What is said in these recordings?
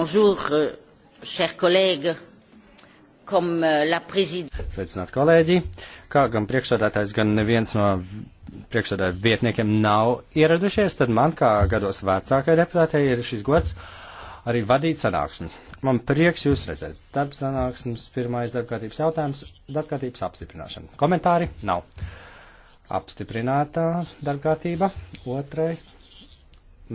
Bonjour, euh, chers collègues. Euh, Sveicināt kolēģi! Kā gan priekšsādātājs, gan neviens no priekšsādātāja vietniekiem nav ieradušies, tad man, kā gados vecākai deputātei, ir šis gods arī vadīt sanāksmi. Man prieks jūs redzēt. Darba sanāksmes pirmais darbkārtības jautājums - darbkārtības apstiprināšana. Komentāri nav. Apstiprinātā darbkārtība. Otrais.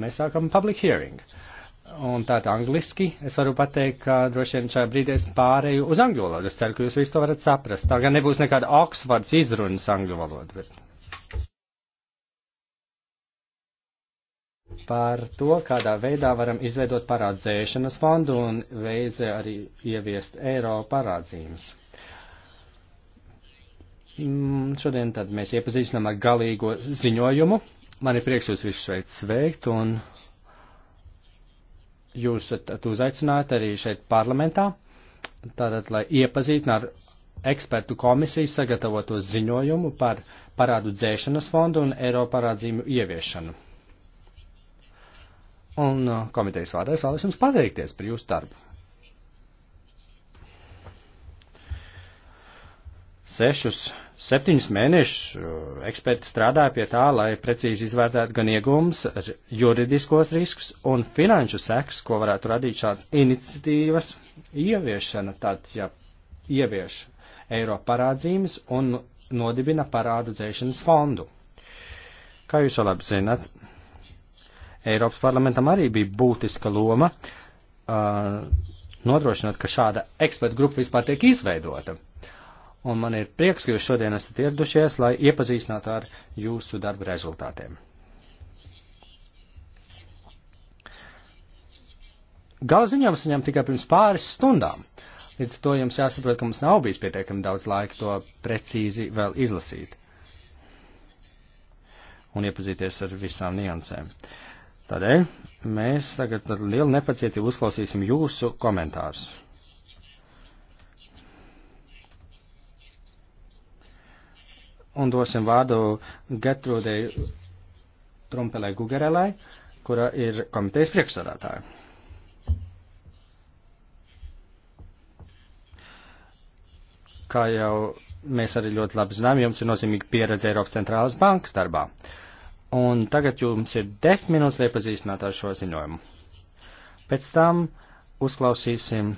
Mēs sākam public hearing. Uh, un tātad angliski, es varu pateikt, ka droši vien šajā brīdī es pārēju uz angļu valodu. Es ceru, ka jūs visu to varat saprast. Tā gan nebūs nekāda Oksfords izrunas angļu valoda. Bet... Par to, kādā veidā varam izveidot parādzēšanas fondu un veidze arī ieviest eiro parādzījumus. Mm, šodien tad mēs iepazīstinām ar galīgo ziņojumu. Man ir prieks jūs visus šeit sveikt un jūs esat uzaicināti arī šeit parlamentā, tātad, lai iepazītinātu ar ekspertu komisijas sagatavoto ziņojumu par parādu dzēšanas fondu un eiro parādzīmu ieviešanu. Un uh, komitejas vārdā es vēlos jums pateikties par jūsu darbu. sešus, septiņus mēnešus uh, eksperti strādāja pie tā, lai precīzi izvērtētu gan iegums, juridiskos riskus un finanšu seks, ko varētu radīt šāds iniciatīvas ieviešana, tad, ja ievieš eiro parādzīmes un nodibina parādu dzēšanas fondu. Kā jūs jau labi zinat, Eiropas parlamentam arī bija būtiska loma uh, nodrošinot, ka šāda ekspertu grupa vispār tiek izveidota un man ir prieks, ka jūs šodien esat ieradušies, lai iepazīstinātu ar jūsu darba rezultātiem. Gala ziņojums viņam tikai pirms pāris stundām. Līdz ar to jums jāsaprot, ka mums nav bijis pietiekami daudz laika to precīzi vēl izlasīt un iepazīties ar visām niansēm. Tādēļ mēs tagad ar lielu nepacietību uzklausīsim jūsu komentārus. un dosim vārdu Getrūdei Trumpelai Gugerelai, kura ir komitejas priekšsādātāja. Kā jau mēs arī ļoti labi zinām, jums ir nozīmīga pieredze Eiropas centrālas bankas darbā. Un tagad jums ir desmit minūtes, lai pazīstinātu ar šo ziņojumu. Pēc tam uzklausīsim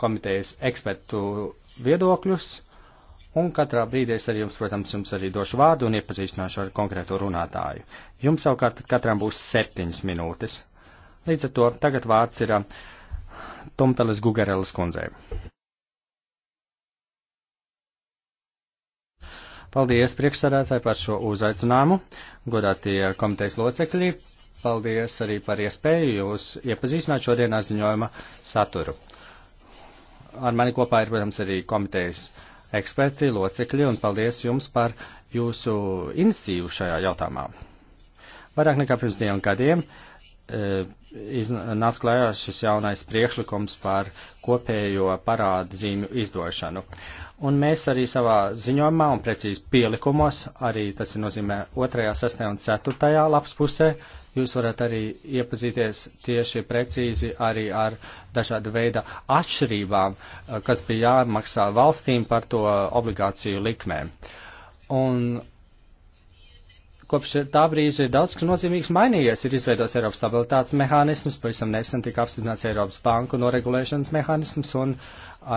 komitejas ekspertu viedokļus Un katrā brīdī es arī jums, protams, jums arī došu vārdu un iepazīstināšu ar konkrēto runātāju. Jums savukārt katram būs septiņas minūtes. Līdz ar to tagad vārds ir uh, Tumpeles Gugarelas kundzei. Paldies priekšsarētāji par šo uzaicinājumu, godātie komitejas locekļi. Paldies arī par iespēju jūs iepazīstināt šodienas ziņojuma saturu. Ar mani kopā ir, protams, arī komitejas uh, eksperti, locekļi, un paldies jums par jūsu inicitīvu šajā jautājumā. Vairāk nekā pirms diviem gadiem e, nāca klajā šis jaunais priekšlikums par kopējo parādu zīmju izdošanu. Un mēs arī savā ziņojumā un precīzi pielikumos, arī tas ir nozīmē 2., 6. un 4. lapas pusē, Jūs varat arī iepazīties tieši precīzi arī ar dažādu veidu atšķirībām, eh, kas bija jāmaksā valstīm par to obligāciju likmēm. Un kopš tā brīža ir daudz, kas nozīmīgs mainījies. Ir izveidots Eiropas stabilitātes mehānisms, pavisam nesen tika apstiprināts Eiropas banku noregulēšanas mehānisms, un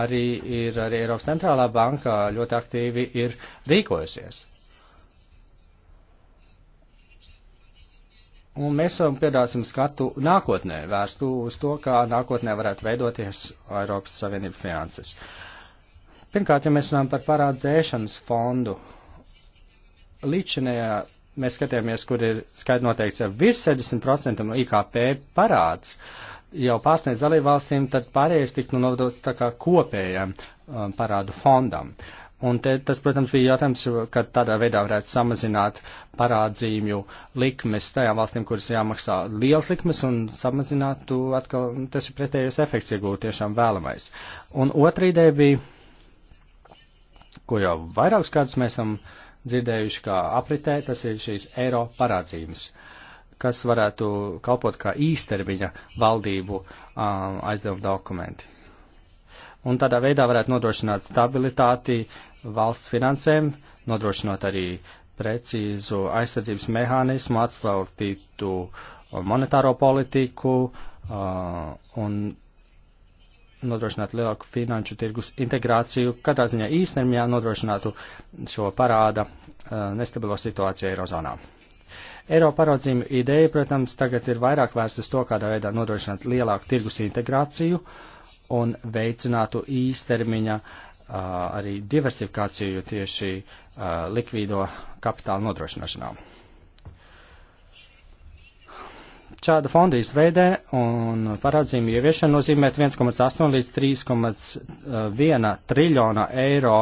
arī ir arī Eiropas centrālā banka ļoti aktīvi ir rīkojusies. Un mēs jau piedāsim skatu nākotnē, vērstu uz to, kā nākotnē varētu veidoties Eiropas Savienības finanses. Pirmkārt, ja mēs runājam par parādzēšanas fondu, līdšanējā mēs skatījāmies, kur ir skaidri noteikts, ja virs 60% no IKP parāds jau pārsniedz dalībvalstīm, tad pārējais tiktu nodots tā kā kopējam um, parādu fondam. Uh, Un te, tas, protams, bija jautājums, ka tādā veidā varētu samazināt parādzīmju likmes tajām valstīm, kuras jāmaksā liels likmes un samazinātu atkal, tas ir pretējais efekts, iegūt tiešām vēlamais. Un otra ideja bija, ko jau vairākus gadus mēs esam dzirdējuši kā apritē, tas ir šīs eiro parādzīmes, kas varētu kalpot kā īstermiņa valdību um, aizdevuma dokumenti un tādā veidā varētu nodrošināt stabilitāti valsts finansēm, nodrošinot arī precīzu aizsardzības mehānismu, atspēltītu monetāro politiku uh, un nodrošināt lielāku finanšu tirgus integrāciju, katrā ziņā īstermiņā nodrošinātu šo parāda uh, nestabilo situāciju Eirozonā. Eiro parodzīmu ideja, protams, tagad ir vairāk vērsta uz to, kādā veidā nodrošināt lielāku tirgus integrāciju un veicinātu īstermiņa uh, arī diversifikāciju tieši uh, likvīdo kapitāla nodrošināšanā. Šāda fonda izveidē un parādzījumu ieviešana nozīmē 1,8 līdz 3,1 triljona eiro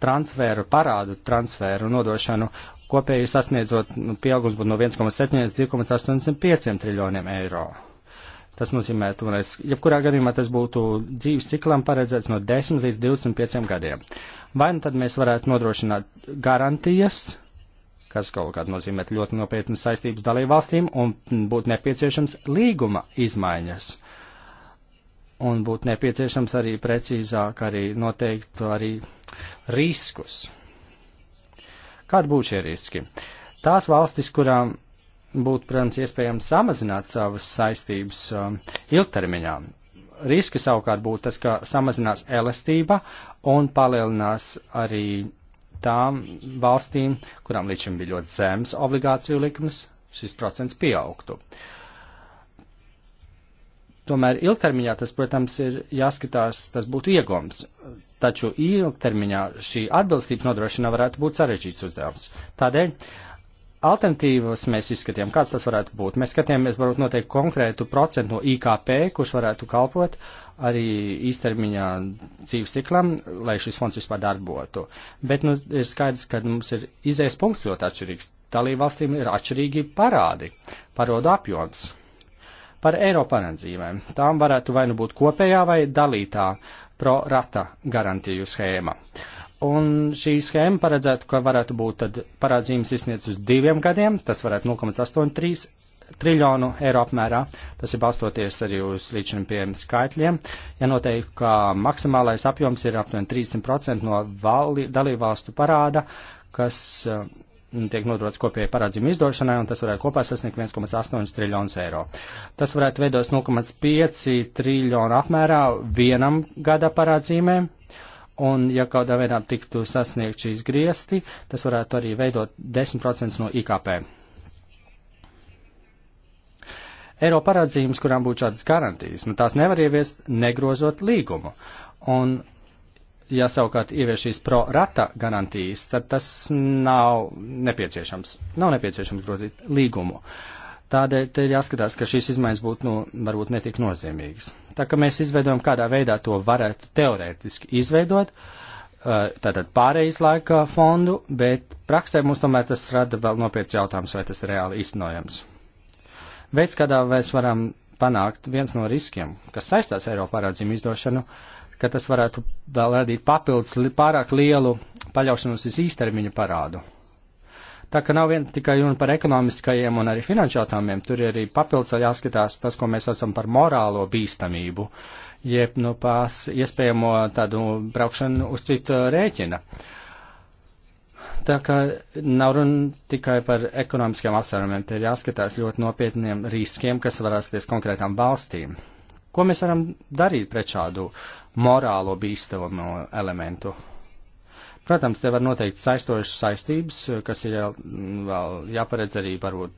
transferu, parādu transferu nodošanu, kopēji sasniedzot nu, pieaugums būtu no 1,7 līdz 2,85 triljoniem eiro. Tas nozīmē, vēlreiz, jebkurā gadījumā tas būtu dzīves ciklam paredzēts no 10 līdz 25 gadiem. Vai nu tad mēs varētu nodrošināt garantijas, kas kaut kādā nozīmē ļoti nopietnas saistības dalībvalstīm, un būtu nepieciešams līguma izmaiņas. Un būtu nepieciešams arī precīzāk arī noteikt arī riskus. Kādi būtu šie riski? Tās valstis, kurām būtu, protams, iespējams samazināt savas saistības um, ilgtermiņā. Riski savukārt būtu tas, ka samazinās elastība un palielinās arī tām valstīm, kurām līdz šim bija ļoti zemes obligāciju likmes, šis procents pieaugtu. Tomēr ilgtermiņā tas, protams, ir jāskatās, tas būtu iegums, taču ilgtermiņā šī atbilstības nodrošina varētu būt sarežģīts uzdevums. Tādēļ Alternatīvas mēs izskatījām, kāds tas varētu būt. Mēs skatījāmies varbūt noteikti konkrētu procentu no IKP, kurš varētu kalpot arī īstermiņā dzīves ciklam, lai šis fonds vispār darbotu. Bet nu, ir skaidrs, ka mums ir izējas punkts ļoti atšķirīgs. Dalībvalstīm ir atšķirīgi parādi, parodu apjoms. Par Eiropanedzīvēm. Tām varētu vai nu būt kopējā vai dalītā pro rata garantiju schēma. Uh, Un šī schēma paredzētu, ka varētu būt tad parādzījums izsniedz uz diviem gadiem, tas varētu 0,83 triljonu eiro apmērā, tas ir balstoties arī uz līdzšiem pieejamiem skaitļiem. Ja noteikti, ka maksimālais apjoms ir aptuveni 300% no vali, dalībvalstu parāda, kas uh, tiek nodots kopēji parādzījuma izdošanai, un tas varētu kopā sasniegt 1,8 triljonus eiro. Tas varētu veidos 0,5 triljonu apmērā vienam gada parādzīmēm Un, ja kādā veidā tiktu sasniegt šīs griesti, tas varētu arī veidot 10% no IKP. Eiro parādzījums, kurām būtu šādas garantijas, nu tās nevar ieviest negrozot līgumu. Un, ja savukārt ievieš šīs pro-rata garantijas, tad tas nav nepieciešams. Nav nepieciešams grozīt līgumu. Uh, Tādēļ te ir jāskatās, ka šīs izmaiņas būtu, nu, varbūt netik nozīmīgas. Tā kā mēs izveidojam, kādā veidā to varētu teorētiski izveidot, eh, tātad pārejas laika fondu, bet praksē mums tomēr tas rada vēl nopietns jautājums, vai tas ir reāli iznojams. Veids, kādā mēs varam panākt viens no riskiem, kas saistās Eiropā parādzījumu izdošanu, ka tas varētu vēl radīt papildus pārāk lielu paļaušanos uz īstermiņu parādu. Tā ka nav vien tikai runa par ekonomiskajiem un arī finanšu jautājumiem, tur ir arī papildus jāskatās tas, ko mēs saucam par morālo bīstamību, jeb nu pās iespējamo tādu braukšanu uz citu rēķina. Tā kā nav runa tikai par ekonomiskiem asarumiem, te ir jāskatās ļoti nopietniem riskiem, kas varēsties konkrētām valstīm. Ko mēs varam darīt pret šādu morālo bīstamo elementu? Protams, te var noteikt saistojušas saistības, kas ir mm, vēl jāparedz arī varbūt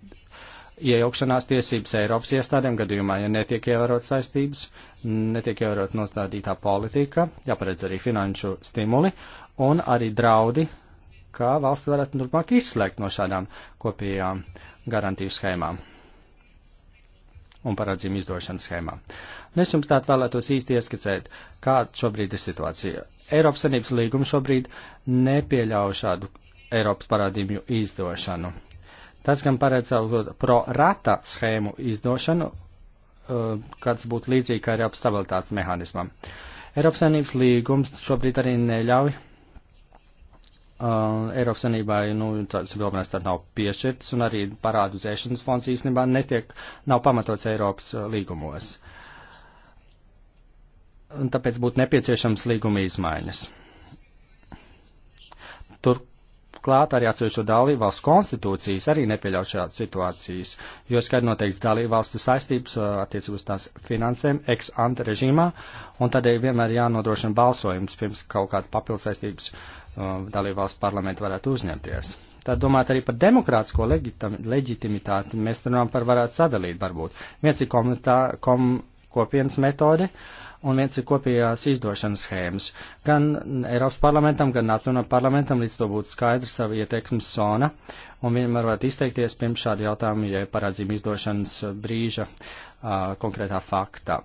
iejaukšanās tiesības Eiropas iestādēm gadījumā, ja netiek ievērot saistības, netiek ievērot nostādītā politika, jāparedz arī finanšu stimuli un arī draudi, kā valsts varētu turpmāk izslēgt no šādām kopējām garantiju schēmām un paradzīm izdošanas schēmām. Nu, es jums tātad vēlētos īsti ieskicēt, kāda šobrīd ir situācija Eiropas Savienības līguma šobrīd nepieļauj šādu Eiropas parādību izdošanu. Tas gan paredz pro rata schēmu izdošanu, uh, kāds būtu līdzīgi kā Eiropas stabilitātes mehānismam. Eiropas Savienības līgums šobrīd arī neļauj Uh, Eiropas Sanībai, nu, tāds vilnēs tad nav piešķirts, un arī parādu zēšanas fonds īstenībā netiek, nav pamatots Eiropas uh, līgumos. Uh, un tāpēc būtu nepieciešams līguma izmaiņas. Turklāt arī atsevišķo dalībvalstu konstitūcijas arī nepieļauj šādas situācijas, jo skaidri noteikts dalībvalstu saistības uh, attiecībā uz tās finansēm ex ante režīmā, un tādēļ vienmēr jānodrošina balsojums pirms kaut kāda papildus saistības uh, dalībvalstu parlamentu varētu uzņemties. Tad domāt arī par demokrātisko leģitimitāti, mēs runājam par varētu sadalīt varbūt. Viens ir komunitā, kom, kopienas metode, uh, un viens ir kopējās izdošanas schēmas. Gan Eiropas parlamentam, gan Nacionālajam parlamentam līdz to būtu skaidra sava ieteikums zona, un vienmēr varētu izteikties pirms šāda jautājuma, ja parādzīm izdošanas brīža a, konkrētā faktā.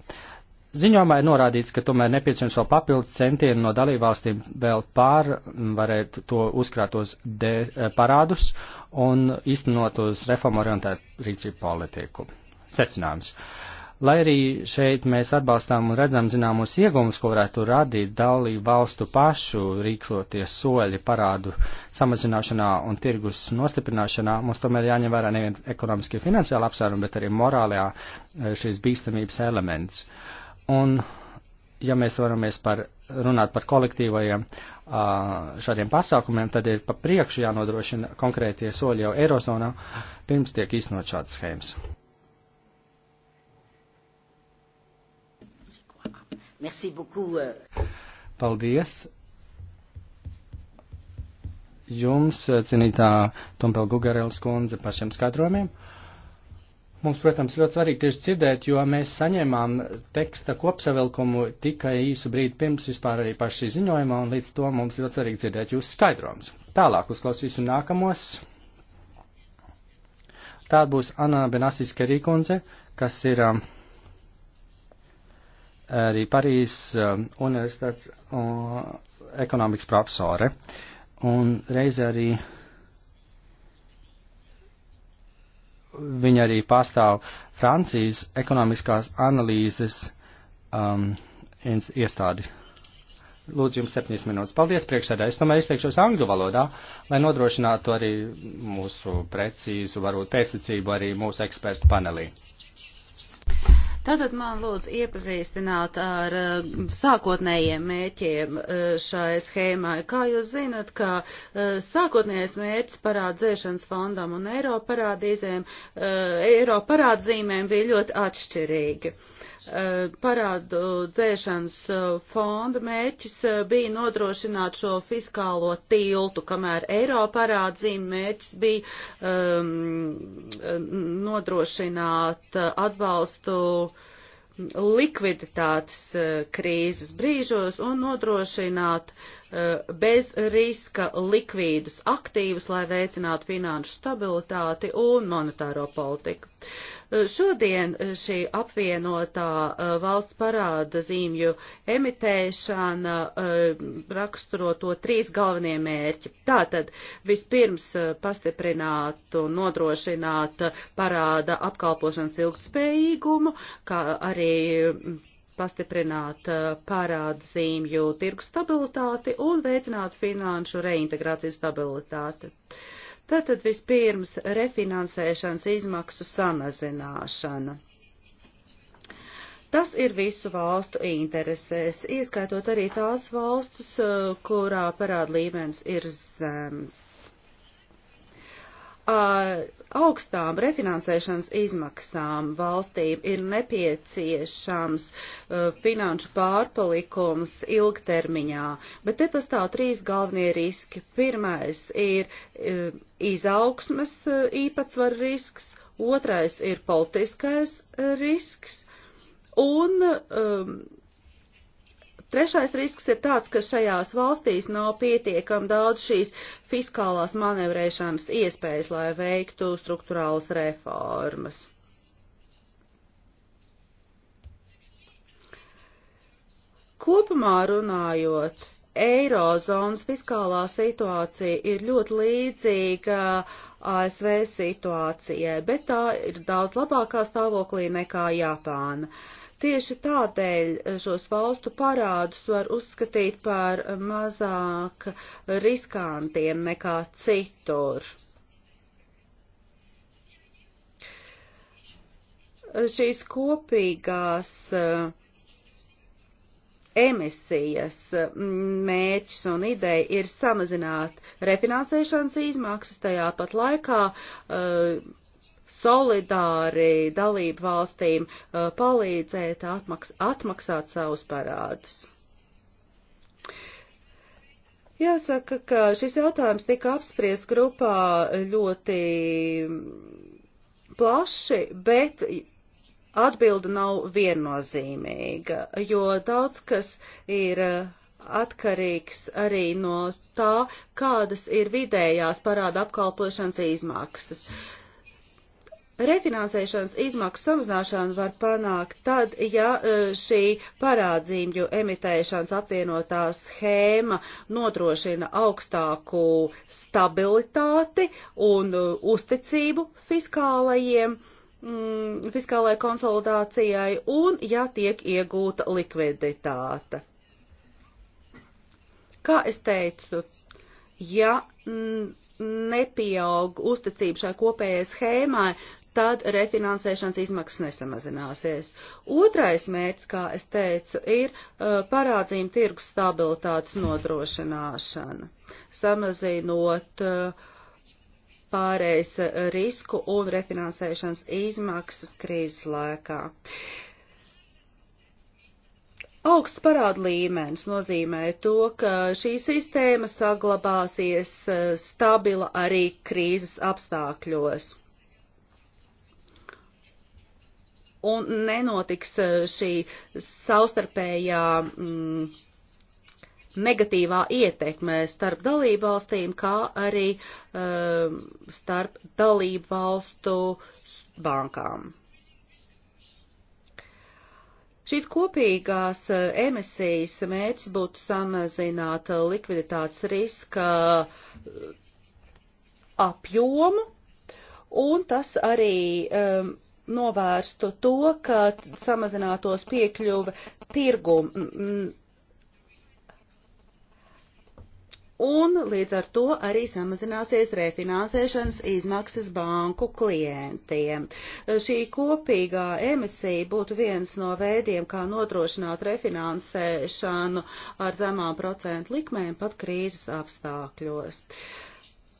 Ziņojumā ir norādīts, ka tomēr nepieciešams vēl papildus centieni no dalībvalstīm vēl pārvarēt to uzkrātos de, parādus un īstenot uz reformu orientētu rīcību politiku. Secinājums. Uh, Lai arī šeit mēs atbalstām un redzam zināmos iegumus, ko varētu radīt dalību valstu pašu rīkoties soļi parādu samazināšanā un tirgus nostiprināšanā, mums tomēr jāņem vērā nevien ekonomiski finansiāli apsvērumi, bet arī morālajā eh, šīs bīstamības elements. Un, ja mēs varamies par, runāt par kolektīvajiem šādiem pasākumiem, tad ir pa priekšu jānodrošina konkrētie soļi jau Eirozonā, pirms tiek iznot šāds schēmas. Merci beaucoup. Euh. Paldies jums, eh, cienītā Tompel Gugarels kundze, par šiem skatrojumiem. Mums, protams, ļoti svarīgi tieši dzirdēt, jo mēs saņēmām teksta kopsavilkumu tikai īsu brīdi pirms vispār arī paši ziņojuma, un līdz to mums ļoti svarīgi dzirdēt jūsu skaidrojums. Tālāk uzklausīsim nākamos. Tā būs Anā Benasis Kerīkundze, kas ir um, arī Parīzes um, universitātes uh, ekonomikas profesore, un reiz arī viņa arī pārstāv Francijas ekonomiskās analīzes um, iestādi. Lūdzu, jums septiņas minūtes. Paldies, priekšsēdē. Es tomēr izteikšos angļu valodā, lai nodrošinātu arī mūsu precīzu, varbūt pēcticību arī mūsu ekspertu panelī. Uh, Tātad man lūdzu iepazīstināt ar uh, sākotnējiem mērķiem uh, šai schēmai. Kā jūs zinat, ka uh, sākotnējais mērķis parādzēšanas fondam un eiro parādīzēm, eiro parādzīmēm bija ļoti atšķirīgi. Eh, parādu dzēšanas eh, fonda mērķis eh, bija nodrošināt šo fiskālo tiltu, kamēr eiro parādzīme mērķis bija um, nodrošināt atbalstu likviditātes krīzes brīžos un nodrošināt uh, bez riska likvīdus aktīvus, lai veicinātu finanšu stabilitāti un monetāro politiku. Uh, Šodien eh, šī apvienotā eh, valsts parāda zīmju emitēšana eh, raksturo to trīs galvenie mērķi. Tātad vispirms pastiprināt un nodrošināt parāda apkalpošanas ilgtspējīgumu, kā arī mm, pastiprināt pārādu zīmju tirgu stabilitāti un veicināt finanšu reintegrāciju stabilitāti. Uh, Tātad vispirms refinansēšanas izmaksu samazināšana. Tas ir visu valstu interesēs, ieskaitot arī tās valstus, eh, kurā parāda līmenis ir zems augstām refinansēšanas izmaksām valstīm ir nepieciešams uh, finanšu pārpalikums ilgtermiņā, bet te pastāv trīs galvenie riski. Pirmais ir uh, izaugsmes uh, īpatsvar risks, otrais ir politiskais uh, risks un um, Trešais risks ir tāds, ka šajās valstīs nav pietiekam daudz šīs fiskālās manevrēšanas iespējas, lai veiktu struktūrālas reformas. Kopumā runājot, eirozonas fiskālā situācija ir ļoti līdzīga ASV situācijai, bet tā ir daudz labākā stāvoklī nekā Japāna. Uh, Tieši tādēļ eh, šos valstu parādus var uzskatīt par eh, mazāk riskantiem nekā citur. Šīs kopīgās eh, emisijas mm, mērķis un ideja ir samazināt refinansēšanas izmaksas, tajā pat laikā uh, solidāri dalību valstīm uh, palīdzēt atmaks, atmaksāt savus parādus. Jāsaka, ka šis jautājums tika apspriests grupā ļoti plaši, bet atbilda nav viennozīmīga, jo daudz kas ir uh, atkarīgs arī no tā, kādas ir vidējās parāda apkalpošanas izmaksas. Refinansēšanas izmaksu samazināšanu var panākt tad, ja e, šī parādzīmju emitēšanas apvienotā schēma nodrošina augstāku stabilitāti un e, uzticību fiskālajiem mm, fiskālajai konsolidācijai un ja tiek iegūta likviditāte. Kā es teicu, ja nepieaug uzticība šai kopējai schēmai, tad refinansēšanas izmaksas nesamazināsies. Otrais mērķis, kā es teicu, ir uh, parādzīm tirgus stabilitātes nodrošināšana, samazinot uh, pārējais uh, risku un refinansēšanas izmaksas krīzes laikā. Augsts parāda līmenis nozīmē to, ka šī sistēma saglabāsies uh, stabila arī krīzes apstākļos. un nenotiks eh, šī savstarpējā mm, negatīvā ietekme starp dalību valstīm, kā arī um, starp dalību valstu bankām. Šīs kopīgās eh, emisijas mērķis būtu samazināt likviditātes riska apjomu, un tas arī um, novērstu to, ka samazinātos piekļuve tirgumu. Un līdz ar to arī samazināsies refinansēšanas izmaksas banku klientiem. Šī kopīgā emisija būtu viens no veidiem, kā nodrošināt refinansēšanu ar zemām procentu likmēm pat krīzes apstākļos. Uh,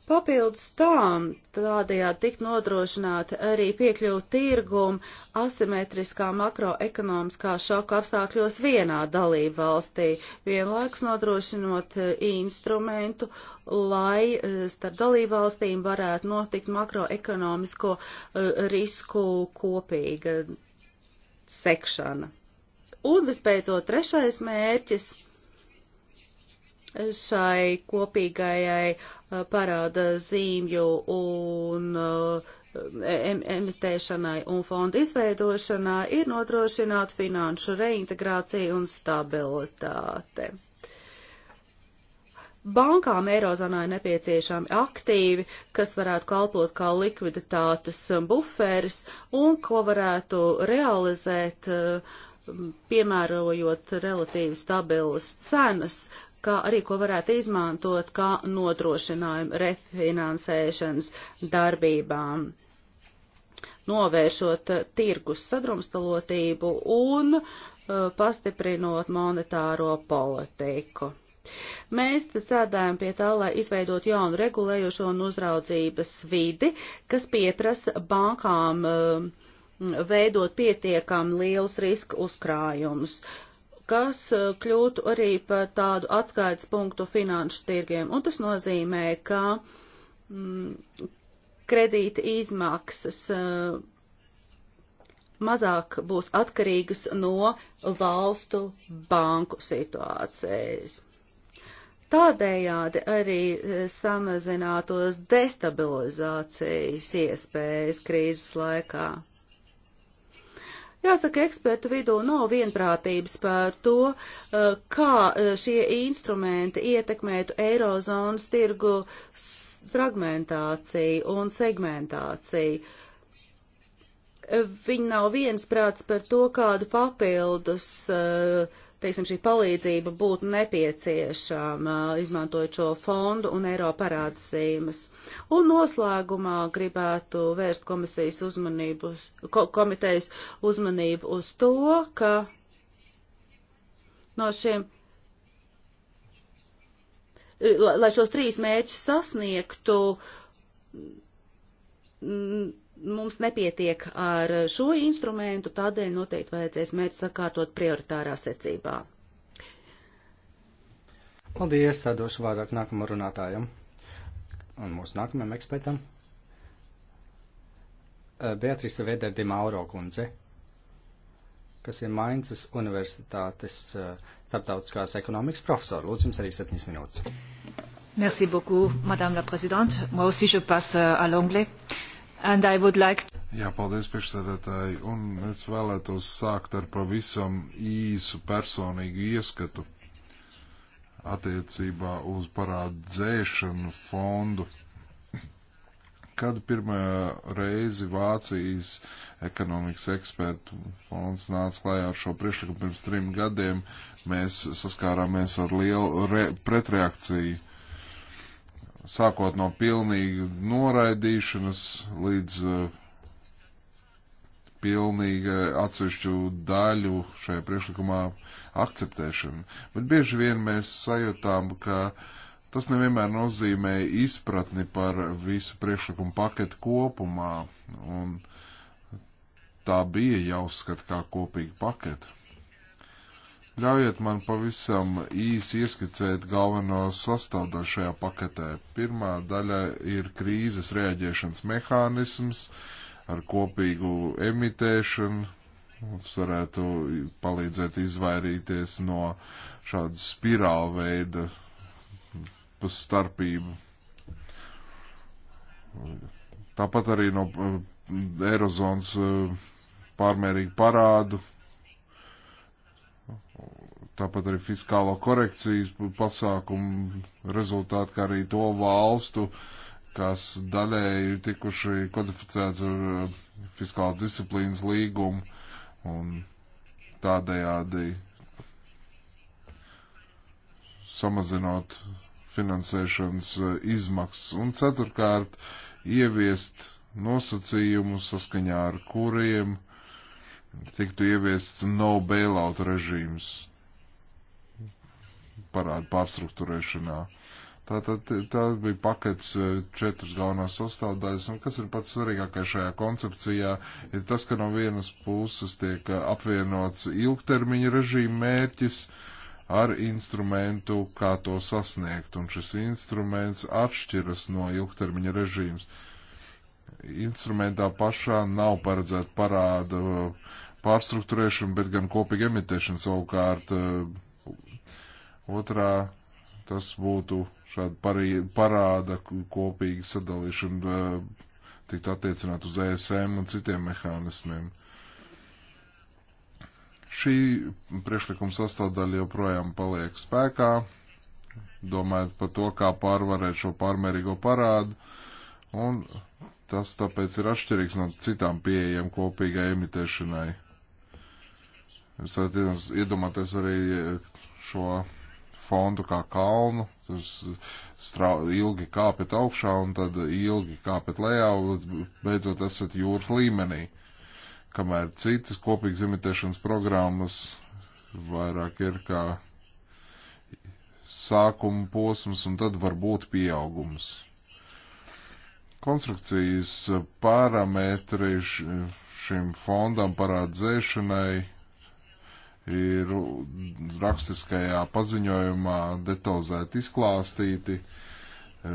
Papildus tām tādējādi tik nodrošināta arī piekļuva tirgumu asimetriskā makroekonomiskā šoka apstākļos vienā dalību valstī, vienlaikus nodrošinot e, instrumentu, lai e, starp dalību valstīm varētu notikt makroekonomisko e, risku kopīga sekšana. Un visbeidzot, trešais mērķis šai kopīgajai uh, parāda zīmju un uh, e, emitēšanai un fonda izveidošanai ir nodrošināta finanšu reintegrācija un stabilitāte. Bankām Eirozonā ir nepieciešami aktīvi, kas varētu kalpot kā likviditātes buferis un ko varētu realizēt, uh, piemērojot relatīvi stabilas cenas kā arī ko varētu izmantot kā nodrošinājumu refinansēšanas darbībām, novēršot tirgus sadrumstalotību un uh, pastiprinot monetāro politiku. Mēs strādājam pie tā, lai izveidot jaunu regulējošo un uzraudzības vidi, kas pieprasa bankām uh, veidot pietiekami liels riska uzkrājumus. Uh, kas eh, kļūtu arī par tādu atskaites punktu finanšu tirgiem. Un tas nozīmē, ka mm, kredīta izmaksas uh, mazāk būs atkarīgas no valstu banku situācijas. Tādējādi arī eh, samazinātos destabilizācijas iespējas krīzes laikā. Jāsaka, ekspertu vidū nav vienprātības par to, eh, kā eh, šie instrumenti ietekmētu eirozonas tirgu fragmentāciju un segmentāciju. Eh, viņi nav viensprāts par to, kādu papildus uh, teiksim, šī palīdzība būtu nepieciešama, izmantojot šo fondu un eiro parādsīmes. Un noslēgumā gribētu vērst komisijas uzmanību, ko, komitejas uzmanību uz to, ka no šiem lai šos trīs mērķus sasniegtu, mums nepietiek ar šo instrumentu, tādēļ noteikti vajadzēs mērķi sakārtot prioritārā secībā. Paldies, tā došu vārāk nākamā runātājam un mūsu nākamajam ekspertam. Eh, Beatrisa Vederdi Mauro kundze, kas ir Mainzas Universitātes eh, starptautiskās ekonomikas profesora. Lūdzu, jums arī 7 minūtes. Merci beaucoup, Madame la Présidente. Moi aussi, je passe eh, à l'anglais. Euh, Like to... Jā, paldies priekšsēdētāji, un es vēlētos sākt ar pavisam īsu personīgu ieskatu attiecībā uz parādu dzēšanu fondu. Kad pirmā reizi Vācijas ekonomikas ekspertu fonds nāca klājā ar šo priekšlikumu pirms trim gadiem, mēs saskārāmies ar lielu pretreakciju sākot no pilnīga noraidīšanas līdz eh, pilnīga atsevišķu daļu šajā priekšlikumā akceptēšana. Bet bieži vien mēs sajūtām, ka tas nevienmēr nozīmē izpratni par visu priekšlikumu paketu kopumā, un tā bija jāuzskata kā kopīga paketa. Ļaujiet man pavisam īsi ieskicēt galvenos sastāvdaļu šajā paketē. Pirmā daļa ir krīzes reaģēšanas mehānisms ar kopīgu emitēšanu. Tas varētu palīdzēt izvairīties no šāda spirāla veida starpību. Tāpat arī no eh, Eirozonas eh, pārmērīgu parādu tāpat arī fiskālo korekcijas pasākumu rezultāti, kā arī to valstu, kas daļēji tikuši kodificēts ar uh, fiskālās disciplīnas līgumu un tādējādi samazinot finansēšanas uh, izmaksas. Un ceturkārt, ieviest nosacījumus, saskaņā ar kuriem tiktu ieviests no bailout režīms parādu pārstruktūrēšanā. Tātad tā bija pakets e, četras galvenās sastāvdaļas, un kas ir pats svarīgākais šajā koncepcijā, ir tas, ka no vienas puses tiek e, apvienots ilgtermiņa režīma mērķis ar instrumentu, kā to sasniegt, un šis instruments atšķiras no ilgtermiņa režīmas. Uh, instrumentā pašā nav paredzēta parāda pārstruktūrēšana, bet gan kopīga emitēšana savukārt. Eh, otrā tas būtu šāda parāda kopīga sadalīšana eh, tikt attiecināt uz ESM un citiem mehānismiem. Šī priekšlikuma sastāvdaļa joprojām paliek spēkā, domājot par to, kā pārvarēt šo pārmērīgo parādu, un Tas tāpēc ir atšķirīgs no citām pieejām kopīgai emitēšanai. Es iedomāties arī eh, šo fondu kā kalnu, kas strā, ilgi kāpjat augšā un tad ilgi kāpjat lejā, līdz beidzot esat jūras līmenī. Kamēr citas kopīgas imitēšanas programmas vairāk ir kā sākuma posms un tad var būt pieaugums. Konstrukcijas parametri šim fondam parādzēšanai ir rakstiskajā paziņojumā detalizēti izklāstīti. E,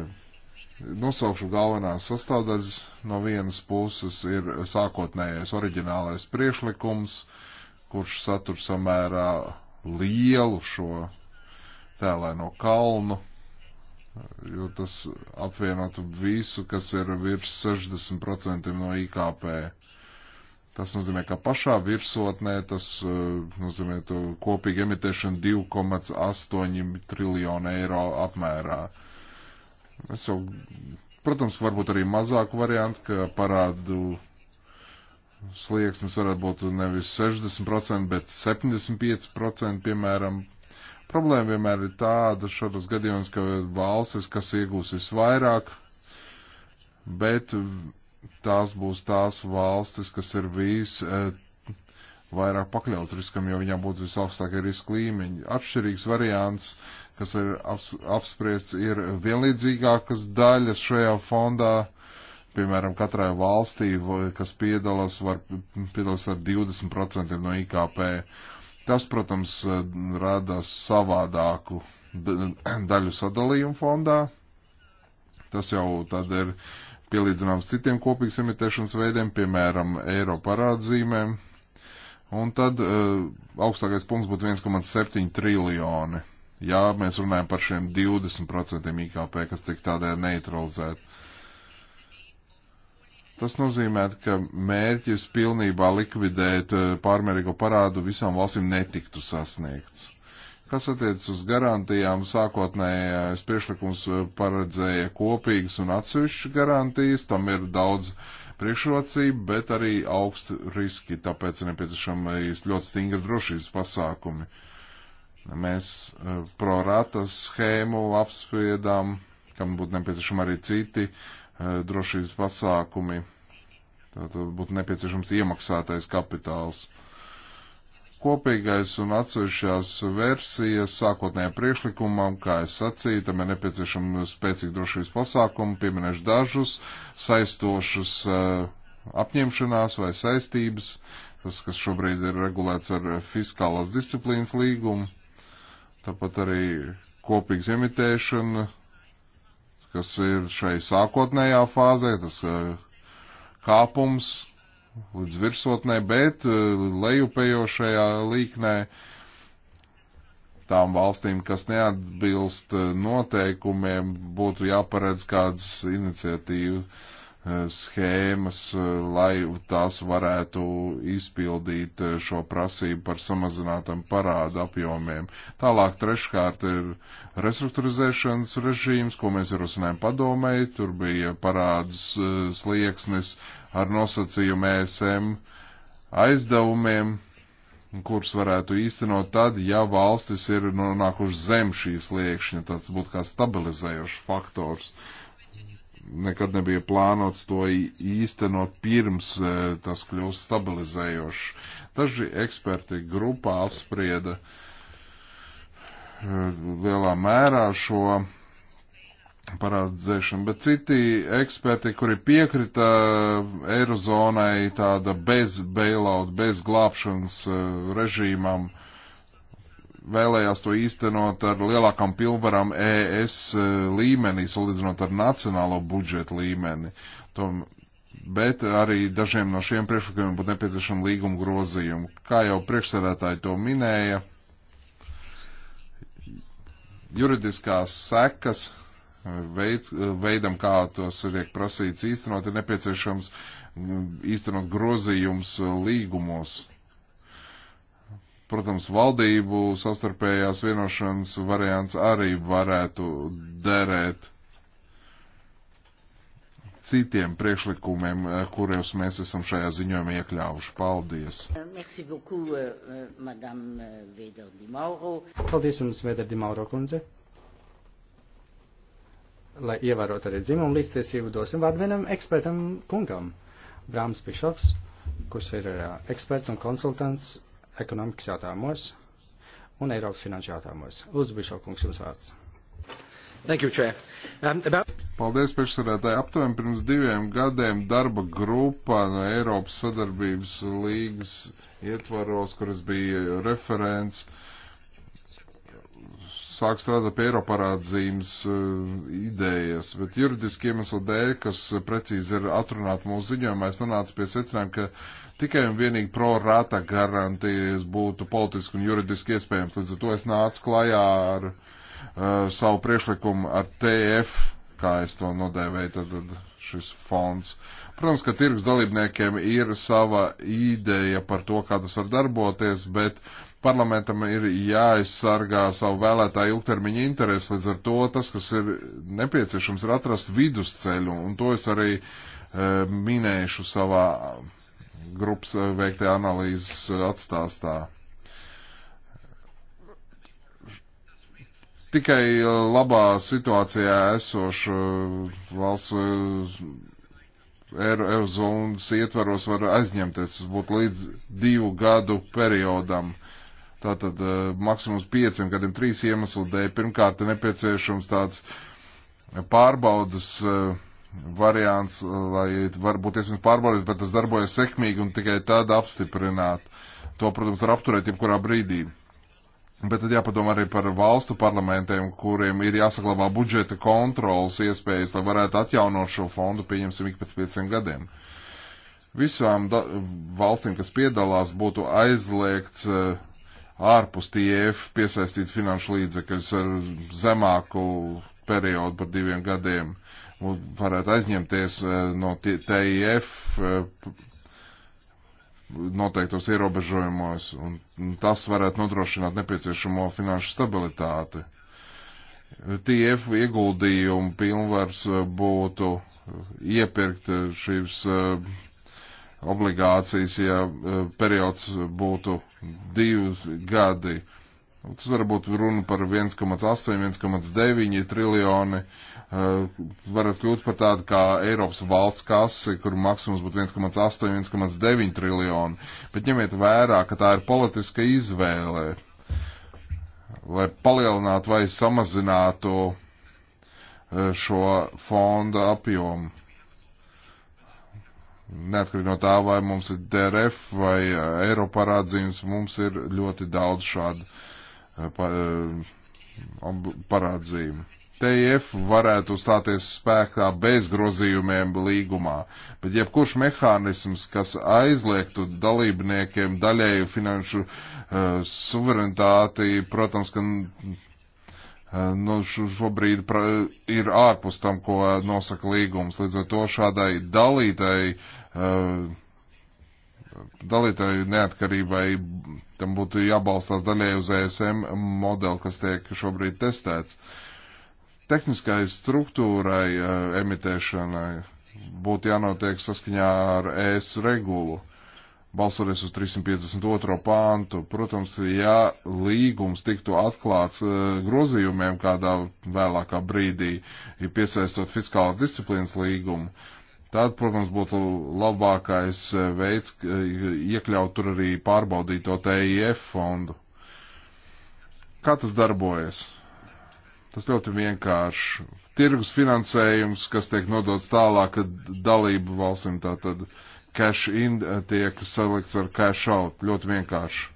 Nosaukšu galvenās sastāvdaļas. No vienas puses ir sākotnējais oriģinālais priekšlikums, kurš satur samērā lielu šo tēlē no kalnu jo tas apvienotu visu, kas ir virs 60% no IKP. Tas nozīmē, ka pašā virsotnē tas eh, nozīmē to kopīgi emitēšanu 2,8 triljonu eiro apmērā. Es jau, protams, varbūt arī mazāku variantu, ka parādu slieksnis varētu būt nevis 60%, bet 75%, piemēram, Problēma vienmēr ir tāda šādas gadījums, ka valstis, kas iegūs visvairāk, bet tās būs tās valstis, kas ir vis eh, vairāk pakļauts riskam, jo viņām būtu visaugstākie riska līmeņi. Atšķirīgs variants, kas ir apspriests, ir vienlīdzīgākas daļas šajā fondā. Piemēram, katrai valstī, kas piedalās, var piedalās ar 20% no IKP. Tas, protams, eh, rada savādāku daļu sadalījumu fondā. Tas jau tad ir pielīdzināms citiem kopīgas emitēšanas veidiem, piemēram, eiro parādzīmēm. Un tad uh, augstākais punkts būtu 1,7 triljoni. Jā, mēs runājam par šiem 20% IKP, kas tik tādēļ neutralizēt. Tas nozīmē, ka mērķis pilnībā likvidēt eh, pārmērīgo parādu visām valstīm netiktu sasniegts. Kas attiecas uz garantijām, sākotnējais eh, priekšlikums eh, paredzēja kopīgas un atsevišķas garantijas, tam ir daudz priekšrocību, bet arī augsti riski, tāpēc ir nepieciešama ļoti stingra drošības pasākumi. Mēs pro rata schēmu apspriedām, kam būtu nepieciešama arī citi uh, E, drošības pasākumi. Tātad būtu nepieciešams iemaksātais kapitāls. Kopīgais un atsevišķās versijas sākotnējā priekšlikumam, kā es sacīju, tam ir nepieciešama spēcīga drošības pasākuma, pieminēšu dažus saistošus e, apņemšanās vai saistības, tas, kas šobrīd ir regulēts ar fiskālās disciplīnas līgumu, tāpat arī kopīgs emitēšana, kas ir šai sākotnējā fāzē, tas e, kāpums līdz virsotnē, bet e, lejupējošajā līknē tām valstīm, kas neatbilst e, noteikumiem, būtu jāparedz kādas iniciatīvas schēmas, lai tās varētu izpildīt šo prasību par samazinātam parādu apjomiem. Tālāk treškārt ir restruktūrizēšanas režīms, ko mēs ierosinājām padomēji. Tur bija parādus e, slieksnis ar nosacījumu ESM aizdevumiem kurus varētu īstenot tad, ja valstis ir nonākuši zem šīs liekšņa, tāds būtu kā stabilizējošs faktors. Uh, nekad nebija plānots to īstenot pirms e, tas kļūst stabilizējošs. Daži eksperti grupā apsprieda e, lielā mērā šo parādzēšanu, bet citi eksperti, kuri piekrita e, Eirozonai tāda bez bailout, bez glābšanas režīmam, uh, vēlējās to īstenot ar lielākām pilnvarām ES e, līmenī, salīdzinot ar nacionālo budžetu līmeni. To, bet arī dažiem no šiem priekšlikumiem būtu nepieciešama līguma grozījuma. Kā jau priekšsēdētāji to minēja, juridiskās sekas e, veids, e, veidam, kā tos tiek prasīts īstenot, ir nepieciešams īstenot grozījums līgumos Protams, valdību savstarpējās vienošanas variants arī varētu derēt citiem priekšlikumiem, eh, kurus mēs esam šajā ziņojumā iekļāvuši. Paldies! Beaucoup, euh, euh, euh, Paldies jums, Vēder Dimauro kundze! Lai ievērot arī dzimumu līdztiesību, dosim vārdu vienam ekspertam kungam, Brāms Pišovs, kurš ir eh, eksperts un konsultants ekonomikas jautājumos un Eiropas finanšu jautājumos. Uzbišo kungs jums vārds. Thank you, Chair. Um, about... Paldies, priekšsarētāji. Aptuveni pirms diviem gadiem darba grupā no Eiropas sadarbības līgas ietvaros, kuras bija referents, sāk strādāt pie Eiroparādzīmes uh, idejas, bet juridiski iemeslu dēļ, kas precīzi ir atrunāt mūsu ziņojumā, es nonācu pie secinājuma, ka Tikai un vienīgi prorata garantijas būtu politiski un juridiski iespējams. Līdz ar to es nācu klajā ar uh, savu priekšlikumu ar TF, kā es to nodēvēju, tad, tad šis fonds. Protams, ka tirgus dalībniekiem ir sava ideja par to, kā tas var darboties, bet parlamentam ir jāaizsargā savu vēlētāju ilgtermiņa interesi. Līdz ar to tas, kas ir nepieciešams, ir atrast vidusceļu, un to es arī e, minēšu savā grupas eh, veiktajā analīzes eh, atstāstā. Tikai eh, labā situācijā esošu valsts Eirozonas ietvaros var aizņemties, tas būtu līdz divu gadu periodam. Tātad maksimums pieciem gadiem trīs iemeslu dēļ. Pirmkārt, ir nepieciešams tāds pārbaudas uh, variants, uh, lai varbūt iespējams pārbaudīt, bet tas darbojas sekmīgi un tikai tad apstiprināt. To, protams, var apturēt jebkurā brīdī. Bet tad jāpadomā arī par valstu parlamentiem, kuriem ir jāsaglabā budžeta kontrolas iespējas, lai varētu atjaunot šo fondu, pieņemsim, ik pēc pieciem gadiem. Visām valstīm, kas piedalās, būtu aizliegts uh, ārpus TIF piesaistīt finanšu līdzekļus ar zemāku periodu par diviem gadiem varētu aizņemties eh, no TIF eh, noteiktos ierobežojumos, un tas varētu nodrošināt nepieciešamo finanšu stabilitāti. TIF ieguldījumu pilnvars eh, būtu iepirkt šīs obligācijas, ja periods būtu divi gadi. Tas varbūt runa par 1,8, 1,9 triljoni. Uh, varat kļūt par tādu kā Eiropas valsts kasi, kur maksimums būtu 1,8, 1,9 triljoni. Bet ņemiet vērā, ka tā ir politiska izvēle, lai palielinātu vai samazinātu uh, šo fonda apjomu. Neatkarīgi no tā, vai mums ir DRF vai eh, Eiroparādzījums, mums ir ļoti daudz šādu uh, Eh, eh, parādzību. TIF varētu stāties spēkā bez grozījumiem līgumā, bet jebkurš mehānisms, kas aizliegtu dalībniekiem daļēju finanšu uh, suverenitāti, protams, ka nu, šobrīd pra, ir ārpus tam, ko nosaka līgums. Līdz ar to šādai dalītai uh, dalītāju neatkarībai tam būtu jābalstās daļai uz ESM modeli, kas tiek šobrīd testēts. Tehniskai struktūrai e, emitēšanai būtu jānotiek saskaņā ar ES regulu, balsoties uz 352. pāntu. Protams, ja līgums tiktu atklāts e, grozījumiem kādā vēlākā brīdī, ja piesaistot fiskālā disciplīnas līgumu, Tad, protams, būtu labākais eh, veids eh, iekļaut tur arī pārbaudīto TIF fondu. Kā tas darbojas? Tas ļoti vienkārši. Tirgus finansējums, kas tiek nodots tālāk dalību valstīm, tātad cash in eh, tiek salikts ar cash out. Ļoti vienkārši.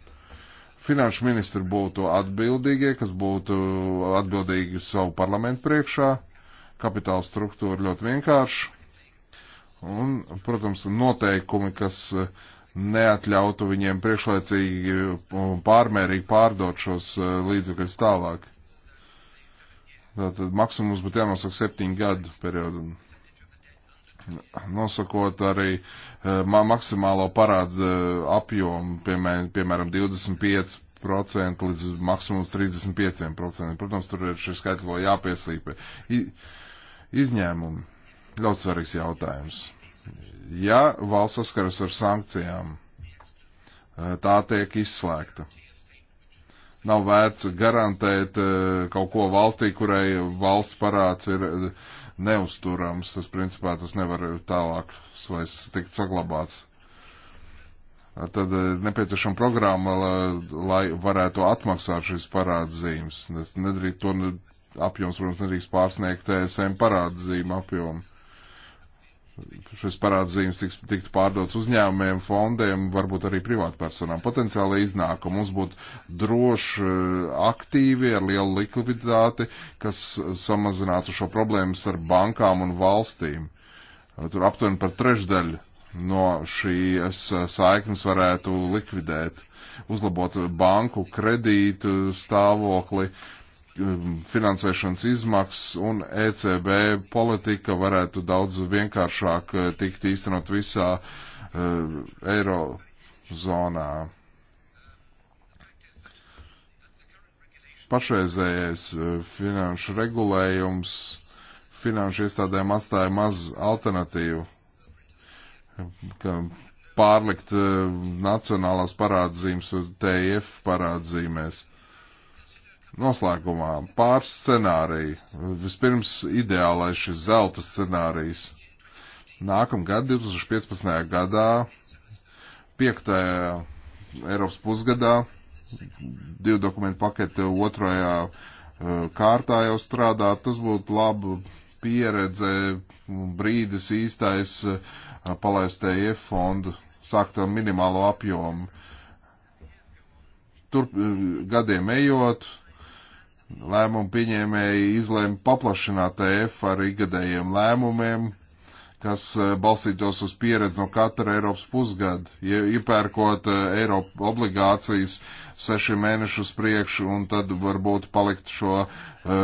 Finanšu ministri būtu atbildīgie, kas būtu atbildīgi savu parlamentu priekšā. Kapitāla struktūra ļoti vienkārši. Un, protams, noteikumi, kas eh, neatļautu viņiem priekšlaicīgi eh, un pārmērīgi pārdot šos eh, līdzekļus tālāk. Tātad maksimums būtu jānosaka septiņu gadu periodu. Nosakot arī ma maksimālo parādu apjomu, piemēram, piemēram 25 procentu līdz maksimums 35%. Protams, tur ir šie skaitļi vēl jāpieslīpē. I, izņēmumi. Ļoti svarīgs jautājums. Ja valsts saskaras ar sankcijām, eh, tā tiek izslēgta. Nav vērts garantēt eh, kaut ko valstī, kurai valsts parāds ir eh, neusturams. Tas, principā, tas nevar tālāk vairs tikt saglabāts. Tad nepieciešama programma, lai varētu atmaksāt šīs parādzīmes. Nedrīkst to apjoms, protams, nedrīkst pārsniegt ESM parādzīmu apjomu šis parādzīmes tiks, tiktu pārdots uzņēmumiem, fondiem, varbūt arī privātpersonām. Potenciāli iznākumi mums būtu droši eh, aktīvi ar lielu likviditāti, kas samazinātu šo problēmas ar bankām un valstīm. Eh, tur aptuveni par trešdaļu no šīs eh, saiknes varētu likvidēt, uzlabot banku kredītu stāvokli. Uh, Um, finansēšanas izmaksas un ECB politika varētu daudz vienkāršāk uh, tikt īstenot visā uh, eirozonā. Pašreizējais uh, finanšu regulējums finanšu iestādēm atstāja maz alternatīvu, ka pārlikt uh, nacionālās parādzīmes TIF parādzīmēs. Uh, Noslēgumā pāris scenāriju. Vispirms ideālais šis zelta scenārijs. Nākamgad, 2015. gadā, 5. Eiropas pusgadā, divu dokumentu paketi otrajā e, kārtā jau strādā, tas būtu laba pieredze, brīdis īstais e, palaistēja e fondu, sākt ar minimālo apjomu. Tur gadiem ejot, Lēmumu pieņēmēji izlēma paplašināt EF ar ikgadējiem lēmumiem, kas e, balstītos uz pieredzi no katra Eiropas pusgada, iepērkot e, Eiropa obligācijas seši mēneši uz priekšu un tad varbūt palikt šo e,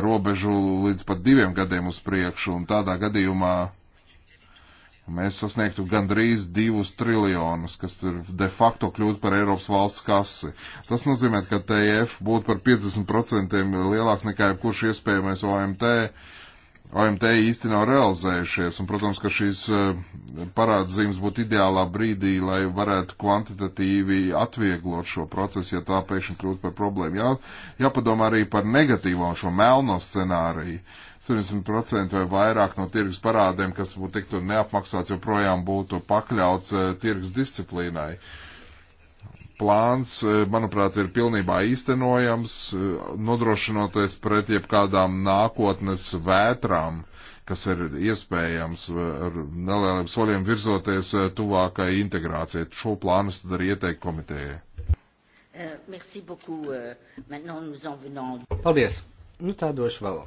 robežu līdz pat diviem gadiem uz priekšu un tādā gadījumā mēs sasniegtu gandrīz divus triljonus, kas ir de facto kļūt par Eiropas valsts kasi. Tas nozīmē, ka TF būtu par 50% lielāks nekā jebkurš iespējamais OMT. Uh, OMT īsti nav realizējušies, un, protams, ka šīs eh, parādzīmes būtu ideālā brīdī, lai varētu kvantitatīvi atvieglot šo procesu, ja tā pēkšņi kļūtu par problēmu. Jā, jāpadomā arī par negatīvo šo melno scenāriju. 70% vai vairāk no tirgus parādēm, kas būtu tiktu neapmaksāts, joprojām būtu pakļauts eh, tirgus disciplīnai. Uh, plāns, eh, manuprāt, ir pilnībā īstenojams, eh, nodrošinoties pret jebkādām nākotnes vētrām, kas ir iespējams eh, ar nelieliem soļiem virzoties tuvākai integrācijai. Šo plānu es tad arī ieteiktu komitējai. Euh, Paldies. Nu tā došu vēl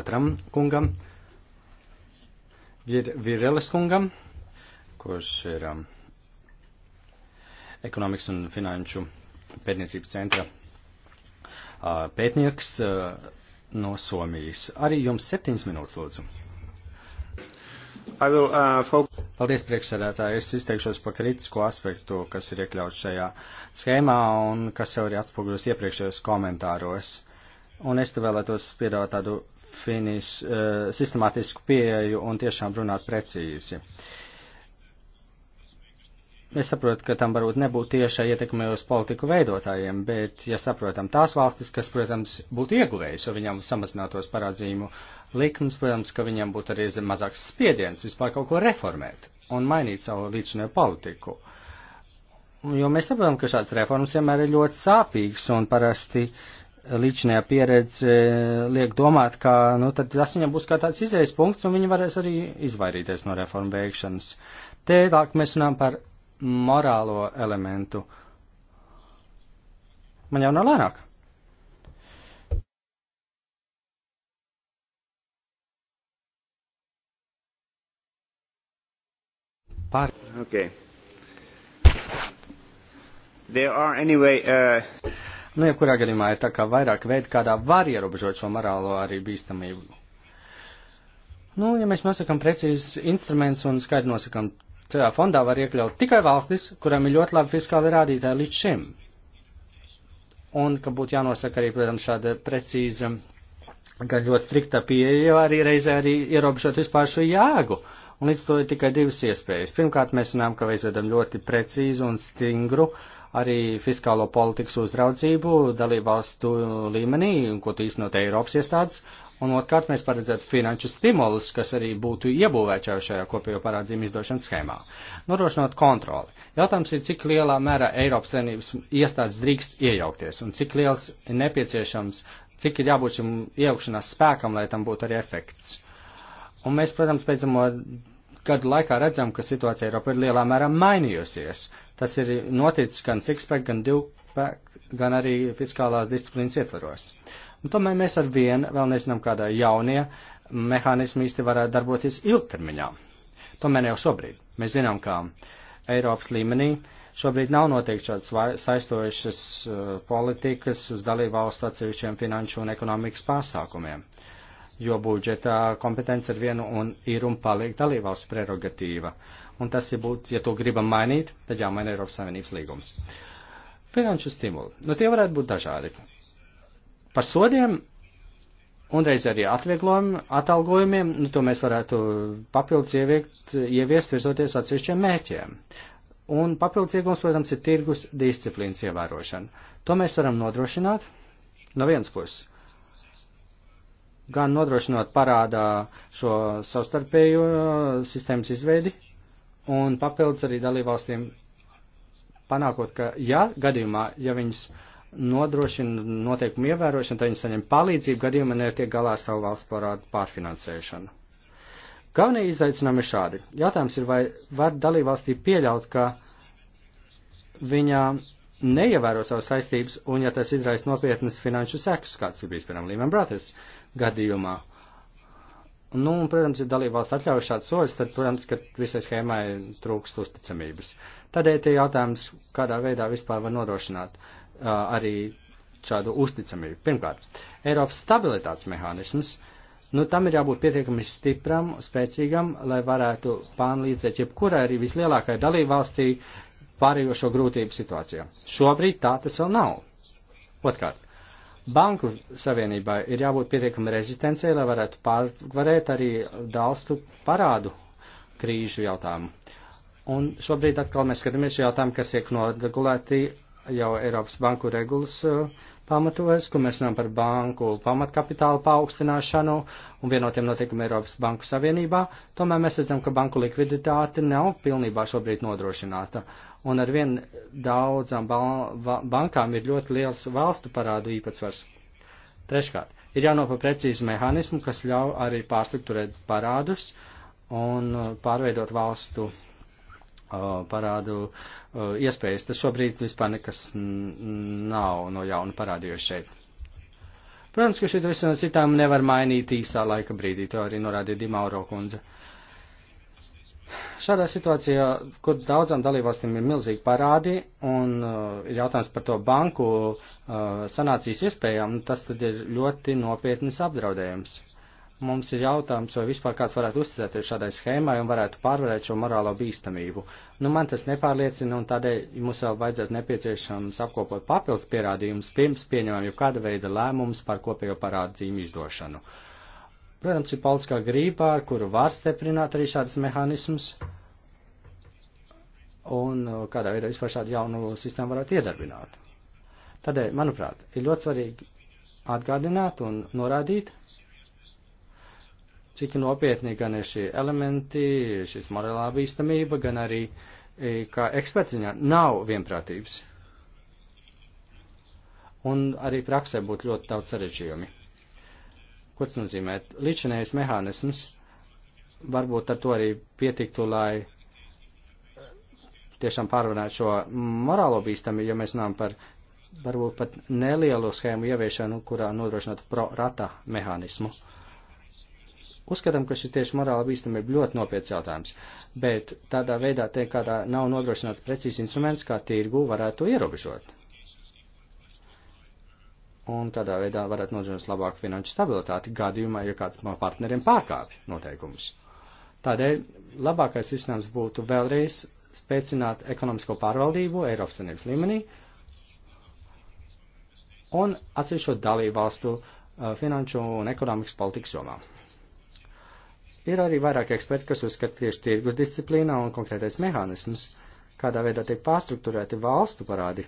otram kungam, Vir Vireles kungam, kurš ir. Um, ekonomikas un finanšu pētniecības centra pētnieks no Somijas. Arī jums septiņas minūtes, lūdzu. Will, uh, Paldies, priekšsēdētāji. Es izteikšos par kritisko aspektu, kas ir iekļauts šajā schēmā un kas jau ir atspoguļos iepriekšējos komentāros. Un es te vēlētos piedāvāt tādu finiš, uh, sistemātisku pieeju un tiešām runāt precīzi. Uh, Es saprotu, ka tam varbūt nebūtu tieša ietekme uz politiku veidotājiem, bet, ja saprotam tās valstis, kas, protams, būtu ieguvējis, jo viņam samazinātos parādzījumu likums, protams, ka viņam būtu arī mazāks spiediens vispār kaut ko reformēt un mainīt savu līdzinājumu politiku. Jo mēs saprotam, ka šāds reformas vienmēr ir ļoti sāpīgs un parasti līdzinājā pieredze liek domāt, ka, nu, tad tas viņam būs kā tāds izējas punkts un viņi varēs arī izvairīties no reformu veikšanas. Tēlāk mēs runājam par morālo elementu. Man jau nav lēnāk. Par. Okay. There are anyway. Uh... Nu, jebkurā ja gadījumā ir tā kā vairāk veidi, kādā var ierobežot šo morālo arī bīstamību. Nu, ja mēs nosakam precīzi instruments un skaidri nosakam Šajā fondā var iekļaut tikai valstis, kurām ir ļoti labi fiskāli rādītāji līdz šim. Un ka būtu jānosaka arī, protams, šāda precīza, gan ļoti strikta pieeja, jo arī reizē arī ierobežot vispār šo jēgu. Un līdz to ir tikai divas iespējas. Pirmkārt, mēs zinām, ka veidojam ļoti precīzu un stingru arī fiskālo politikas uzraudzību dalībvalstu līmenī, ko tu īstenot Eiropas iestādes, Un otrkārt mēs paredzētu finanšu stimulus, kas arī būtu iebūvēti jau šajā kopējo parādzījumu izdošanas schēmā. Nodrošinot kontroli. Jautājums ir, cik lielā mērā Eiropas savienības iestādes drīkst iejaukties un cik liels ir nepieciešams, cik ir jābūt šim iejaukšanās spēkam, lai tam būtu arī efekts. Un mēs, protams, pēdējo gadu laikā redzam, ka situācija Eiropā ir lielā mērā mainījusies. Tas ir noticis gan sixpack, gan divpack, gan arī fiskālās disciplīnas ietvaros. Uh, Un tomēr mēs ar vienu vēl nezinām, kādā jaunie mehānismi īsti varētu darboties ilgtermiņā. Tomēr jau šobrīd mēs zinām, ka Eiropas līmenī šobrīd nav noteikti šādas saistojušas uh, politikas uz dalību valstu atsevišķiem finanšu un ekonomikas pasākumiem, jo budžeta kompetence ir vienu un ir un paliek dalību valstu prerogatīva. Un tas, ja, būt, ja to gribam mainīt, tad jāmaina Eiropas Savienības līgums. Finanšu stimuli. Nu, tie varētu būt dažādi. Par sodiem un reiz arī atvieglojumu atalgojumiem, nu, to mēs varētu papildus ieviekt, ieviest virzoties atsevišķiem mēķiem. Un papildus iegums, protams, ir tirgus disciplīnas ievērošana. To mēs varam nodrošināt no vienas puses. Gan nodrošinot parādā šo savstarpējo sistēmas izveidi un papildus arī dalībvalstīm panākot, ka ja gadījumā, ja viņas nodrošina noteikumu ievērošanu, tad viņi saņem palīdzību gadījumā netiek galā ar savu valsts parādu pārfinansēšanu. Galvenie izaicinājumi ir šādi. Jautājums ir, vai var dalībvalstī pieļaut, ka viņa neievēro savas saistības, un ja tas izraisa nopietnas finanšu sekas, kāds ir bijis, piemēram, Lehman Brothers gadījumā. Nu, un, protams, ja dalībvalsts atļauj šāds soļus, tad, protams, ka visai schēmai trūkst uzticamības. Tādēļ te jautājums, kādā veidā vispār var nodrošināt. Uh, arī šādu uzticamību. Pirmkārt, Eiropas stabilitātes mehānisms, nu tam ir jābūt pietiekami stipram, spēcīgam, lai varētu pārlīdzēt jebkurai arī vislielākai dalībvalstī pārējošo grūtību situācijā. Šobrīd tā tas vēl nav. Otkārt, Banku savienībai ir jābūt pietiekami rezistencei, lai varētu pārvarēt arī dalstu parādu krīžu jautājumu. Un šobrīd atkal mēs skatāmies šo jautājumu, kas tiek noregulēti jau Eiropas banku regulas eh, pamatojas, kur mēs runājam par banku pamatkapitāla paaugstināšanu un vienotiem noteikumiem Eiropas banku savienībā, tomēr mēs redzam, ka banku likviditāte nav pilnībā šobrīd nodrošināta. Un ar vien daudzām ba bankām ir ļoti liels valstu parādu īpatsvars. Treškārt, ir jānopa precīzi mehānismu, kas ļauj arī pārstrukturēt parādus un eh, pārveidot valstu parādu iespējas. Tas šobrīd vispār nekas nav no jauna parādījuši šeit. Protams, ka šī visu no citām nevar mainīt īsā laika brīdī, to arī norādīja Dimauro kundze. Šādā situācijā, kur daudzām dalībvalstīm ir milzīgi parādi un uh, ir jautājums par to banku uh, sanācijas iespējām, tas tad ir ļoti nopietnis apdraudējums. Uh, Mums ir jautājums, vai vispār kāds varētu uzticēties šādai schēmai un varētu pārvarēt šo morālo bīstamību. Nu, man tas nepārliecina, un tādēļ mums vēl vajadzētu nepieciešams apkopot papildus pierādījumus pirms pieņemam jau kāda veida lēmums par kopējo parādzījumu izdošanu. Protams, ir politiskā grība, ar kuru var stiprināt arī šādas mehānismus, un uh, kādā veidā vispār šādu jaunu sistēmu varētu iedarbināt. Tādēļ, manuprāt, ir ļoti svarīgi atgādināt un norādīt, cik nopietni gan ir šie elementi, šis morālā bīstamība, gan arī, e, kā ekspertiņā, nav vienprātības. Un arī praksē būtu ļoti daudz sarežģījumi. Ko tas nozīmē? Līdzinējais mehānisms varbūt ar to arī pietiktu, lai tiešām pārvarētu šo morālo bīstamību, ja mēs runājam par varbūt pat nelielu schēmu ieviešanu, kurā nodrošinātu pro rata mehānismu. Uzskatām, ka šis tieši morāla bīstama ir ļoti nopietns jautājums, bet tādā veidā te kādā nav nodrošināts precīzs instruments, kā tirgu varētu ierobežot. Un tādā veidā varētu nodrošināt labāku finanšu stabilitāti gadījumā, ja kāds no partneriem pārkāpj noteikumus. Tādēļ labākais risinājums būtu vēlreiz spēcināt ekonomisko pārvaldību Eiropas Savienības līmenī un atsevišķo dalību valstu uh, finanšu un ekonomikas politikas jomā. Ir arī vairāk eksperti, kas uzskata tieši tirgus disciplīnā un konkrētais mehānisms, kādā veidā tiek pārstruktūrēti valstu parādi,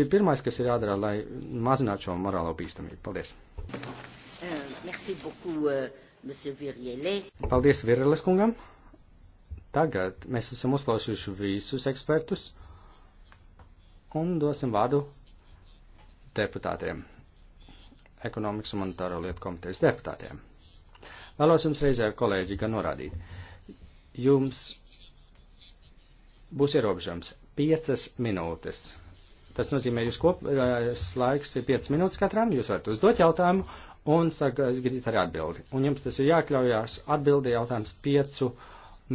ir pirmais, kas ir jādara, lai mazinātu šo morālo bīstamību. Paldies! Eh, eh, Paldies Virles kungam! Tagad mēs esam uzklausījuši visus ekspertus un dosim vārdu deputātiem, ekonomikas un monetāro lietu komitejas deputātiem. Vēlos jums reizē, kolēģi, gan norādīt. Jums būs ierobežams 5 minūtes. Tas nozīmē, jūs kopējais laiks ir 5 minūtes katram, jūs varat uzdot jautājumu un sagaidīt arī atbildi. Un jums tas ir jākļaujās atbildi jautājums 5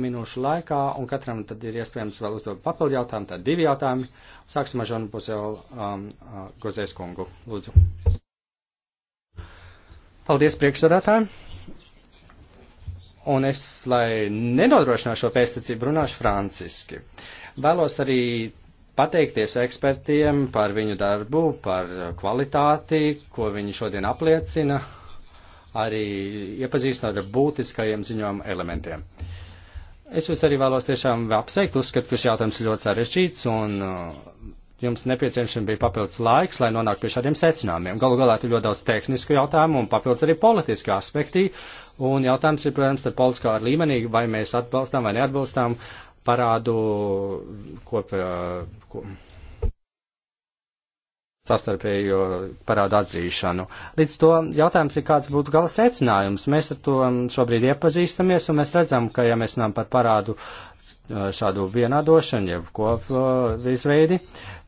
minūšu laikā, un katram tad ir iespējams vēl uzdot papildu jautājumu, tad divi jautājumi. Sāksim ar Žonu Buzelu um, uh, Gozēskungu. Lūdzu. Paldies priekšsādātājiem! Un es, lai nenodrošināšu šo pēstniecību, runāšu franciski. Vēlos arī pateikties ekspertiem par viņu darbu, par kvalitāti, ko viņi šodien apliecina, arī iepazīstinot ar būtiskajiem ziņojuma elementiem. Es jūs arī vēlos tiešām apsveikt, uzskatu, ka šis jautājums ļoti sarežģīts un jums nepieciešams bija papildus laiks, lai nonāktu pie šādiem secinājumiem. Galu galā ir ļoti daudz tehnisku jautājumu un papildus arī politiski aspekti. Un jautājums ir, protams, tad politiskā līmenī, vai mēs atbalstām vai neatbalstām parādu kop, ko, sastarpējo parādu atzīšanu. Līdz to jautājums ir, kāds būtu gala secinājums. Mēs ar to šobrīd iepazīstamies un mēs redzam, ka ja mēs runājam par parādu šādu vienādošanu, jeb kopveizveidi,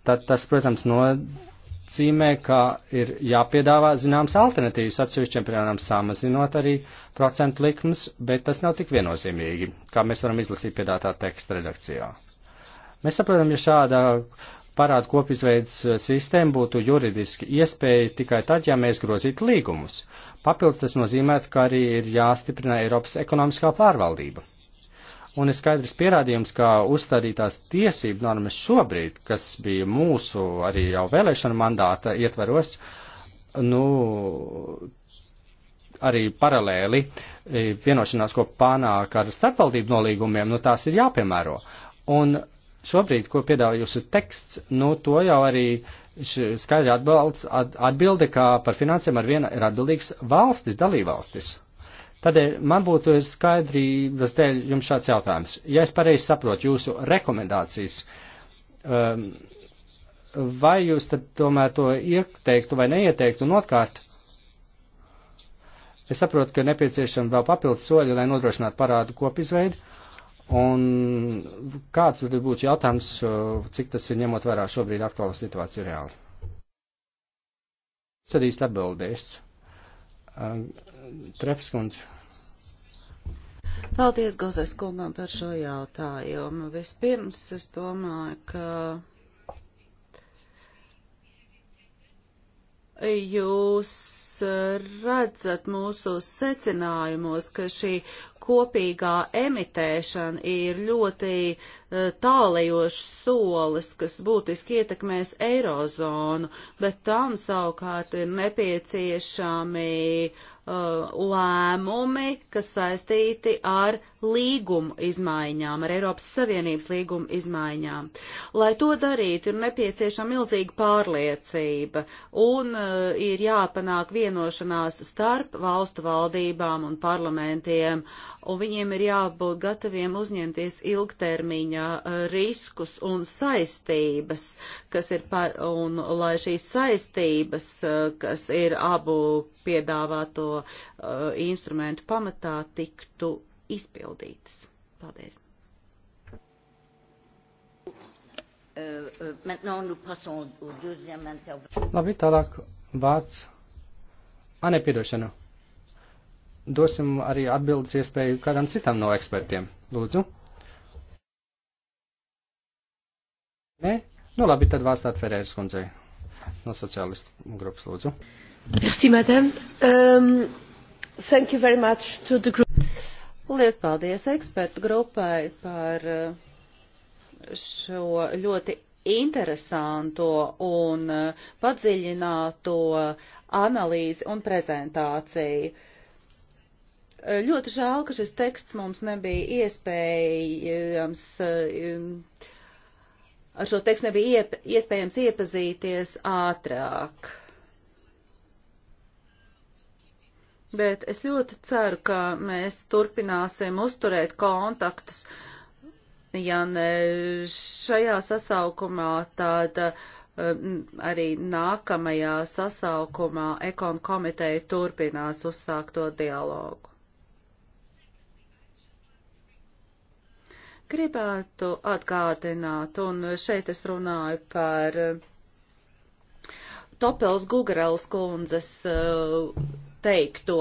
tad tas, protams, nozīmē, ka ir jāpiedāvā zināms alternatīvas atsevišķiem, piemēram, samazinot arī procentu likmes, bet tas nav tik viennozīmīgi, kā mēs varam izlasīt piedātā teksta redakcijā. Mēs saprotam, ja šāda parādu kopizveids eh, sistēma būtu juridiski iespēja tikai tad, ja mēs grozītu līgumus. Papildus tas nozīmē, ka arī ir jāstiprina Eiropas ekonomiskā pārvaldība. Un ir skaidrs pierādījums, ka uzstādītās tiesību normas šobrīd, kas bija mūsu arī jau vēlēšana mandāta ietveros, nu, arī paralēli e, vienošanās, ko panāk ar starpvaldību nolīgumiem, nu tās ir jāpiemēro. Un šobrīd, ko piedāvā jūsu teksts, nu to jau arī skaidri atbalds, atbilde, ka par finansēm ar vienu ir atbildīgs valstis, dalībvalstis. Tādēļ man būtu skaidrības dēļ jums šāds jautājums. Ja es pareizi saprotu jūsu rekomendācijas, um, vai jūs tad tomēr to ieteiktu vai neieteiktu un otkārt? Es saprotu, ka nepieciešama vēl papildus soļi, lai nodrošinātu parādu kopizveidu. Un kāds tad būtu jautājums, uh, cik tas ir ņemot vērā šobrīd aktuāla situācija reāli? Tad īsti atbildēs. Uh, Trepskundze. Paldies, Gozais kungam, par šo jautājumu. Vispirms es domāju, ka jūs redzat mūsu secinājumos, ka šī kopīgā emitēšana ir ļoti e, tālajošs solis, kas būtiski ietekmēs eirozonu, bet tam savukārt ir nepieciešami uh, Uh, lēmumi, kas saistīti ar līgumu izmaiņām, ar Eiropas Savienības līgumu izmaiņām. Lai to darītu, ir nepieciešama milzīga pārliecība un uh, ir jāpanāk vienošanās starp valstu valdībām un parlamentiem un viņiem ir jābūt gataviem uzņemties ilgtermiņā eh, riskus un saistības, kas ir, par, un lai šīs saistības, eh, kas ir abu piedāvāto uh, instrumentu pamatā, tiktu izpildītas. Paldies! Euh, Labi, tālāk vārds. Ane, piedošana dosim arī atbildes iespēju kādam citam no ekspertiem. Lūdzu. Nē? Nu labi, tad vārstāt Ferēras kundzei no sociālistu grupas, lūdzu. Merci, madam. Um, thank you very much to the group. Lies paldies ekspertu grupai par uh, šo ļoti interesanto un uh, padziļināto analīzi un prezentāciju. Uh, Ļoti žēl, ka šis teksts mums nebija iespējams, eh, ar šo tekstu nebija iep, iespējams iepazīties ātrāk. Bet es ļoti ceru, ka mēs turpināsim uzturēt kontaktus, ja ne šajā sasaukumā, tad eh, arī nākamajā sasaukumā ekon komiteja turpinās uzsākto dialogu. Gribētu atgādināt, un šeit es runāju par Topels Gugarels kundzes eh, teikto.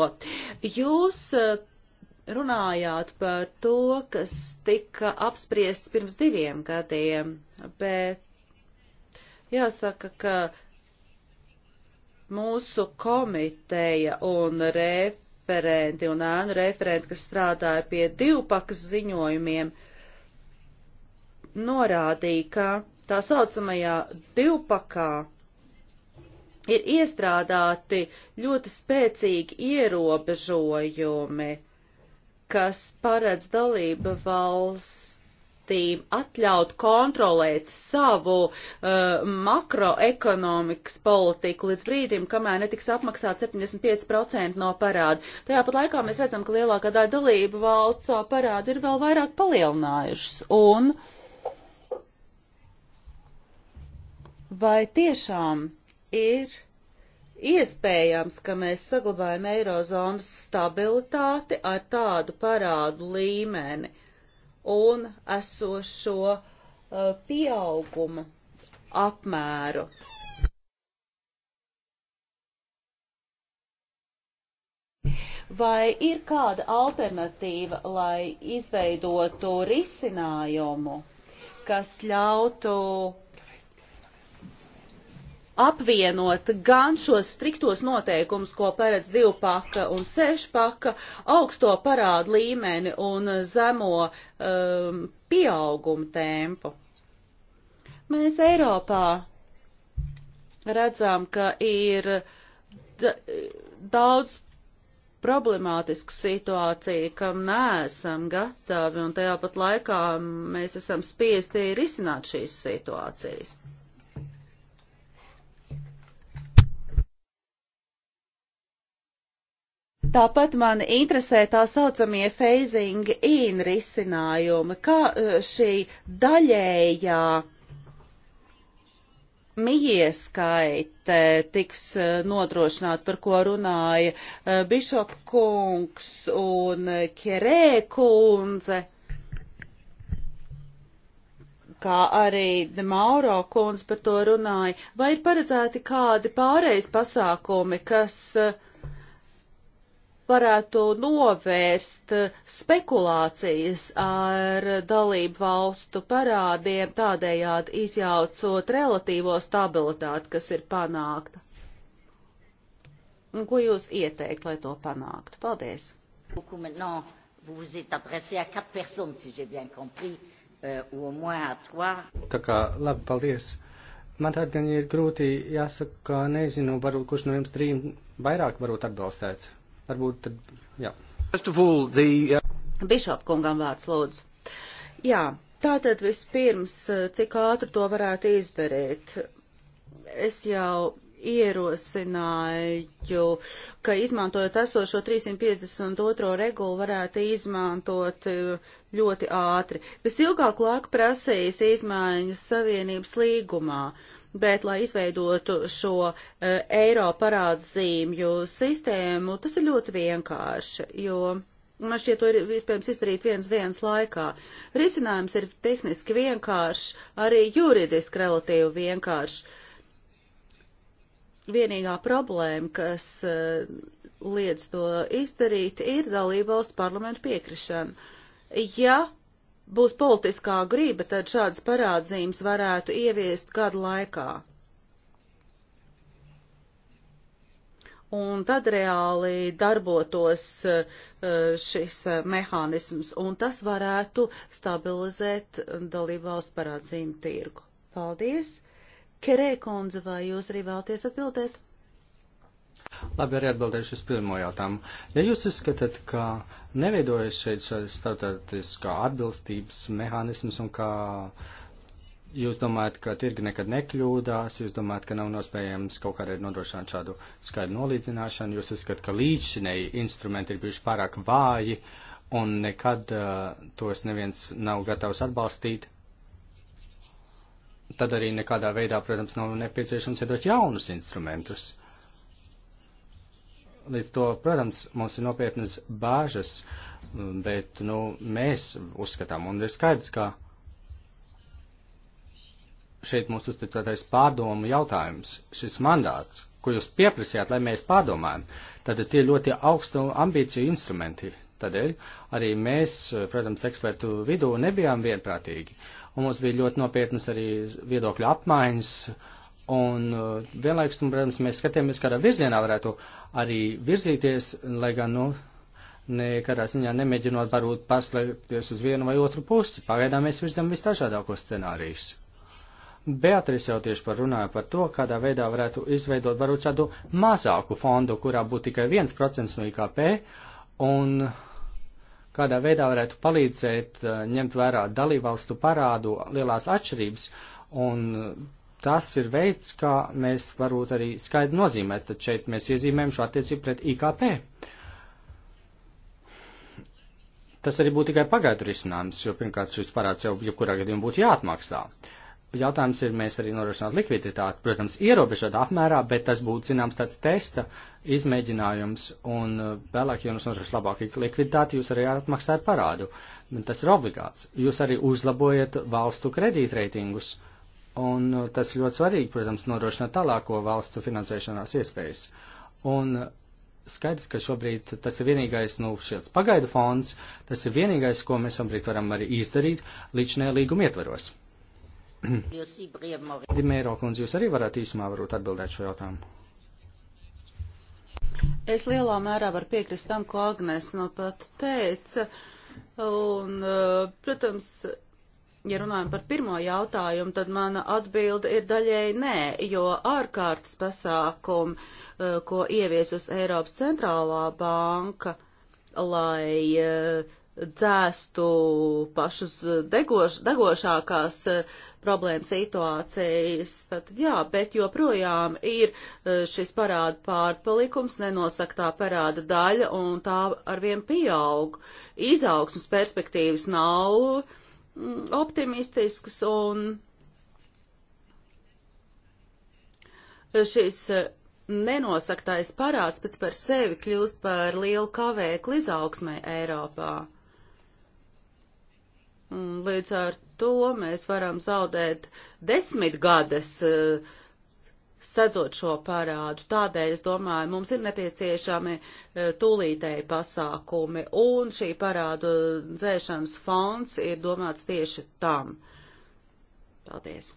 Jūs eh, runājāt par to, kas tika apspriests pirms diviem gadiem, bet jāsaka, ka mūsu komiteja un referenti un ēnu referenti, kas strādāja pie divpakas ziņojumiem, uh, norādīja, ka tā saucamajā divpakā ir iestrādāti ļoti spēcīgi ierobežojumi, kas paredz dalība valstīm atļaut kontrolēt savu uh, makroekonomikas politiku līdz brīdim, kamēr netiks apmaksāt 75% no parāda. Tajāpat laikā mēs redzam, ka lielākā daļa dalību valsts savu parādu ir vēl vairāk palielinājušas. Un, uh, vai tiešām ir iespējams, ka mēs saglabājam eirozonas stabilitāti ar tādu parādu līmeni un esošo uh, pieauguma apmēru. Vai ir kāda alternatīva, lai izveidotu risinājumu, kas ļautu apvienot gan šos striktos noteikumus, ko paredz divu paka un sešu paka, augsto parādu līmeni un zemo um, pieaugumu tempu. Mēs Eiropā redzam, ka ir daudz problemātisku situāciju, kam neesam gatavi, un tajā pat laikā mēs esam spiesti risināt šīs situācijas. Tāpat man interesē tā saucamie phasing in risinājumi, kā e, šī daļējā mieskaite tiks e, nodrošināt, par ko runāja e, Bišop kungs un Kerē kundze, kā arī Mauro kundze par to runāja, vai ir paredzēti kādi pārējais pasākumi, kas uh, varētu novērst spekulācijas ar dalību valstu parādiem, tādējādi izjaucot relatīvo stabilitāti, kas ir panākta. Un ko jūs ieteikt, lai to panāktu? Paldies! Euh, Tā kā labi, paldies! Man tad gan ir grūti jāsaka, ka nezinu, varbūt kurš no jums trim vairāk varbūt atbalstēt varbūt tad, jā. Uh, Bišop kungam vārds lūdzu. Jā, tātad vispirms, uh, cik ātri to varētu izdarīt. Es jau ierosināju, ka izmantojot esošo 352. regulu varētu izmantot uh, ļoti ātri. Visilgāku laiku prasīs izmaiņas Savienības līgumā. Uh, bet, lai izveidotu šo uh, eiro parādzīmju sistēmu, tas ir ļoti vienkārši, jo man šķiet, to ir iespējams izdarīt viens dienas laikā. Risinājums ir tehniski vienkāršs, arī juridiski relatīvi vienkāršs. Vienīgā problēma, kas uh, liedz to izdarīt, ir dalībvalstu parlamentu piekrišana. Ja būs politiskā grība, tad šādas parādzīmes varētu ieviest gadu laikā. Un tad reāli darbotos eh, šis eh, mehānisms, un tas varētu stabilizēt dalībvalstu parādzīmu tirgu. Paldies! Kerē konze, vai jūs arī vēlties atbildēt? Labi, arī atbildēšu uz pirmo jautājumu. Ja jūs uzskatāt, ka neveidojas šeit starptautiskā atbilstības mehānisms un ka jūs domājat, ka tirgi nekad nekļūdās, jūs domājat, ka nav nospējams kaut kādai nodrošināt šādu skaidru nolīdzināšanu, jūs uzskatāt, ka līdzinēji instrumenti ir bijuši pārāk vāji un nekad uh, tos neviens nav gatavs atbalstīt, tad arī nekādā veidā, protams, nav nepieciešams iedot jaunus instrumentus līdz to, protams, mums ir nopietnas bāžas, bet, nu, mēs uzskatām, un ir skaidrs, ka šeit mūsu uzticētais pārdomu jautājums, šis mandāts, ko jūs pieprasījāt, lai mēs pārdomājam, tad tie ļoti augstu ambīciju instrumenti. Tādēļ arī mēs, protams, ekspertu vidū nebijām vienprātīgi, un mums bija ļoti nopietnas arī viedokļu apmaiņas, un uh, vienlaikus, nu, protams, mēs skatījāmies, kādā virzienā varētu uh, arī virzīties, lai gan, nu, nekādā ziņā nemēģinot varbūt paslēpties uz vienu vai otru pusi. Pagaidām mēs virzam visdažādākos scenārijus. Beatrice jau tieši par runāja par to, kādā veidā varētu izveidot varbūt šādu mazāku fondu, kurā būtu tikai 1% no IKP, un kādā veidā varētu palīdzēt eh, ņemt vērā dalībvalstu parādu lielās atšķirības un tas ir veids, kā mēs varbūt arī skaidri nozīmēt, tad šeit mēs iezīmējam šo attiecību pret IKP. Tas arī būtu tikai pagaidu risinājums, jo pirmkārt šis parāds jau jebkurā gadījumā būtu jāatmaksā. Jautājums ir, mēs arī norošināt likviditāti, protams, ierobežot apmērā, bet tas būtu, zināms, tāds testa izmēģinājums, un uh, vēlāk, ja jums norošināt labāku likviditāti, jūs arī atmaksājat parādu. Tas ir obligāts. Jūs arī uzlabojat valstu kredītreitingus. Uh, Un uh, tas ļoti svarīgi, protams, nodrošināt tālāko valstu finansēšanās iespējas. Un uh, skaidrs, ka šobrīd tas ir vienīgais, nu, šāds pagaidu fonds, tas ir vienīgais, ko mēs šobrīd varam arī izdarīt līdzinē līguma ietveros. Dimēro kundze, jūs arī varētu īsumā varbūt atbildēt šo jautājumu. Es lielā mērā varu piekrist tam, ko Agnēs nu pat teica. Un, uh, protams, Ja runājam par pirmo jautājumu, tad mana atbilde ir daļēji nē, jo ārkārtas pasākumi, eh, ko ieviesus Eiropas centrālā banka, lai eh, dzēstu pašas eh, degoš, degošākās problēma situācijas, tad jā, bet joprojām ir šis parāda pārpalikums, nenosaktā parāda daļa, un tā arvien pieaug. Izaugsmas perspektīvas nav Mm, optimistisks un šis eh, nenosaktais parāds pēc par sevi kļūst par lielu kavēkli izaugsmai Eiropā. Un līdz ar to mēs varam zaudēt desmitgades uh, sedzot šo parādu. Tādēļ, es domāju, mums ir nepieciešami e, tūlītēji pasākumi, un šī parādu dzēšanas fonds ir domāts tieši tam. Paldies!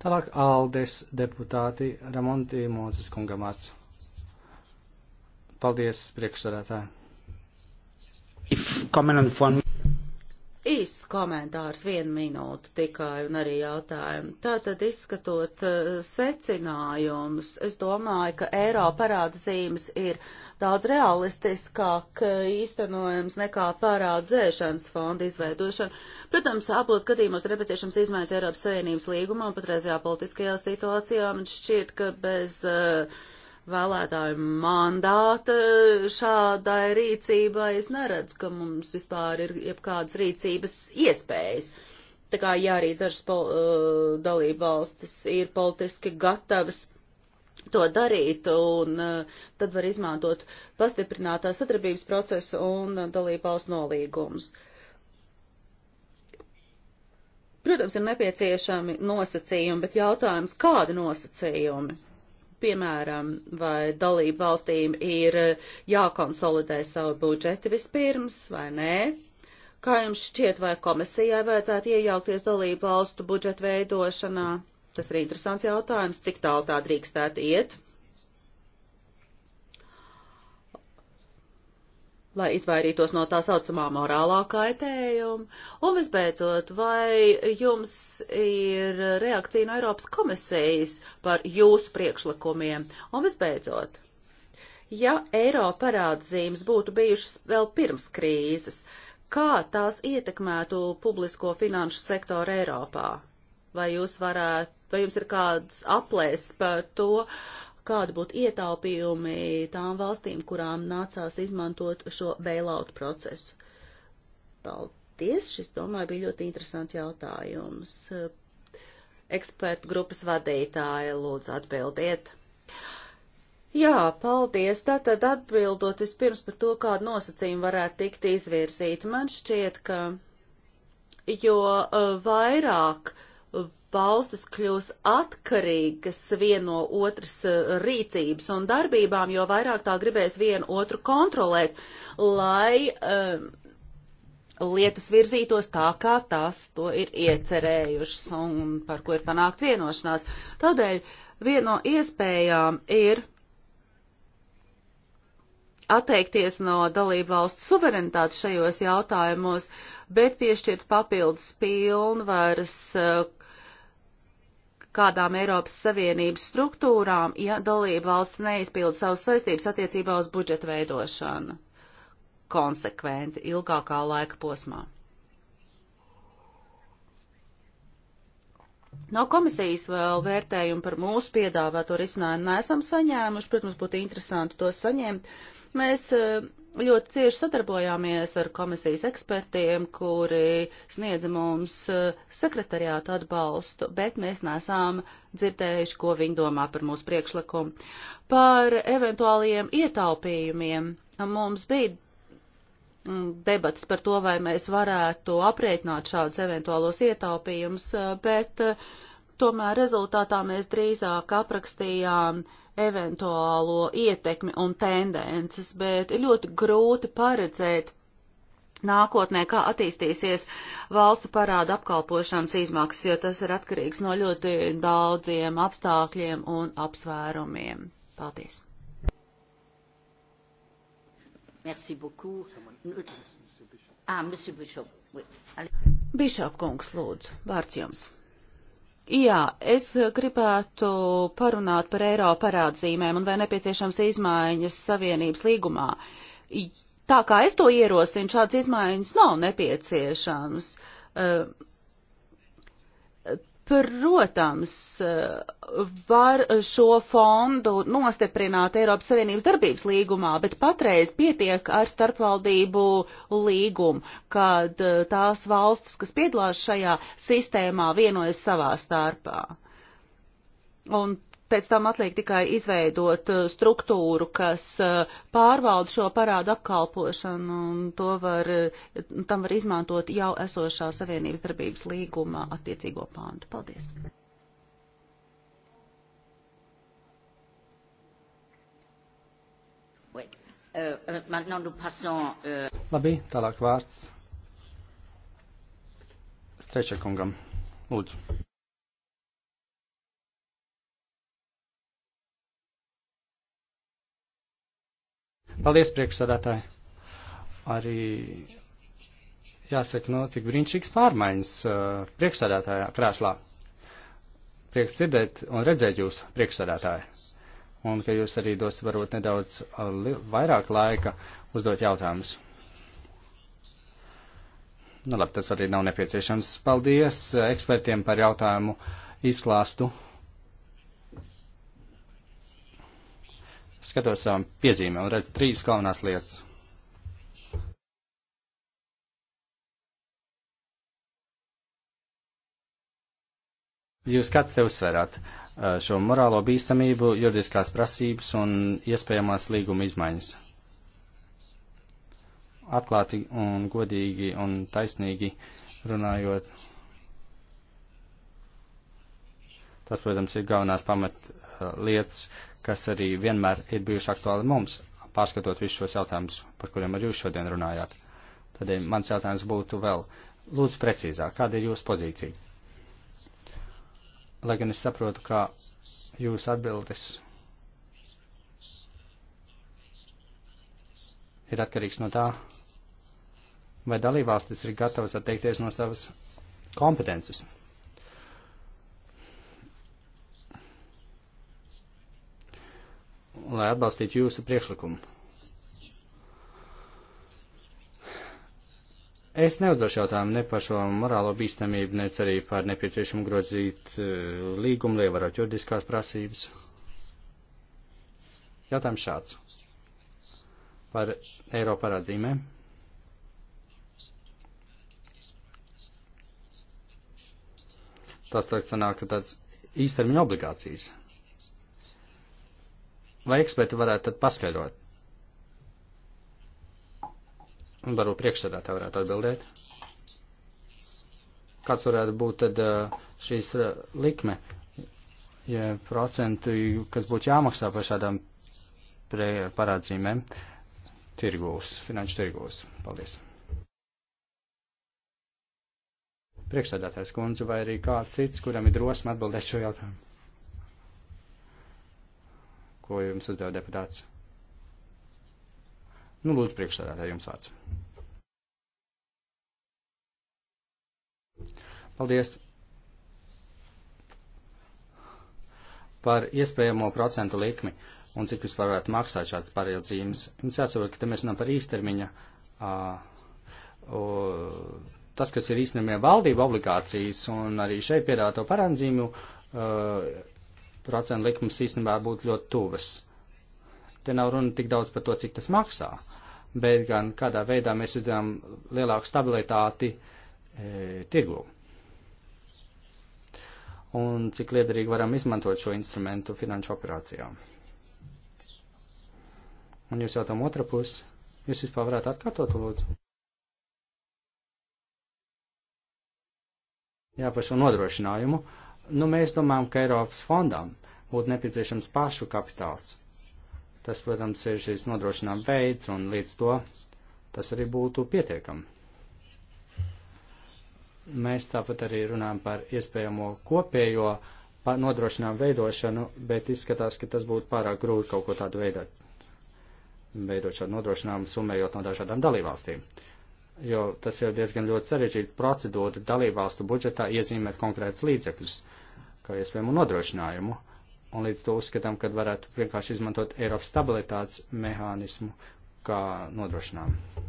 Tālāk Aldes deputāti Ramonti Mozes kungamāts. Paldies, priekšsarētāji! Īs komentārs vienu minūtu tikai un arī jautājumu. Tātad izskatot eh, secinājumus, es domāju, ka eiro parādzīmes ir daudz realistiskāk eh, īstenojams nekā parādzēšanas fonda izveidošana. Protams, abos gadījumos ir nepieciešams izmaiņas Eiropas Savienības līgumā un patreizajā politiskajā situācijā. Man šķiet, ka bez uh, vēlētāju mandāta šādai rīcībai, es neredzu, ka mums vispār ir jebkādas rīcības iespējas. Tā kā jā, arī dažas pol, uh, dalību valstis ir politiski gatavas to darīt, un uh, tad var izmantot pastiprinātā sadarbības procesu un uh, dalību valstu nolīgumus. Protams, ir nepieciešami nosacījumi, bet jautājums, kādi nosacījumi? piemēram, vai dalību valstīm ir jākonsolidē savu budžeti vispirms vai nē. Kā jums šķiet, vai komisijai vajadzētu iejaukties dalību valstu budžetu veidošanā? Tas ir interesants jautājums, cik tālu tā drīkstētu iet. lai izvairītos no tā saucamā morālā kaitējuma? Un visbeidzot, vai jums ir reakcija no Eiropas komisijas par jūsu priekšlikumiem? Un visbeidzot, ja eiro parādzīmes būtu bijušas vēl pirms krīzes, kā tās ietekmētu publisko finanšu sektoru Eiropā? Vai jūs varētu, vai jums ir kāds aplēs par to, uh, kāda būtu ietaupījumi tām valstīm, kurām nācās izmantot šo bailout procesu. Paldies, šis, domāju, bija ļoti interesants jautājums. Ekspertu grupas vadītāja, lūdzu, atbildiet. Jā, paldies. Tātad atbildot vispirms par to, kādu nosacījumu varētu tikt izvirsīt, man šķiet, ka jo eh, vairāk uh, valstis kļūs atkarīgas vieno otras eh, rīcības un darbībām, jo vairāk tā gribēs vienu otru kontrolēt, lai um, lietas virzītos tā, kā tās to ir iecerējušas un par ko ir panākt vienošanās. Tādēļ viena no iespējām ir atteikties no dalību valsts suverenitātes šajos jautājumos, bet piešķirt papildus pilnvaras eh, kādām Eiropas Savienības struktūrām, ja dalība valsts neizpild savas saistības attiecībā uz budžeta veidošanu konsekventi ilgākā laika posmā. No komisijas vēl vērtējumu par mūsu piedāvāto risinājumu neesam saņēmuši, protams, būtu interesanti to saņemt. Mēs uh, ļoti cieši sadarbojāmies ar komisijas ekspertiem, kuri sniedza mums eh, sekretariātu atbalstu, bet mēs nesām dzirdējuši, ko viņi domā par mūsu priekšlikumu. Par eventuāliem ietaupījumiem mums bija mm, debats par to, vai mēs varētu aprēķināt šādus eventuālos ietaupījumus, eh, bet eh, tomēr rezultātā mēs drīzāk aprakstījām uh, eventuālo ietekmi un tendences, bet ir ļoti grūti paredzēt nākotnē, kā attīstīsies valstu parāda apkalpošanas izmaksas, jo tas ir atkarīgs no ļoti daudziem apstākļiem un apsvērumiem. Paldies! Merci beaucoup. Ah, monsieur Bishop. Oui. Bishop kungs, lūdzu, vārds jums. Jā, es gribētu parunāt par eiro parādzīmēm un vai nepieciešams izmaiņas Savienības līgumā. Tā kā es to ierosinu, šāds izmaiņas nav nepieciešams. Uh, Protams, var šo fondu nostiprināt Eiropas Savienības darbības līgumā, bet patreiz pietiek ar starpvaldību līgumu, kad eh, tās valstis, kas piedalās šajā sistēmā, vienojas savā starpā. Un pēc tam atliek tikai izveidot eh, struktūru, kas eh, pārvalda šo parādu apkalpošanu, un to var, eh, tam var izmantot jau esošā Savienības darbības līguma attiecīgo pāntu. Paldies! Uh, uh, euh, Labi, tālāk vārds Strečekungam. Lūdzu. Paldies, priekšsādātāji! Arī jāsaka, no nu, cik brīnišķīgs pārmaiņas uh, priekšsādātājā krēslā. Prieks dzirdēt un redzēt jūs priekšsādātāju. Un ka jūs arī dos varbūt nedaudz uh, vairāk laika uzdot jautājumus. Nu labi, tas arī nav nepieciešams. Paldies uh, ekspertiem par jautājumu izklāstu. skatos savām piezīmēm un redzu trīs galvenās lietas. Jūs kāds te uzsverāt šo morālo bīstamību, juridiskās prasības un iespējamās līguma izmaiņas? Atklāti un godīgi un taisnīgi runājot. Tas, protams, ir galvenās pamat lietas, kas arī vienmēr ir bijuši aktuāli mums, pārskatot visus šos jautājumus, par kuriem arī jūs šodien runājāt. Tad mans jautājums būtu vēl, lūdzu precīzāk, kāda ir jūsu pozīcija? Lai gan es saprotu, ka jūsu atbildes ir atkarīgs no tā, vai dalībvalstis ir gatavas atteikties no savas kompetences. lai atbalstītu jūsu priekšlikumu. Es neuzdošu jautājumu ne par šo morālo bīstamību, ne arī par nepieciešamu grozīt e, līgumu, lai varētu juridiskās prasības. Jautājums šāds. Par eiro parādzīmēm. Tas tagad sanāk, ka tāds īstermiņa obligācijas Vai eksperti varētu tad paskaidrot? Un varbūt priekšsēdētāji varētu atbildēt. Kāds varētu būt tad eh, šīs eh, likme, ja procenti, kas būtu jāmaksā par šādām parādzīmēm tirgūs, finanšu tirgūs? Paldies. Priekšsēdētājs kundze vai arī kāds cits, kuram ir drosme atbildēt šo jautājumu? ko jums uzdeva deputāts. Nu, lūdzu, priekšsēdētāji, jums vārds. Paldies par iespējamo procentu likmi un cik vispār varētu maksāt šāds pārējādzīmes. Jums jāsaprot, ka te mēs runājam par īstermiņa. Uh, uh, tas, kas ir īstenībā valdība obligācijas un arī šeit piedāvāto parādzīmu, uh, procentu likums īstenībā būtu ļoti tuvas. Te nav runa tik daudz par to, cik tas maksā, bet gan kādā veidā mēs uzdevām lielāku stabilitāti e, tirgū. Un cik liederīgi varam izmantot šo instrumentu finanšu operācijām. Un jūs jautājumu otra pusi. Jūs vispār varētu atkārtot, lūdzu? Jā, par šo nodrošinājumu. Uh, Nu, mēs domājam, ka Eiropas fondam būtu nepieciešams pašu kapitāls. Tas, protams, ir šīs nodrošinājuma veids, un līdz to tas arī būtu pietiekami. Mēs tāpat arī runājam par iespējamo kopējo nodrošinājumu veidošanu, bet izskatās, ka tas būtu pārāk grūti kaut ko tādu veidot. Veidot šādu nodrošinājumu, summējot no dažādām dalībvalstīm. Uh, jo tas ir diezgan ļoti sarežģīta procedūra dalībvalstu budžetā iezīmēt konkrētus līdzekļus, kā iespējamu nodrošinājumu. Un līdz to uzskatām, ka varētu vienkārši izmantot Eiropas stabilitātes mehānismu kā nodrošinājumu.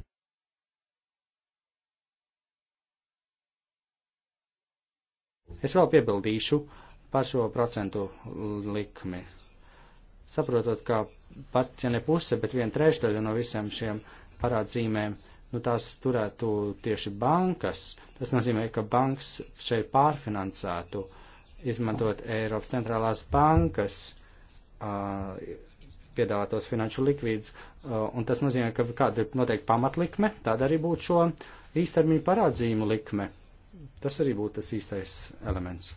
Es vēl piebildīšu par šo procentu likmi. Saprotot, ka pat, ja ne puse, bet viena trešdaļa no visiem šiem parādzīmēm uh, nu, tās turētu tieši bankas. Tas nozīmē, ka bankas šeit pārfinansētu, izmantot Eiropas centrālās bankas uh, piedāvātos finanšu likvīdus, uh, un tas nozīmē, ka kāda ir noteikti pamatlikme, tāda arī būtu šo īstermiņu parādzījumu likme. Tas arī būtu tas īstais elements.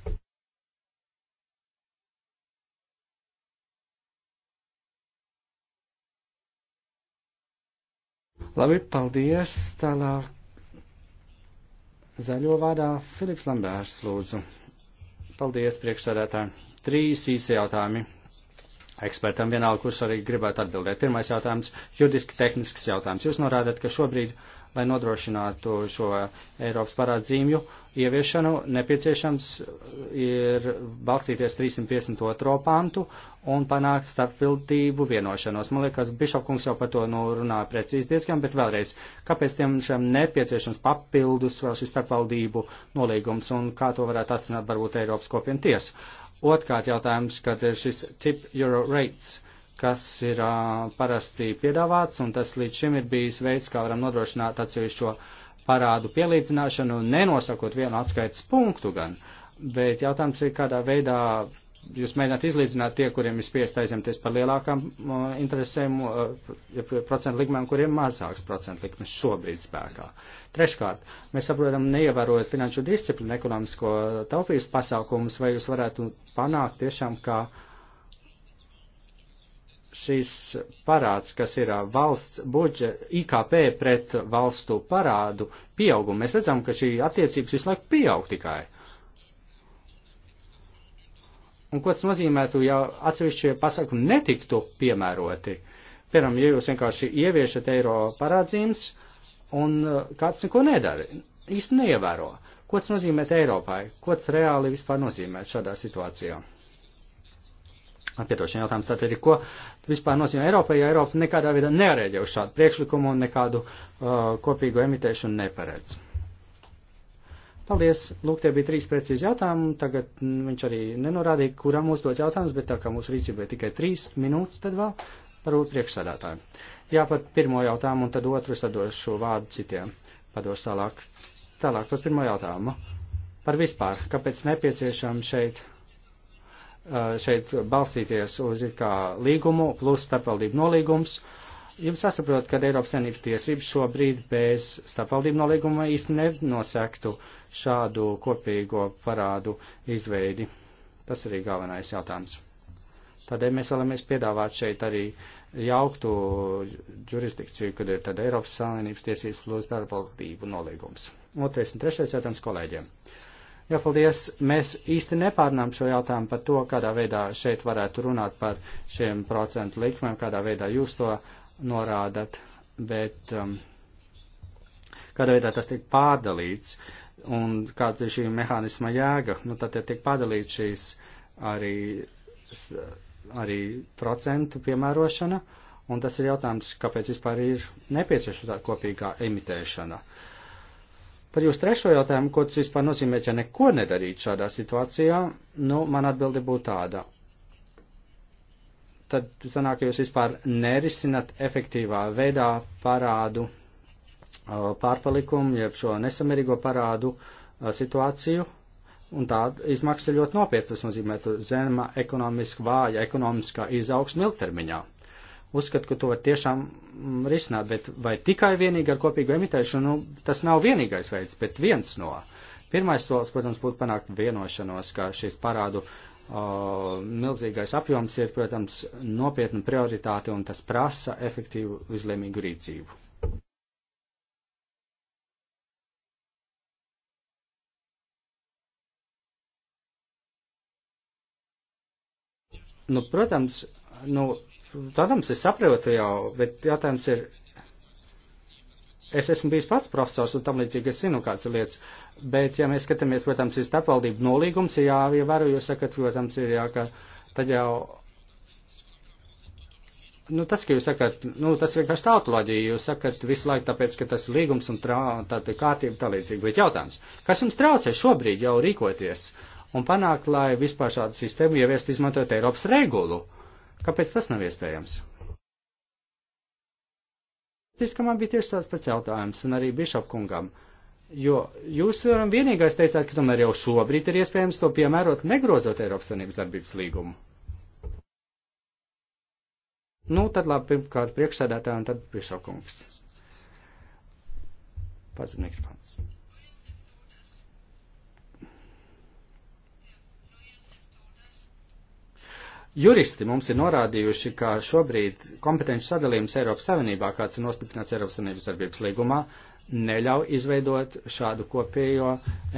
Labi, paldies. Tālāk zaļo vārdā Filips Lambērs lūdzu. Paldies, priekšsādātāji. Trīs īsi jautājumi. Ekspertam vienalga, kurš arī gribētu atbildēt. Pirmais jautājums - juridiski tehnisks jautājums. Jūs norādat, ka šobrīd uh, lai nodrošinātu šo Eiropas parādzīmju ieviešanu, nepieciešams ir balstīties 352. pantu un panākt starpviltību vienošanos. Man liekas, Bišopkungs jau par to nu, runā precīzi diezgan, bet vēlreiz, kāpēc tiem šiem nepieciešams papildus vēl šis starpvaldību nolīgums un kā to varētu atcināt varbūt Eiropas kopienu tiesu? Otkārt jautājums, kad ir šis tip euro rates kas ir uh, parasti piedāvāts, un tas līdz šim ir bijis veids, kā varam nodrošināt atsevišķo parādu pielīdzināšanu, nenosakot vienu atskaites punktu gan. Bet jautājums ir, kādā veidā jūs mēģināt izlīdzināt tie, kuriem ir spiest aizņemties par lielākām uh, interesēm, uh, procentu likmēm, kuriem mazāks procentu likmes šobrīd spēkā. Treškārt, mēs saprotam, neievērojot finanšu disciplinu, ekonomisko taupības pasākumus, vai jūs varētu panākt tiešām, ka uh, šis parāds, kas ir valsts budžet, IKP pret valstu parādu pieaugumu, mēs redzam, ka šī attiecības visu laiku pieaug tikai. Un ko tas nozīmētu, ja atsevišķie pasākumi netiktu piemēroti? Piemēram, ja jūs vienkārši ieviešat eiro parādzīmes un kāds neko nedara, īsti neievēro. Ko tas nozīmē Eiropai? Ko tas reāli vispār nozīmē šādā situācijā? Atpiedošana jautājums tātad ir, ko vispār nozīmē Eiropa, ja Eiropa nekādā veidā nereaģē uz šādu priekšlikumu un nekādu uh, kopīgu emitēšanu neparedz. Paldies! Lūk, tie bija trīs precīzi jautājumi. Tagad mm, viņš arī nenorādīja, kuram uzdot jautājumus, bet tā kā mūsu rīcībai tikai trīs minūtes, tad vēl par priekšsādātāju. Jā, par pirmo jautājumu un tad otru es došu vārdu citiem. Padošu tālāk. Tālāk par pirmo jautājumu. Par vispār, kāpēc nepieciešams šeit Eh, šeit balstīties uz it kā līgumu plus starpvaldību nolīgums. Jums jāsaprot, ka Eiropas Savienības tiesības šobrīd bez starpvaldību nolīguma īsti nenosektu šādu kopīgo parādu izveidi. Tas arī galvenais jautājums. Tādēļ mēs vēlamies piedāvāt šeit arī jauktu jurisdikciju, kad ir tad Eiropas Savienības tiesības plus starpvaldību nolīgums. Otrais un trešais jautājums kolēģiem. Uh, Jā, paldies. Mēs īsti nepārnām šo jautājumu par to, kādā veidā šeit varētu runāt par šiem procentu likmēm, kādā veidā jūs to norādat, bet um, kādā veidā tas tiek pārdalīts un kāds ir šī mehānisma jēga. Nu, tad ja tiek pārdalīts šīs arī, arī procentu piemērošana, un tas ir jautājums, kāpēc vispār ir nepieciešama kopīgā emitēšana. Uh, Par jūsu trešo jautājumu, ko tas vispār nozīmē, ja neko nedarīt šādā situācijā, nu, man atbildi būtu tāda. Tad sanāk, ka jūs vispār nerisinat efektīvā veidā parādu pārpalikumu, jeb šo nesamērīgo parādu situāciju, un tā izmaksas ir ļoti nopietnas, nozīmē zema ekonomiski vāja ekonomiskā izaugsme ilgtermiņā uzskatu, ka to var tiešām mm, risināt, bet vai tikai vienīgi ar kopīgu emitēšanu, nu, tas nav vienīgais veids, bet viens no. Pirmais solis, protams, būtu panākt vienošanos, ka šīs parādu uh, milzīgais apjoms ir, protams, nopietna prioritāte un tas prasa efektīvu izlēmīgu rīcību. Nu, protams, nu, Protams, es saprotu jau, bet jautājums ir, es esmu bijis pats profesors un tam līdzīgi es zinu kāds lietas, bet ja mēs skatāmies, protams, ir starpvaldību nolīgums, ir jāievēro, ja jūs sakat, protams, ir jā, ka tad jau nu, tas, ka jūs sakat, nu, tas vienkārši tautoloģija, jūs sakat visu laiku tāpēc, ka tas ir līgums un trā, tā, tā kārtība tā līdzīga. Bet jautājums, kas jums traucē šobrīd jau rīkoties un panākt, lai vispār šādu sistēmu ieviest izmantot Eiropas regulu? Kāpēc tas nav iespējams? Tas, ka man bija tieši tāds pats jautājums, un arī bišopkungam, jo jūs um, vienīgais teicāt, ka tomēr jau šobrīd ir iespējams to piemērot, negrozot Eiropas Savienības darbības līgumu. Nu, tad labi, pirmkārt priekšsēdētāji un tad bišopkungs. Pazudnikrofons. Juristi mums ir norādījuši, ka šobrīd kompetenci sadalījums Eiropas Savienībā, kāds ir nostiprināts Eiropas Savienības darbības līgumā, neļauj izveidot šādu kopējo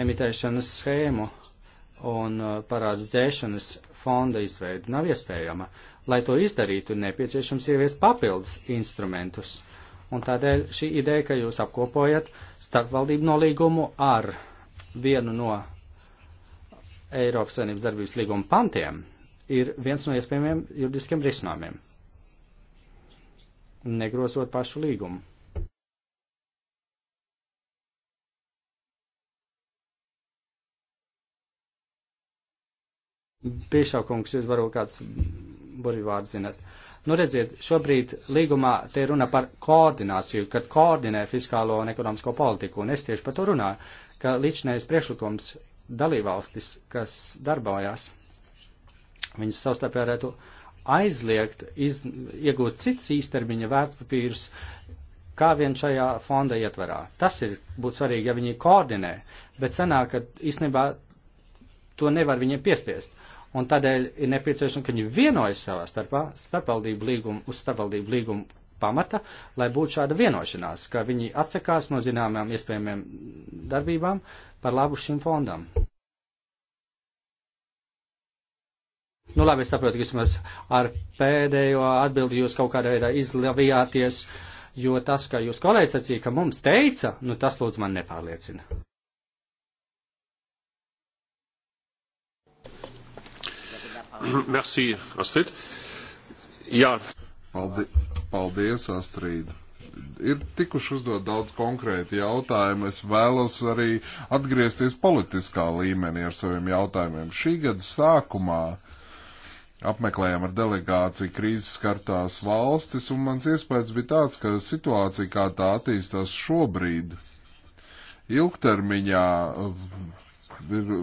emitēšanas schēmu un uh, parādu dzēšanas fonda izveida nav iespējama. Lai to izdarītu, nepieciešams ieviest papildus instrumentus. Un tādēļ šī ideja, ka jūs apkopojat starpvaldību nolīgumu ar vienu no Eiropas Savienības darbības līguma pantiem, ir viens no iespējamiem juridiskiem risinājumiem, negrozot pašu līgumu. Piešaukungs, jūs varbūt kāds burvīvārdu zinat. Nu, redziet, šobrīd līgumā te runa par koordināciju, kad koordinē fiskālo un ekonomisko politiku, un es tieši par to runāju, ka līdzinējais priekšlikums dalībvalstis, kas darbojās Viņas savstarpēji varētu aizliegt iz, iegūt cits īstermiņa vērtspapīrus, kā vien šajā fonda ietverā. Tas ir būtu svarīgi, ja viņi koordinē, bet sanāk, ka īstenībā to nevar viņiem piespiest. Un tādēļ ir nepieciešams, ka viņi vienojas savā starpā starpvaldību līgumu, uz starpvaldību līgumu pamata, lai būtu šāda vienošanās, ka viņi atsakās no zināmām iespējamiem darbībām par labu šim fondam. Nu, labi, es saprotu, ka vismaz ar pēdējo atbildi jūs kaut kādā veidā izlavījāties, jo tas, ka jūs kolēģis sacīja, ka mums teica, nu tas lūdzu man nepārliecina. Merci, Astrid. Jā. Paldies, paldies Astrid. Ir tikuši uzdot daudz konkrēti jautājumi. Es vēlos arī atgriezties politiskā līmenī ar saviem jautājumiem. Šī gada sākumā uh, apmeklējām ar delegāciju krīzes skartās valstis, un mans iespējas bija tāds, ka situācija kā tā attīstās šobrīd, ilgtermiņā uh, ir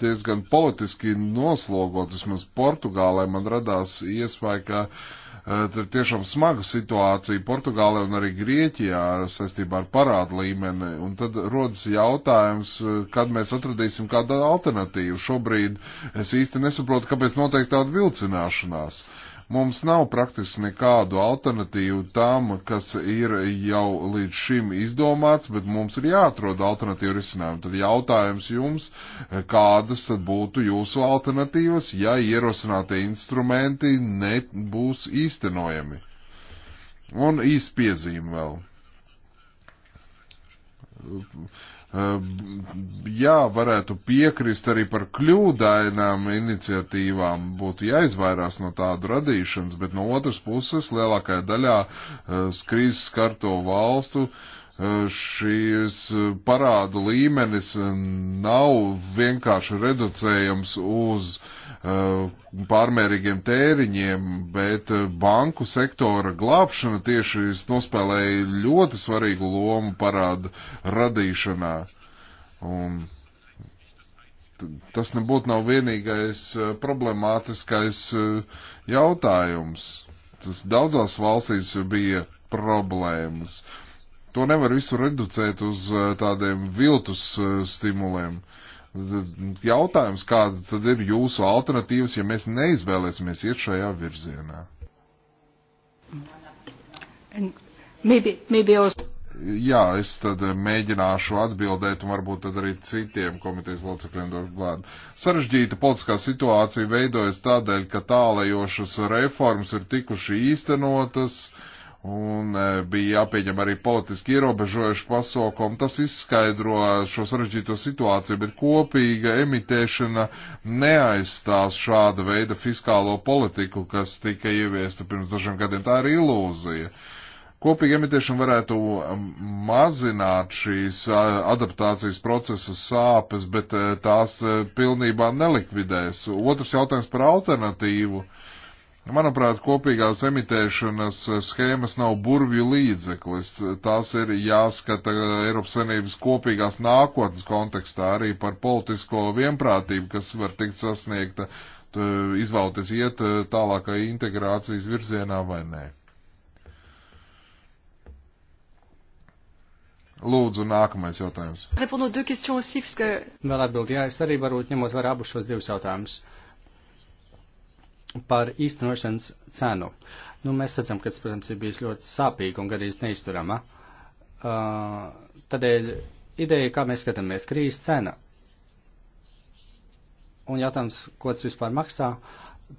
diezgan politiski noslogot, vismaz Portugālē man radās iespēja, ka uh, tur tiešām smaga situācija Portugālē un arī Grieķijā saistībā ar parādu līmeni. Un tad rodas jautājums, eh, kad mēs atradīsim kādu alternatīvu. Šobrīd es īsti nesaprotu, kāpēc notiek tāda vilcināšanās. Uh, Mums nav praktiski nekādu alternatīvu tam, kas ir jau līdz šim izdomāts, bet mums ir jāatrod alternatīvu risinājumu. Tad jautājums jums, kādas tad būtu jūsu alternatīvas, ja ierosinātie instrumenti nebūs īstenojami? Un īsts piezīme vēl jā, varētu piekrist arī par kļūdainām iniciatīvām, būtu jāizvairās no tādu radīšanas, bet no otras puses lielākajā daļā krīzes skarto valstu uh, šīs parādu līmenis nav vienkārši reducējams uz pārmērīgiem tēriņiem, bet banku sektora glābšana tieši nospēlēja ļoti svarīgu lomu parādu radīšanā. Un tas nebūtu nav vienīgais problemātiskais jautājums. Tas daudzās valstīs bija problēmas. To nevar visu reducēt uz eh, tādiem viltus eh, stimuliem. Mm, jautājums, kāda tad ir jūsu alternatīvas, ja mēs neizvēlēsimies iet šajā virzienā? Maybe, maybe also... Jā, es tad eh, mēģināšu atbildēt un varbūt tad arī citiem komitejas locekļiem došu blādu. Sarežģīta politiskā situācija veidojas tādēļ, ka tālajošas reformas ir tikuši īstenotas. Uh, un e, bija jāpieņem arī politiski ierobežojuši pasaukumi. Tas izskaidro šo sarežģīto situāciju, bet kopīga emitēšana neaizstās šāda veida fiskālo politiku, kas tika ieviesta pirms dažiem gadiem. Tā ir ilūzija. Kopīga emitēšana varētu mazināt šīs adaptācijas procesa sāpes, bet e, tās e, pilnībā nelikvidēs. Otrs jautājums par alternatīvu. Uh, Manuprāt, kopīgās emitēšanas schēmas nav burvju līdzeklis. Tās ir jāskata Eiropas Savienības kopīgās nākotnes kontekstā arī par politisko vienprātību, kas var tikt sasniegta, izvēlties iet e, tālākai integrācijas virzienā vai nē. Lūdzu, nākamais jautājums. Vēl atbildi, jā, es arī varbūt ņemot vērā abus šos divus jautājumus. Uh, par īstenošanas cenu. Nu, mēs redzam, ka tas, protams, ir bijis ļoti sāpīgi un gandrīz neizturama. Uh, tādēļ ideja, kā mēs skatāmies, krīzes cena. Un jautājums, ko tas vispār maksā,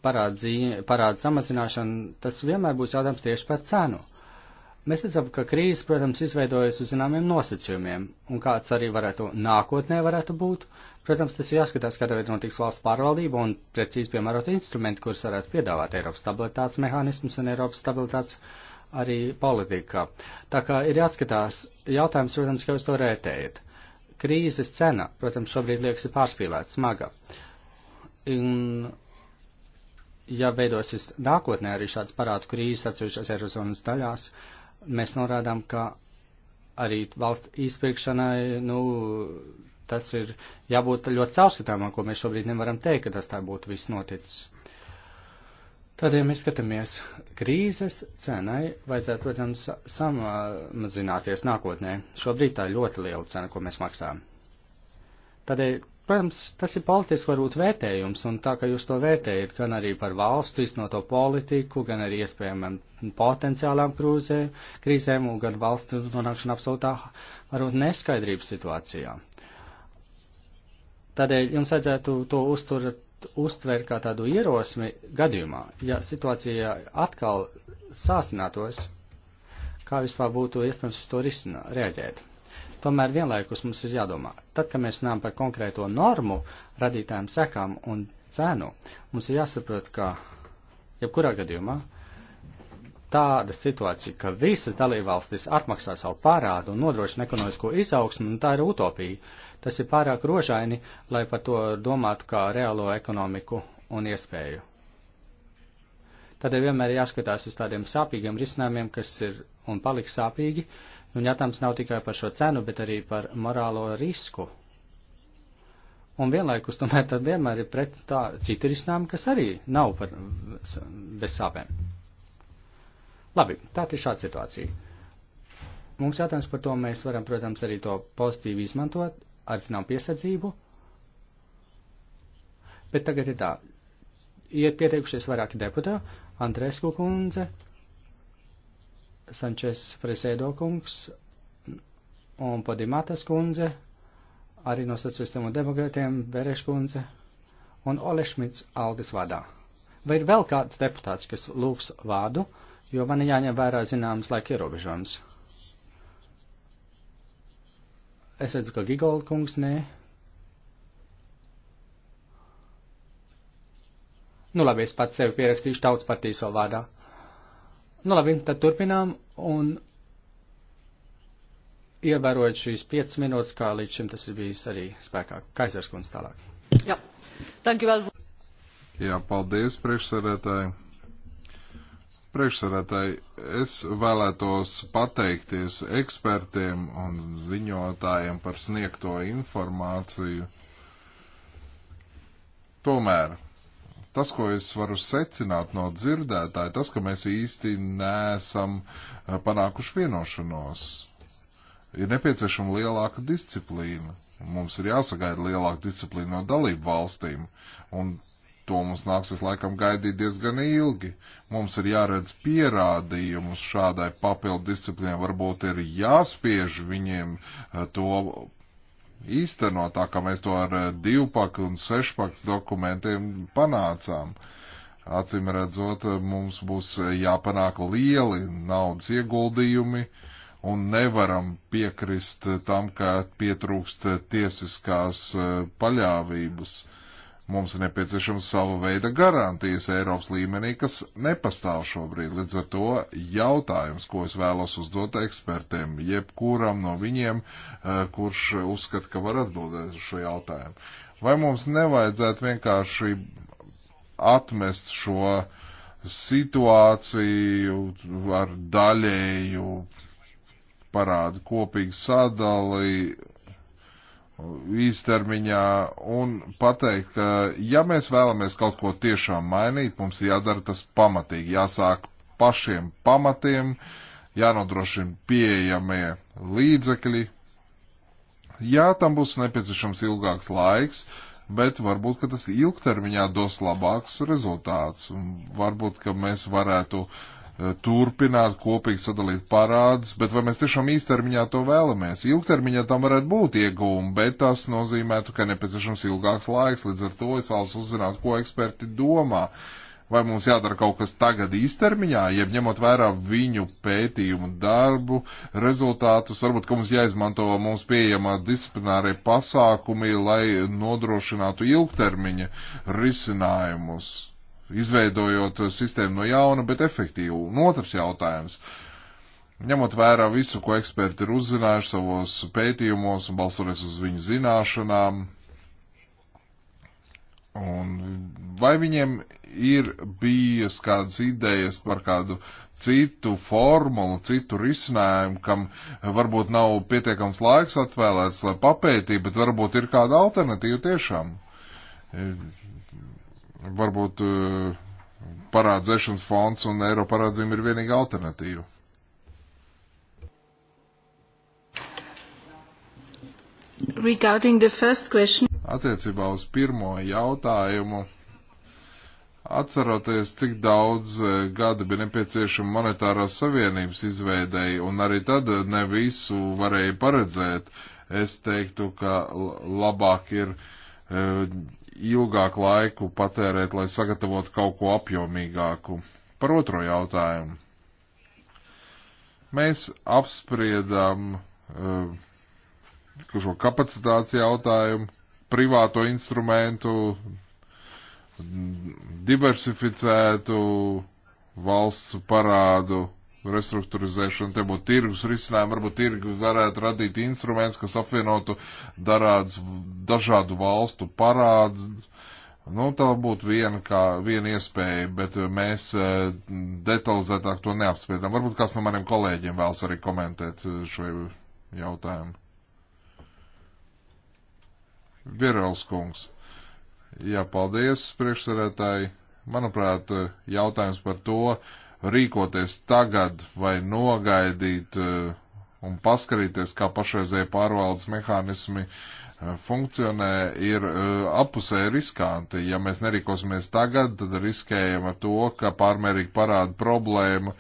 parāda parād samazināšana, tas vienmēr būs jautājums tieši par cenu. Uh, Mēs redzam, ka krīze, protams, izveidojas uz zināmiem nosacījumiem, un kāds arī varētu nākotnē varētu būt. Protams, tas ir jāskatās, kāda veida notiks valsts pārvaldība un precīzi piemērot instrumenti, kurus varētu piedāvāt Eiropas stabilitātes mehānismus un Eiropas stabilitātes arī politikā. Tā kā ir jāskatās, jautājums, protams, kā jūs to rētējat. Krīzes cena, protams, šobrīd liekas ir pārspīlēta, smaga. Un, ja veidosies nākotnē arī šāds parādu krīzes atsevišķās Eirozonas daļās, uh, Mēs norādām, ka arī valsts izpirkšanai, nu, tas ir jābūt ļoti caurskatāmam, ko mēs šobrīd nevaram teikt, ka tas tā būtu viss noticis. Tad, ja mēs skatāmies krīzes cenai, vajadzētu, protams, samazināties nākotnē. Šobrīd tā ir ļoti liela cena, ko mēs maksājam. Tādēļ Protams, tas ir politiski varbūt vērtējums, un tā kā jūs to vērtējat gan arī par valstu iznoto politiku, gan arī iespējamam potenciālām krūzē, krīzēm, un gan valstu nonākšana absolūtā varbūt neskaidrības situācijā. Tādēļ jums vajadzētu to uzturat, uztvert kā tādu ierosmi gadījumā, ja situācija atkal sāsinātos, kā vispār būtu iespējams uz to risināt, reaģēt. Tomēr vienlaikus mums ir jādomā, tad, kad mēs runājam par konkrēto normu, radītājiem sekām un cenu, mums ir jāsaprot, ka jebkurā gadījumā tāda situācija, ka visas dalībvalstis atmaksā savu parādu un nodrošina ekonomisko izaugsmu, un nu, tā ir utopija. Tas ir pārāk rožaini, lai par to domātu kā reālo ekonomiku un iespēju. Tādēļ vienmēr jāskatās uz tādiem sāpīgiem risinājumiem, kas ir un paliks sāpīgi, uh, Nu, jautājums nav tikai par šo cenu, bet arī par morālo risku. Un vienlaikus tomēr tad vienmēr ir pret tā citi risinājumi, kas arī nav par, bez sāpēm. Labi, tā ir šāda situācija. Mums jautājums par to mēs varam, protams, arī to pozitīvi izmantot ar zinām piesardzību. Bet tagad ir tā. Ir pieteikušies vairāki deputāti. Andrēs Kukundze, Sančes Fresēdo kungs un Podimatas kundze, arī no sociālistiem un demokrātiem Bereš kundze un Olešmits Aldis vadā. Vai ir vēl kāds deputāts, kas lūgs vādu, jo man jāņem vērā zināms laika ierobežojums? Es redzu, ka Gigolda kungs nē. Nu labi, es pats sevi pierakstīšu tautas partijas vārdā. Nu, labi, tad turpinām un ievērojot šīs 5 minūtes, kā līdz šim tas ir bijis arī spēkā. Kaisers kundze tālāk. Jā, thank you well. Jā, paldies priekšsarētāji. Priekšsarētāji, es vēlētos pateikties ekspertiem un ziņotājiem par sniegto informāciju. Tomēr tas, ko es varu secināt no dzirdētāja, tas, ka mēs īsti nesam eh, panākuši vienošanos. Ir nepieciešama lielāka disciplīna. Mums ir jāsagaida lielāka disciplīna no dalību valstīm, un to mums nāksies laikam gaidīt diezgan ilgi. Mums ir jāredz pierādījumus šādai papildu disciplīnai, varbūt ir jāspiež viņiem eh, to īstenot, tā kā mēs to ar eh, divpaku un sešpaku dokumentiem panācām. Acim redzot, eh, mums būs eh, jāpanāk lieli naudas ieguldījumi un nevaram piekrist tam, ka pietrūkst tiesiskās paļāvības. Uh, Mums ir nepieciešams sava veida garantijas Eiropas līmenī, kas nepastāv šobrīd. Līdz ar to jautājums, ko es vēlos uzdot ekspertiem, jebkuram no viņiem, eh, kurš uzskata, ka var atbildēt uz šo jautājumu. Vai mums nevajadzētu vienkārši atmest šo situāciju ar daļēju parādu kopīgu sadali īstermiņā un pateikt, ka ja mēs vēlamies kaut ko tiešām mainīt, mums jādara tas pamatīgi, jāsāk pašiem pamatiem, jānodrošina pieejamie līdzekļi. Jā, tam būs nepieciešams ilgāks laiks, bet varbūt, ka tas ilgtermiņā dos labākus rezultātus. Varbūt, ka mēs varētu uh, Eh, turpināt kopīgi sadalīt parādus, bet vai mēs tiešām īstermiņā to vēlamies? Ilgtermiņā tam varētu būt iegūmi, bet tas nozīmētu, ka nepieciešams ilgāks laiks, līdz ar to es vēlos uzzināt, ko eksperti domā. Vai mums jādara kaut kas tagad īstermiņā, jeb ņemot vērā viņu pētījumu darbu, rezultātus, varbūt, ka mums jāizmanto mums pieejamā disciplinārie pasākumi, lai nodrošinātu ilgtermiņa risinājumus izveidojot uh, sistēmu no jauna, bet efektīvu. Un otrs jautājums. Ņemot vērā visu, ko eksperti ir uzzinājuši savos pētījumos un balsoties uz viņu zināšanām, un vai viņiem ir bijis kādas idejas par kādu citu formulu, citu risinājumu, kam varbūt nav pietiekams laiks atvēlēts, lai papētītu, bet varbūt ir kāda alternatīva tiešām varbūt eh, parādzēšanas fonds un eiro parādzība ir vienīga alternatīva. Regarding the first question. Attiecībā uz pirmo jautājumu, atceroties, cik daudz eh, gada bija nepieciešama monetārās savienības izveidēji, un arī tad eh, ne visu varēja paredzēt, es teiktu, ka labāk ir ilgāku laiku patērēt, lai sagatavotu kaut ko apjomīgāku. Par otro jautājumu. Mēs apspriedām uh, šo kapacitātes jautājumu, privāto instrumentu, diversificētu valsts parādu restruktūrizēšana, te būtu tirgus risinājumi, varbūt tirgus varētu radīt instruments, kas apvienotu darāds, dažādu valstu parādu. Nu, tā būtu viena, kā, viena iespēja, bet mēs e, detalizētāk to neapspriedām. Varbūt kāds no maniem kolēģiem vēlas arī komentēt e, šo jautājumu. Virels kungs. Jā, paldies, priekšsarētāji. Manuprāt, e, jautājums par to, uh, rīkoties tagad vai nogaidīt eh, un paskarīties, kā pašreizēja pārvaldes mehānismi eh, funkcionē, ir eh, apusē riskanti. Ja mēs nerīkosimies tagad, tad riskējam ar to, ka pārmērīgi parāda problēma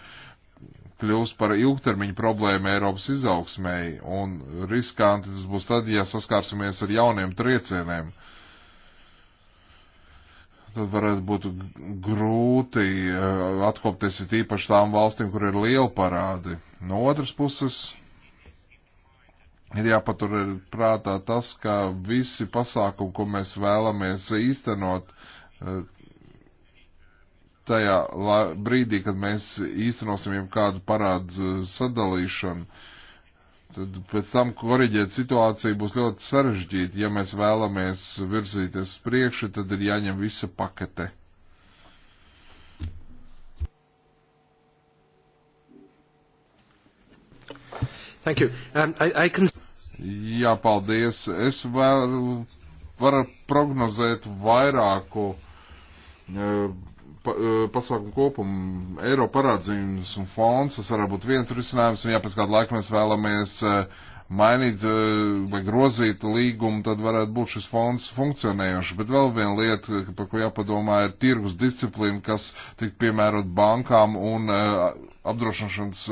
kļūs par ilgtermiņu problēmu Eiropas izaugsmēji, un riskanti tas būs tad, ja saskārsimies ar jauniem triecieniem. Uh, tad varētu būt grūti eh, atkopties it īpaši tām valstīm, kur ir liela parādi. No otras puses, ir jāpatur prātā tas, ka visi pasākumi, ko mēs vēlamies īstenot, eh, tajā brīdī, kad mēs īstenosim jau kādu parādu eh, sadalīšanu, Tad pēc tam koriģēt situāciju būs ļoti sarežģīti. Ja mēs vēlamies virzīties uz priekšu, tad ir jāņem visa pakete. Thank you. Um, I, I can... Jā, paldies. Es varu, varu prognozēt vairāku. Uh, pa, e, pasākumu kopumu, eiro parādzījums un fonds, tas varētu būt viens risinājums, un ja pēc kādu laiku mēs vēlamies e, mainīt e, vai grozīt līgumu, tad varētu būt šis fonds funkcionējošs. Bet vēl viena lieta, par ko jāpadomā, ir tirgus disciplīna, kas tik piemērot bankām un apdrošināšanas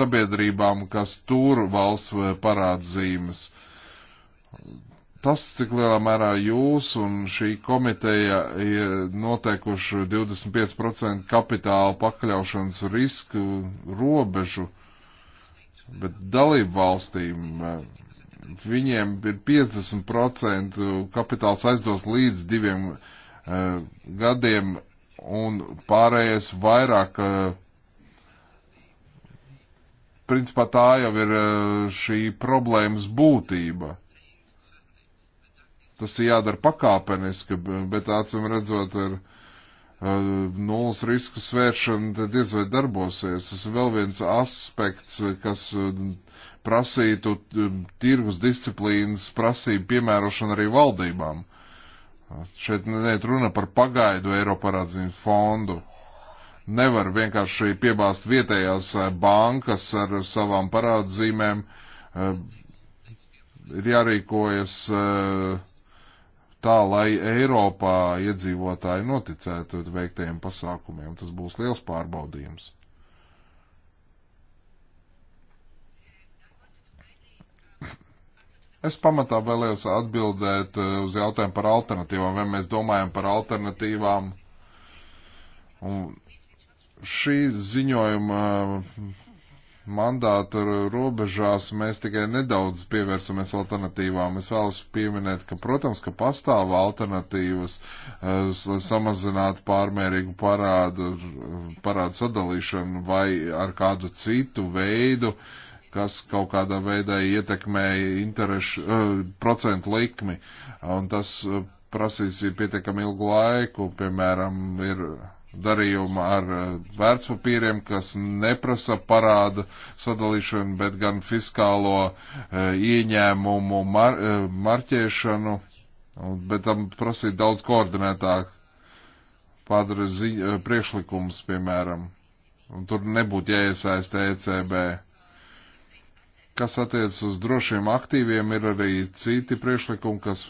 sabiedrībām, kas tur valsts parādzīmes tas, cik lielā mērā jūs un šī komiteja ir noteikuši 25% kapitāla pakļaušanas risku robežu, bet dalību valstīm eh, viņiem ir 50% kapitāls aizdos līdz diviem uh, gadiem un pārējais vairāk. Uh, principā tā jau ir uh, šī problēmas būtība tas ir jādara pakāpeniski, bet acīm redzot ar uh, nulles risku svēršanu, tad diez vai darbosies. Tas ir vēl viens aspekts, kas uh, prasītu um, tirgus disciplīnas prasību piemērošanu arī valdībām. Šeit neiet runa par pagaidu Eiroparādzību fondu. Nevar vienkārši piebāzt vietējās uh, bankas ar savām parādzīmēm. Uh, ir jārīkojas uh, tā, lai Eiropā iedzīvotāji noticētu veiktajiem pasākumiem. Tas būs liels pārbaudījums. Es pamatā vēlējos atbildēt eh, uz jautājumu par alternatīvām, vai mēs domājam par alternatīvām. Un šī ziņojuma mandāta robežās mēs tikai nedaudz pievērsamies alternatīvām. Es vēlos pieminēt, ka, protams, ka pastāv alternatīvas, lai eh, samazinātu pārmērīgu parādu, parādu sadalīšanu vai ar kādu citu veidu, kas kaut kādā veidā ietekmēja interešu, eh, procentu likmi. Un tas eh, prasīs pietiekami ilgu laiku, piemēram, ir darījuma ar eh, vērtspapīriem, kas neprasa parādu sadalīšanu, bet gan fiskālo e, ieņēmumu mar, e, marķēšanu, bet tam prasīt daudz koordinētāk padara zi, e, priekšlikums, piemēram. Un tur nebūtu jāiesaist ECB. Kas attiec uz drošiem aktīviem, ir arī citi priekšlikumi, kas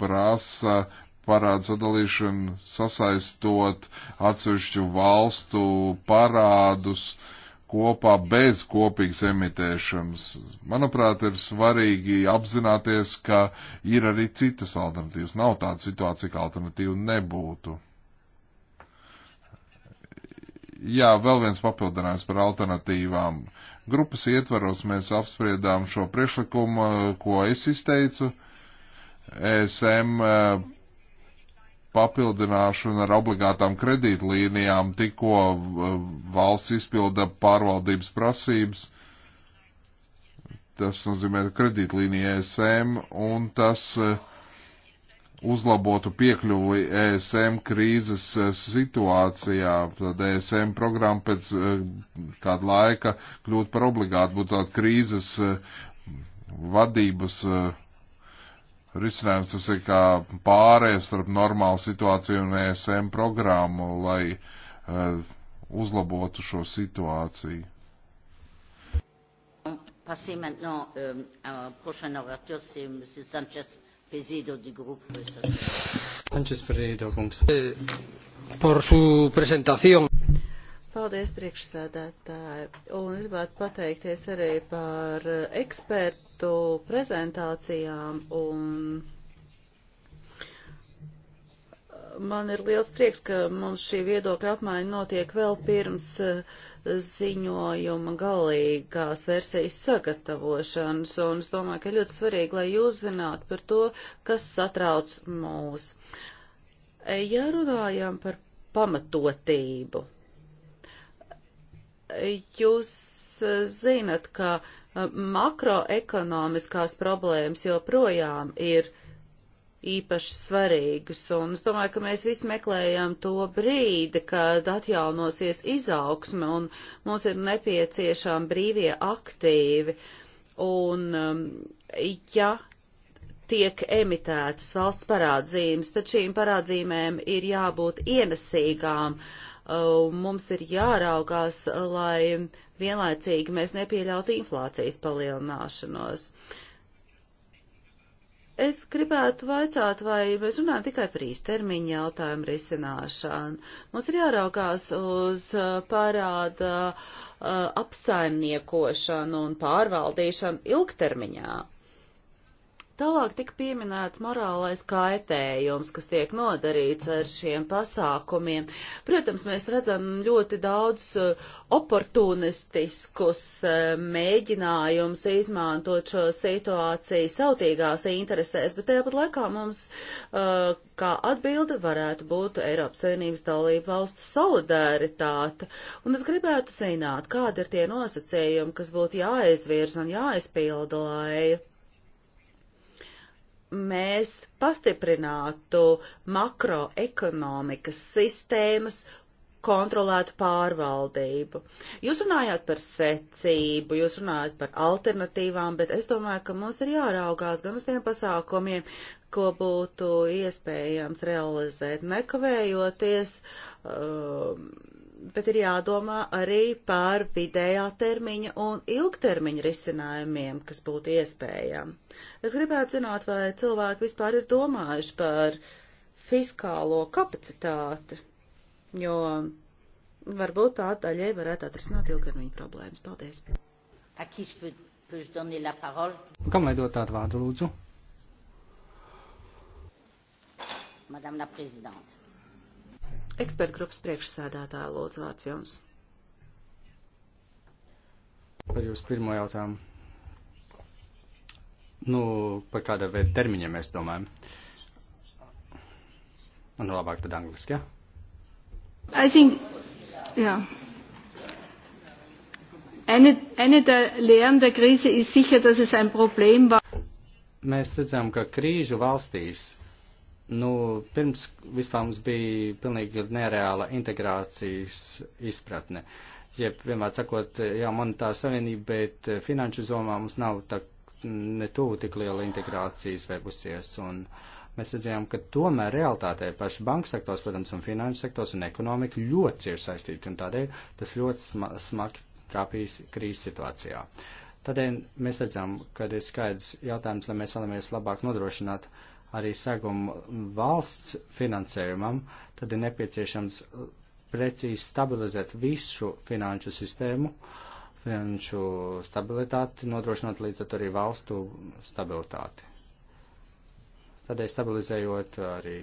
prasa parādu sadalīšanu, sasaistot atsevišķu valstu parādus kopā bez kopīgas emitēšanas. Manuprāt, ir svarīgi apzināties, ka ir arī citas alternatīvas. Nav tāda situācija, ka alternatīva nebūtu. Jā, vēl viens papildinājums par alternatīvām. Grupas ietvaros mēs apspriedām šo priešlikumu, ko es izteicu. ESM papildināšana ar obligātām kredītlīnijām, tikko valsts izpilda pārvaldības prasības. Tas nozīmē kredītlīnija ESM, un tas e, uzlabotu piekļuvi ESM krīzes e, situācijā. Tad ESM programma pēc e, kāda laika kļūtu par obligātu, būtu tāda krīzes vadības uh, risinājums, tas ir kā pārējais starp normālu situāciju un ESM programmu, lai uh, uzlabotu šo situāciju. Passer maintenant euh, à un um, prochain orateur, c'est e M. Sanchez Pesedo du groupe. Eh, Sanchez Pesedo, por su presentación. Paldies, priekšsēdētāji. Un gribētu pateikties arī par ekspertu prezentācijām. Un man ir liels prieks, ka mums šī viedokļa apmaiņa notiek vēl pirms eh, ziņojuma galīgās versijas sagatavošanas, un es domāju, ka ļoti svarīgi, lai jūs zinātu par to, kas satrauc mūs. Ja runājam par pamatotību, jūs e, zinat, ka e, makroekonomiskās problēmas joprojām ir īpaši svarīgas, un es domāju, ka mēs visi meklējam to brīdi, kad atjaunosies izaugsme, un mums ir nepieciešām brīvie aktīvi, un um, ja tiek emitētas valsts parādzīmes, tad šīm parādzīmēm ir jābūt ienesīgām uh, Uh, mums ir jāraugās, lai vienlaicīgi mēs nepieļautu inflācijas palielināšanos. Es gribētu vaicāt, vai mēs runājam tikai par īstermiņa jautājumu risināšanu. Mums ir jāraukās uz uh, parāda uh, apsaimniekošanu un pārvaldīšanu ilgtermiņā. Tālāk tika pieminēts morālais kaitējums, kas tiek nodarīts ar šiem pasākumiem. Protams, mēs redzam ļoti daudz uh, oportunistiskus uh, mēģinājumus izmantot šo situāciju sautīgās interesēs, bet tāpat laikā mums uh, kā atbilde varētu būt Eiropas Savienības dalību valstu solidaritāte. Un es gribētu zināt, kādi ir tie nosacījumi, kas būtu jāizvirza un jāizpilda, lai mēs pastiprinātu makroekonomikas sistēmas kontrolētu pārvaldību. Jūs runājāt par secību, jūs runājāt par alternatīvām, bet es domāju, ka mums ir jāraugās gan uz tiem pasākumiem, ko būtu iespējams realizēt, nekavējoties. Um, uh, bet ir jādomā arī par vidējā termiņa un ilgtermiņa risinājumiem, kas būtu iespējami. Es gribētu zināt, vai cilvēki vispār ir domājuši par fiskālo kapacitāti, jo varbūt tā daļai varētu atrisināt ilgtermiņa problēmas. Paldies! Kam lai dot tādu vārdu, lūdzu? Madame la Présidente. Ekspertgrupas priekšsēdētāja lūdzu vārds jums. Par jūsu pirmo jautājumu. Nu, par kādā veida termiņiem mēs domājam. Un nu, labāk tad angliski, jā? Ja? I think, jā. Yeah. Eine, eine der Lehren der Krise ist sicher, dass es ein Problem war. Mēs redzam, ka krīžu valstīs Nu, pirms vispār mums bija pilnīgi nereāla integrācijas izpratne. Jeb, vienmēr sakot, jā, man tā savienība, bet finanšu zomā mums nav tā ne tuvu tik liela integrācija izveidusies. Un mēs redzējām, ka tomēr realitātē paši banka sektors, protams, un finanšu sektors un ekonomika ļoti cieši saistīti, un tādēļ tas ļoti sma smagi trāpīs krīzes situācijā. Tādēļ mēs redzam, ka ir skaidrs jautājums, lai mēs vēlamies labāk nodrošināt uh, arī segumu valsts finansējumam, tad ir nepieciešams uh, precīzi stabilizēt visu finanšu sistēmu, finanšu stabilitāti, nodrošinot līdz ar to arī valstu stabilitāti. Tādēļ stabilizējot arī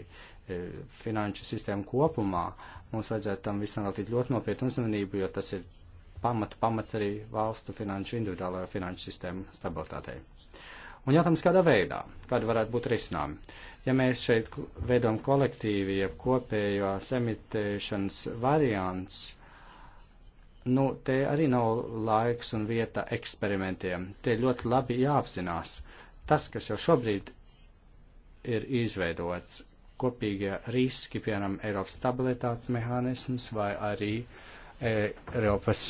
e, finanšu sistēmu kopumā, mums vajadzētu tam visam veltīt ļoti nopietnu uzmanību, jo tas ir pamatu pamats arī valstu finanšu individuālajā finanšu sistēmu stabilitātei. Un jautājums, kādā veidā, kāda varētu būt risinājuma. Ja mēs šeit veidojam kolektīvi, jeb kopējo semitēšanas variants, nu, te arī nav laiks un vieta eksperimentiem. Te ļoti labi jāapzinās tas, kas jau šobrīd ir izveidots kopīgie riski, piemēram, Eiropas stabilitātes mehānisms vai arī e, Eiropas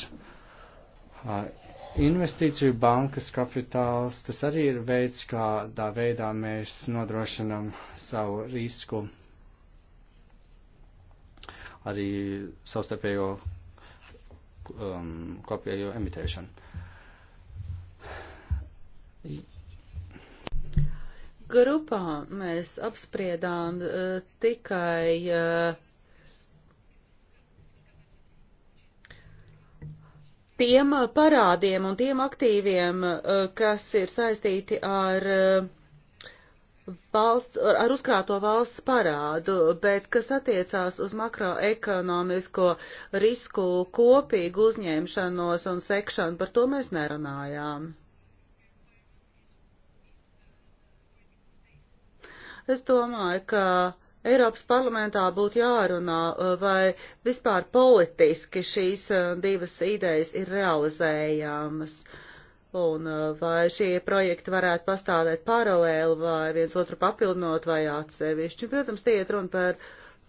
investīciju bankas kapitāls, tas arī ir veids, kādā veidā mēs nodrošinam savu risku, arī savstarpējo um, kopējo emitēšanu. Grupā mēs apspriedām uh, tikai uh, tiem uh, parādiem un tiem aktīviem, uh, kas ir saistīti ar uh, valsts, ar uzkrāto valsts parādu, bet kas attiecās uz makroekonomisko risku kopīgu uzņemšanos un sekšanu, par to mēs nerunājām. Es domāju, ka Eiropas parlamentā būtu jārunā, uh, vai vispār politiski šīs uh, divas idejas ir realizējamas, un uh, vai šie projekti varētu pastāvēt paralēli, vai viens otru papildinot, vai atsevišķi. Protams, tie iet runa par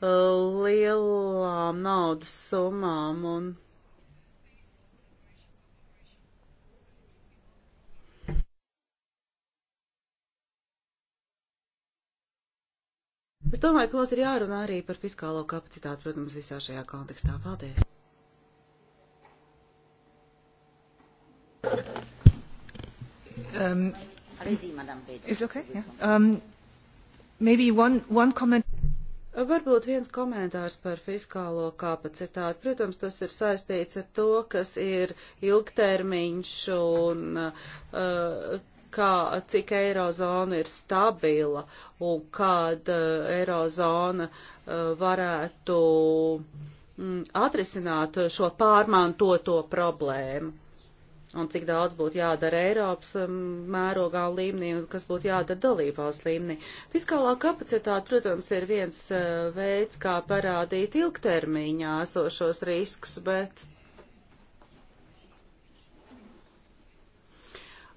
lielām naudas summām, un Es domāju, ka mums ir jārunā arī par fiskālo kapacitāti, protams, visā šajā kontekstā. Paldies! Um, is okay? Yeah. Um, maybe one, one comment. Varbūt viens komentārs par fiskālo kapacitāti. Protams, tas ir saistīts ar to, kas ir ilgtermiņš un uh, kā, cik eirozona ir stabila un kāda eh, eirozona eh, varētu mm, atrisināt šo pārmantoto problēmu. Un cik daudz būtu jādara Eiropas mm, mērogā līmenī un kas būtu jādara dalībās līmenī. Fiskālā kapacitāte, protams, ir viens eh, veids, kā parādīt ilgtermiņā esošos riskus, bet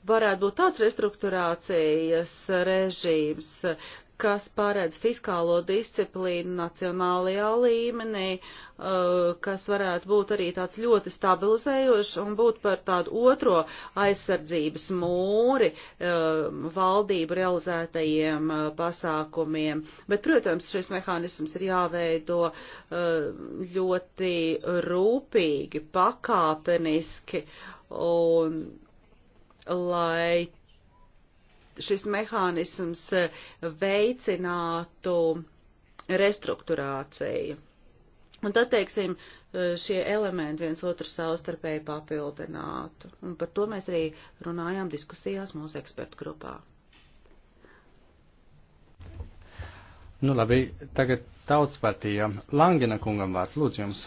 varētu būt tāds restruktūrācijas režīms, kas paredz fiskālo disciplīnu nacionālajā līmenī, uh, kas varētu būt arī tāds ļoti stabilizējošs un būt par tādu otro aizsardzības mūri um, valdību realizētajiem uh, pasākumiem. Bet, protams, šis mehānisms ir jāveido uh, ļoti rūpīgi, pakāpeniski un lai šis mehānisms veicinātu restruktūrāciju. Un tad, teiksim, šie elementi viens otru savstarpēji papildinātu. Un par to mēs arī runājām diskusijās mūsu ekspertu grupā. Nu labi, tagad tautspartijam Langina kungam vārds lūdzu jums.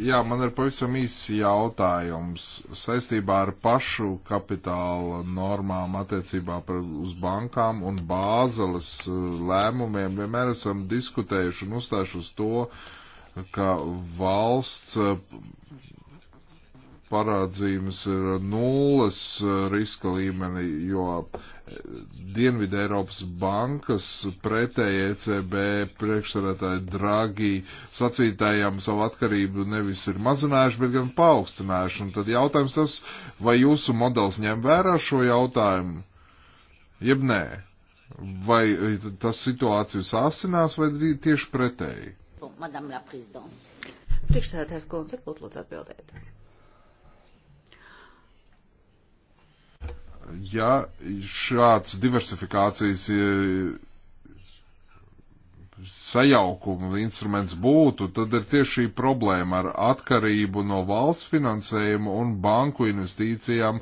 Jā, man ir pavisam īsts jautājums saistībā ar pašu kapitāla normām attiecībā par, uz bankām un bāzeles uh, lēmumiem. Vienmēr esam diskutējuši un uzstājuši uz to, ka valsts uh, parādzīmes ir nulles uh, riska līmenī, jo eh, Dienvidē Eiropas bankas pretēji ECB priekšsarētāji Dragi sacītājām savu atkarību nevis ir mazinājuši, bet gan paaugstinājuši. Un tad jautājums tas, vai jūsu modelis ņem vērā šo jautājumu, jeb nē? Vai eh, tas situāciju sāsinās, vai tieši pretēji? Priekšsēdētājs Kundze, varbūt lūdzu atbildēt. ja šāds diversifikācijas e, sajaukuma instruments būtu, tad ir tieši šī problēma ar atkarību no valsts finansējuma un banku investīcijām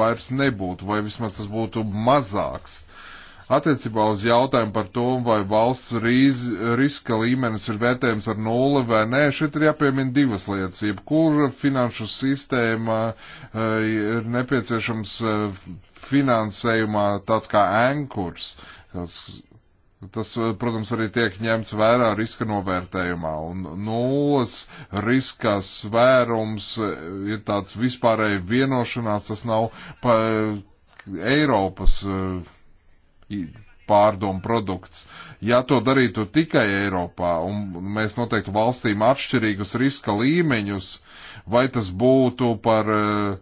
vairs nebūtu, vai vismaz tas būtu mazāks. Uh, Attiecībā uz jautājumu par to, vai valsts rīz, riska līmenis ir vērtējams ar nulli vai nē, šeit ir jāpiemina divas lietas. Jebkura finanšu sistēma eh, ir nepieciešams eh, finansējumā tāds kā ankurs. Tas, eh, protams, arī tiek ņemts vērā riska novērtējumā, un nulles riska svērums ir tāds vispārēji vienošanās, tas nav pa Eiropas uh, pārdomu produkts. Ja to darītu tikai Eiropā un mēs noteiktu valstīm atšķirīgus riska līmeņus, vai tas būtu par. Eh,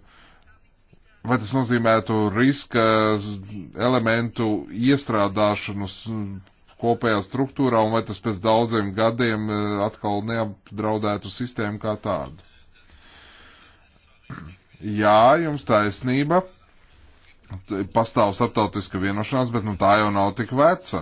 vai tas nozīmētu riska elementu iestrādāšanu kopējā struktūrā, un vai tas pēc daudziem gadiem eh, atkal neapdraudētu sistēmu kā tādu? Jā, jums taisnība. Tā pastāv starptautiska vienošanās, bet nu, tā jau nav tik veca.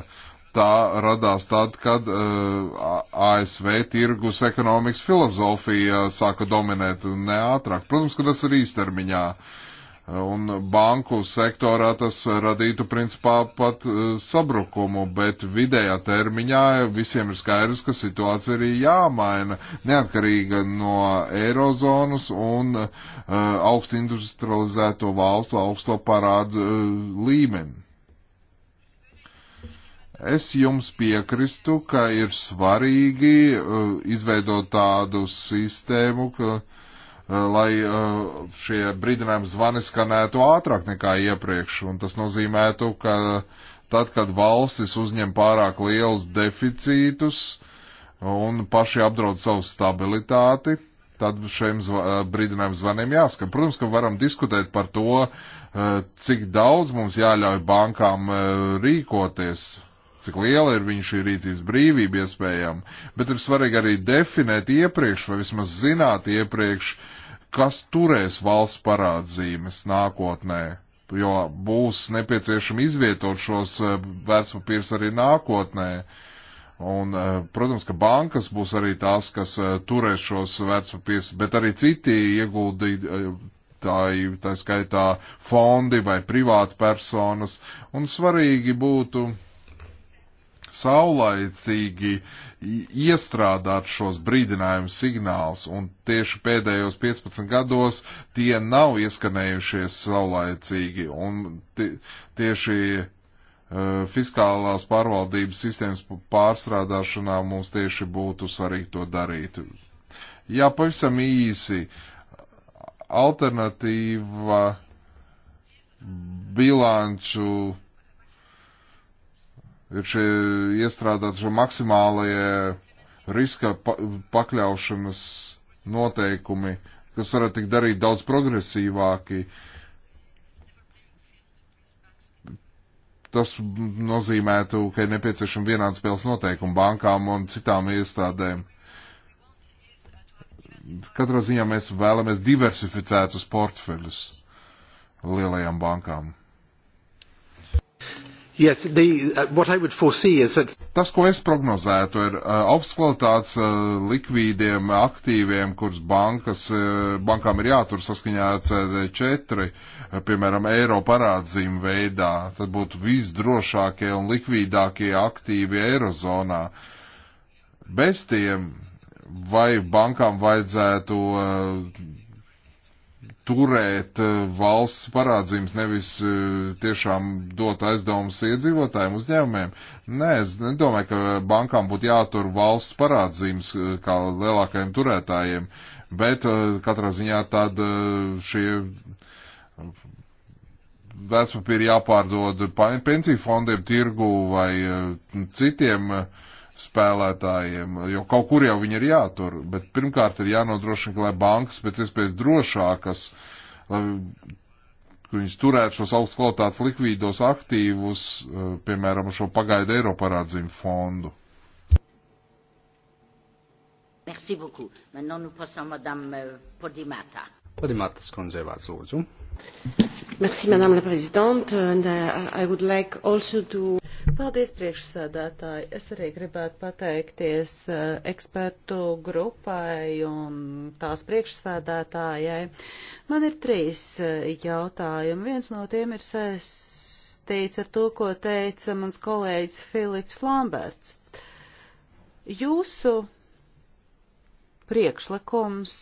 Tā radās tad, kad uh, eh, ASV tirgus ekonomikas filozofija sāka dominēt un ne ātrāk. Protams, ka tas ir īstermiņā. Uh, Un banku sektorā tas radītu principā pat e, sabrukumu, bet vidējā termiņā visiem ir skaidrs, ka situācija ir jāmaina neatkarīga no eirozonas un uh, augstu industrializēto valstu augsto parādu uh, līmeni. Es jums piekrīstu, ka ir svarīgi uh, izveidot tādu sistēmu, ka uh, Eh, lai eh, šie brīdinājumi zvani skanētu ātrāk nekā iepriekš, un tas nozīmētu, ka tad, kad valstis uzņem pārāk lielus deficītus un paši apdraud savu stabilitāti, tad šiem zva, eh, brīdinājumu zvaniem jāskan. Protams, ka varam diskutēt par to, cik daudz mums jāļauj bankām rīkoties, cik liela ir viņa šī rīcības brīvība iespējama, bet ir svarīgi arī definēt iepriekš vai vismaz zināt iepriekš, uh, kas turēs valsts parādzīmes nākotnē, jo būs nepieciešami izvietot šos eh, vērtspapīrus arī nākotnē. Un, eh, protams, ka bankas būs arī tās, kas eh, turēs šos vērtspapīrus, bet arī citi ieguldītāji, tā skaitā fondi vai privāti personas. Un svarīgi būtu saulaicīgi iestrādāt šos brīdinājumu signālus, un tieši pēdējos 15 gados tie nav ieskanējušies saulaicīgi, un tieši uh, fiskālās pārvaldības sistēmas pārstrādāšanā mums tieši būtu svarīgi to darīt. Jā, pavisam īsi. Alternatīva bilanču ir šie iestrādāt šo maksimālajie riska pa pakļaušanas noteikumi, kas varētu tikt darīt daudz progresīvāki. Tas nozīmētu, ka ir nepieciešama vienāds spēles noteikumi bankām un citām iestādēm. Katrā ziņā mēs vēlamies diversificētus portfeļus lielajām bankām. Yes, the, uh, what I would foresee is that... Tas, ko es prognozētu, ir uh, augsts kvalitātes uh, likvīdiem aktīviem, kurus bankas, uh, bankām ir jātur saskaņā ar CD4, uh, piemēram, eiro parādzīm veidā. Tad būtu visdrošākie un likvīdākie aktīvi eirozonā. Bez tiem vai bankām vajadzētu uh, turēt eh, valsts parādzīmes, nevis eh, tiešām dot aizdevumus iedzīvotājiem, uzņēmumiem. Nē, es nedomāju, ka bankām būtu jātur valsts parādzīmes eh, kā lielākajiem turētājiem, bet katrā ziņā tad šie vecpapīri jāpārdod pensiju fondiem, tirgu vai citiem uh, spēlētājiem, jo kaut kur jau viņi ir jātur, bet pirmkārt ir jānodrošina, lai bankas pēc iespējas drošākas, lai viņas turētu šos augsts kvalitātes likvīdos aktīvus, eh, piemēram, šo pagaidu eiro parādzību fondu. Merci beaucoup. Maintenant, nous passons Madame euh, Podimata. Podimata Skonzevats, lūdzu. Merci, Madame la Présidente, and uh, I would like also to... Paldies, priekšsēdētāji. Es arī gribētu pateikties eh, ekspertu grupai un tās priekšsēdētājai. Man ir trīs eh, jautājumi. Viens no tiem ir saistīts ar to, ko teica mans kolēģis Filips Lamberts. Jūsu priekšlikums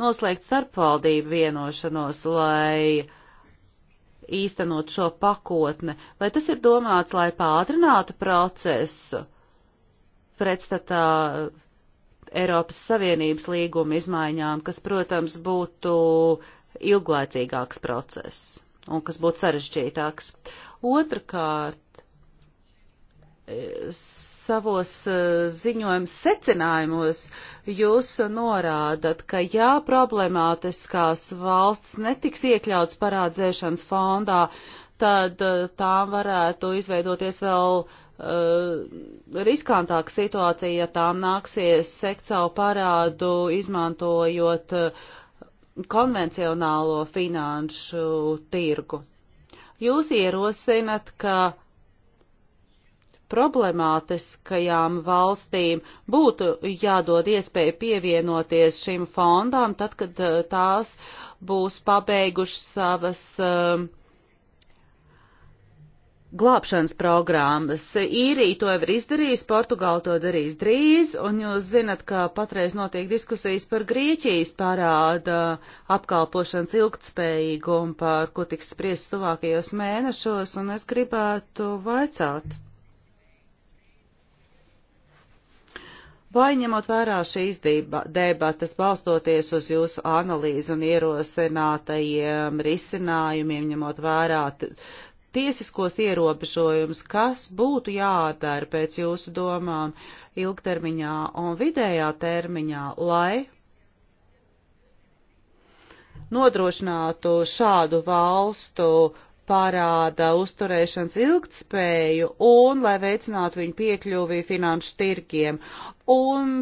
noslēgt starpvaldību vienošanos, lai īstenot šo pakotni, vai tas ir domāts, lai pātrinātu procesu pretstatā Eiropas Savienības līguma izmaiņām, kas, protams, būtu ilglaicīgāks process un kas būtu sarežģītāks. Otrakārt, savos eh, ziņojums secinājumos jūs norādat, ka jā, problemātiskās valsts netiks iekļauts parādzēšanas fondā, tad eh, tām varētu izveidoties vēl uh, riskantāka situācija, ja tām nāksies sekt savu parādu, izmantojot uh, konvencionālo finanšu tirgu. Jūs ierosinat, ka problemātiskajām valstīm būtu jādod iespēja pievienoties šim fondam, tad, kad eh, tās būs pabeigušas savas um, glābšanas programmas. Īrija to jau ir izdarījusi, Portugāla to darīs drīz, un jūs zinat, ka patreiz notiek diskusijas par Grieķijas parāda apkalpošanas ilgtspējīgumu, par ko tiks spriest tuvākajos mēnešos, un es gribētu vaicāt. Vai ņemot vērā šīs debatas, balstoties uz jūsu analīzi un ierosinātajiem risinājumiem, ņemot vērā tiesiskos ierobežojumus, kas būtu jādara pēc jūsu domām ilgtermiņā un vidējā termiņā, lai nodrošinātu šādu valstu parāda uzturēšanas ilgtspēju un lai veicinātu viņu piekļuvi finanšu tirgiem. Un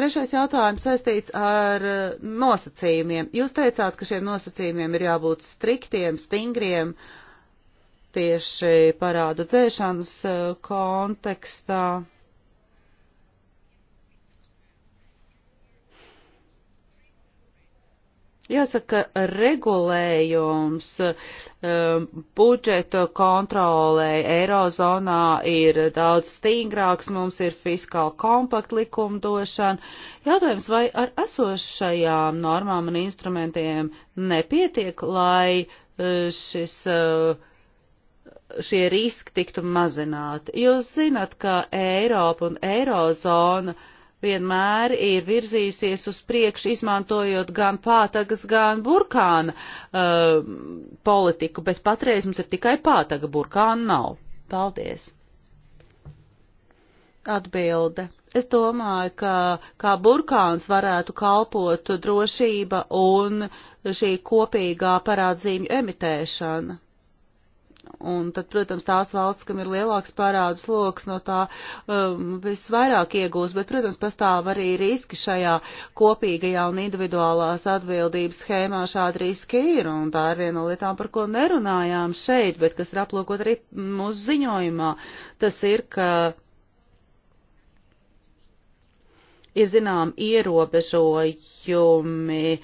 trešais jautājums saistīts ar eh, nosacījumiem. Jūs teicāt, ka šiem nosacījumiem ir jābūt striktiem, stingriem tieši parādu dzēšanas eh, kontekstā. Jāsaka, regulējums um, budžeta kontrolē Eirozonā ir daudz stingrāks, mums ir fiskāla kompakta likumdošana. Jautājums, vai ar esošajām normām un instrumentiem nepietiek, lai uh, šis, uh, šie riski tiktu mazināti? Jūs zinat, ka Eiropa un Eirozona vienmēr ir virzījusies uz priekšu, izmantojot gan pātagas, gan burkāna uh, politiku, bet patreiz mums ir tikai pātaga, burkāna nav. Paldies! Atbilde. Es domāju, ka kā burkāns varētu kalpot drošība un šī kopīgā parādzīmju emitēšana. Un tad, protams, tās valsts, kam ir lielāks parādus lokus, no tā um, visvairāk iegūs, bet, protams, pastāv arī riski šajā kopīgajā un individuālās atbildības schēmā šādi riski ir, un tā ir viena no lietām, par ko nerunājām šeit, bet kas ir aplūkot arī mūsu ziņojumā, tas ir, ka ir zinām ierobežojumi. Uh,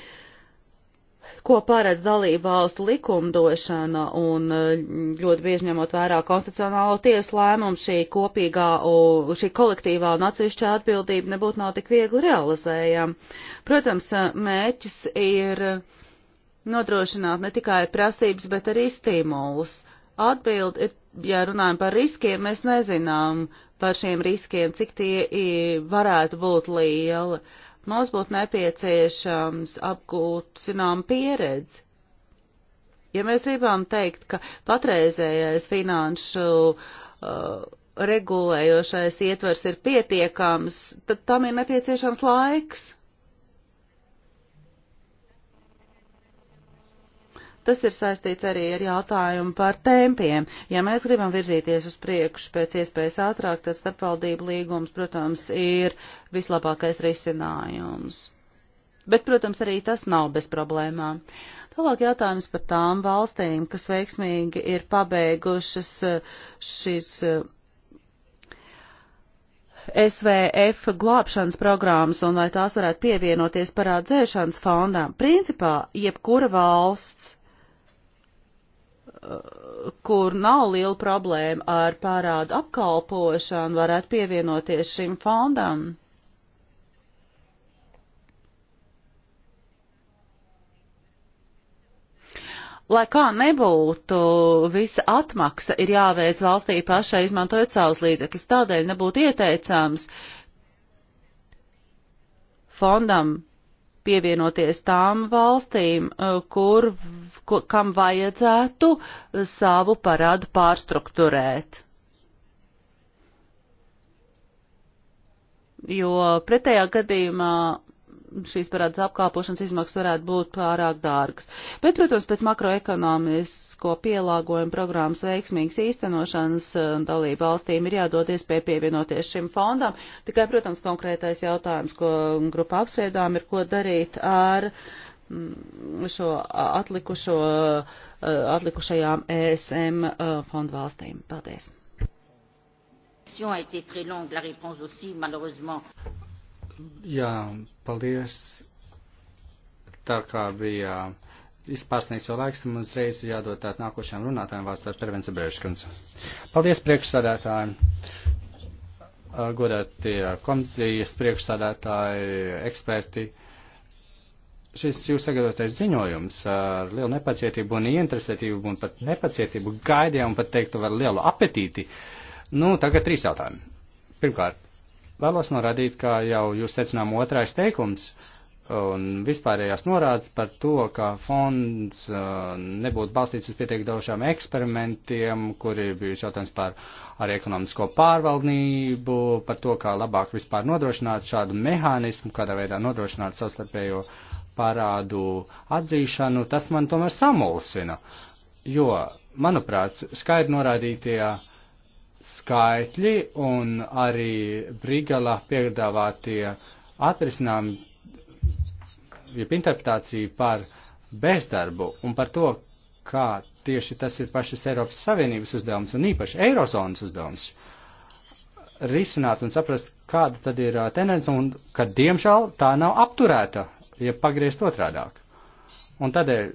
ko paredz dalību valstu likumdošana un eh, ļoti bieži ņemot vērā konstitucionālo tiesu lēmumu, šī kopīgā, šī kolektīvā un atsevišķā atbildība nebūtu nav tik viegli realizējama. Protams, eh, mēķis ir nodrošināt ne tikai prasības, bet arī stimulus. Atbildi ir, ja runājam par riskiem, mēs nezinām par šiem riskiem, cik tie varētu būt lieli. Uh, Mums būtu nepieciešams apgūt zinām pieredzi. Ja mēs gribam teikt, ka patreizējais finanšu uh, regulējošais ietvers ir pietiekams, tad tam ir nepieciešams laiks. Tas ir saistīts arī ar jautājumu par tempiem. Ja mēs gribam virzīties uz priekšu pēc iespējas ātrāk, tad starpvaldību līgums, protams, ir vislabākais risinājums. Bet, protams, arī tas nav bez problēmām. Tālāk jautājums par tām valstīm, kas veiksmīgi ir pabeigušas eh, šīs eh, SVF glābšanas programmas un vai tās varētu pievienoties parādzēšanas fondām. Principā, jebkura valsts kur nav liela problēma ar pārādu apkalpošanu, varētu pievienoties šim fondam. Lai kā nebūtu, visa atmaksa ir jāveic valstī pašai izmantojot savus līdzekļus. Tādēļ nebūtu ieteicams fondam pievienoties tām valstīm, eh, kur, kam vajadzētu savu parādu pārstruktūrēt. Jo pretējā gadījumā šīs parādas apkalpošanas izmaksas varētu būt pārāk dārgas. Bet, protams, pēc makroekonomisko pielāgojuma programmas veiksmīgas īstenošanas eh, dalību valstīm ir jādod iespēja pievienoties šim fondam. Tikai, protams, konkrētais jautājums, ko grupa apsēdām, ir, ko darīt ar mm, šo atlikušo, eh, atlikušajām ESM eh, fondu valstīm. Paldies! question a été très longue, la réponse aussi, malheureusement. Jā, paldies. Tā kā bija izpārsniegts jau laiks, mums uzreiz jādod tāt nākošajām runātājiem vārds ar Pervenci Brēškunds. Paldies priekšsādātājiem. Godātie komisijas priekšsādātāji, eksperti šis jūs sagatavotais ziņojums ar lielu nepacietību un ieinteresētību un pat nepacietību gaidījām, pat teiktu, ar lielu apetīti. Nu, tagad trīs jautājumi. Pirmkārt, Vēlos norādīt, kā jau jūs secinām otrais teikums un vispārējās norādes par to, ka fonds uh, nebūtu balstīts uz pietiek daudzām eksperimentiem, kuri bija jautājums par arī ekonomisko pārvaldību, par to, kā labāk vispār nodrošināt šādu mehānismu, kādā veidā nodrošināt savstarpējo parādu atzīšanu, tas man tomēr samulsina. Jo, manuprāt, skaidri norādītie ja skaitļi un arī Brīgelā piedāvātie atrisinājumi, jeb interpretācija par bezdarbu un par to, kā tieši tas ir pašas Eiropas Savienības uzdevums un īpaši Eirozonas uzdevums risināt un saprast, kāda tad ir uh, tendence un ka, diemžēl, tā nav apturēta, ja pagriezt otrādāk. Un tādēļ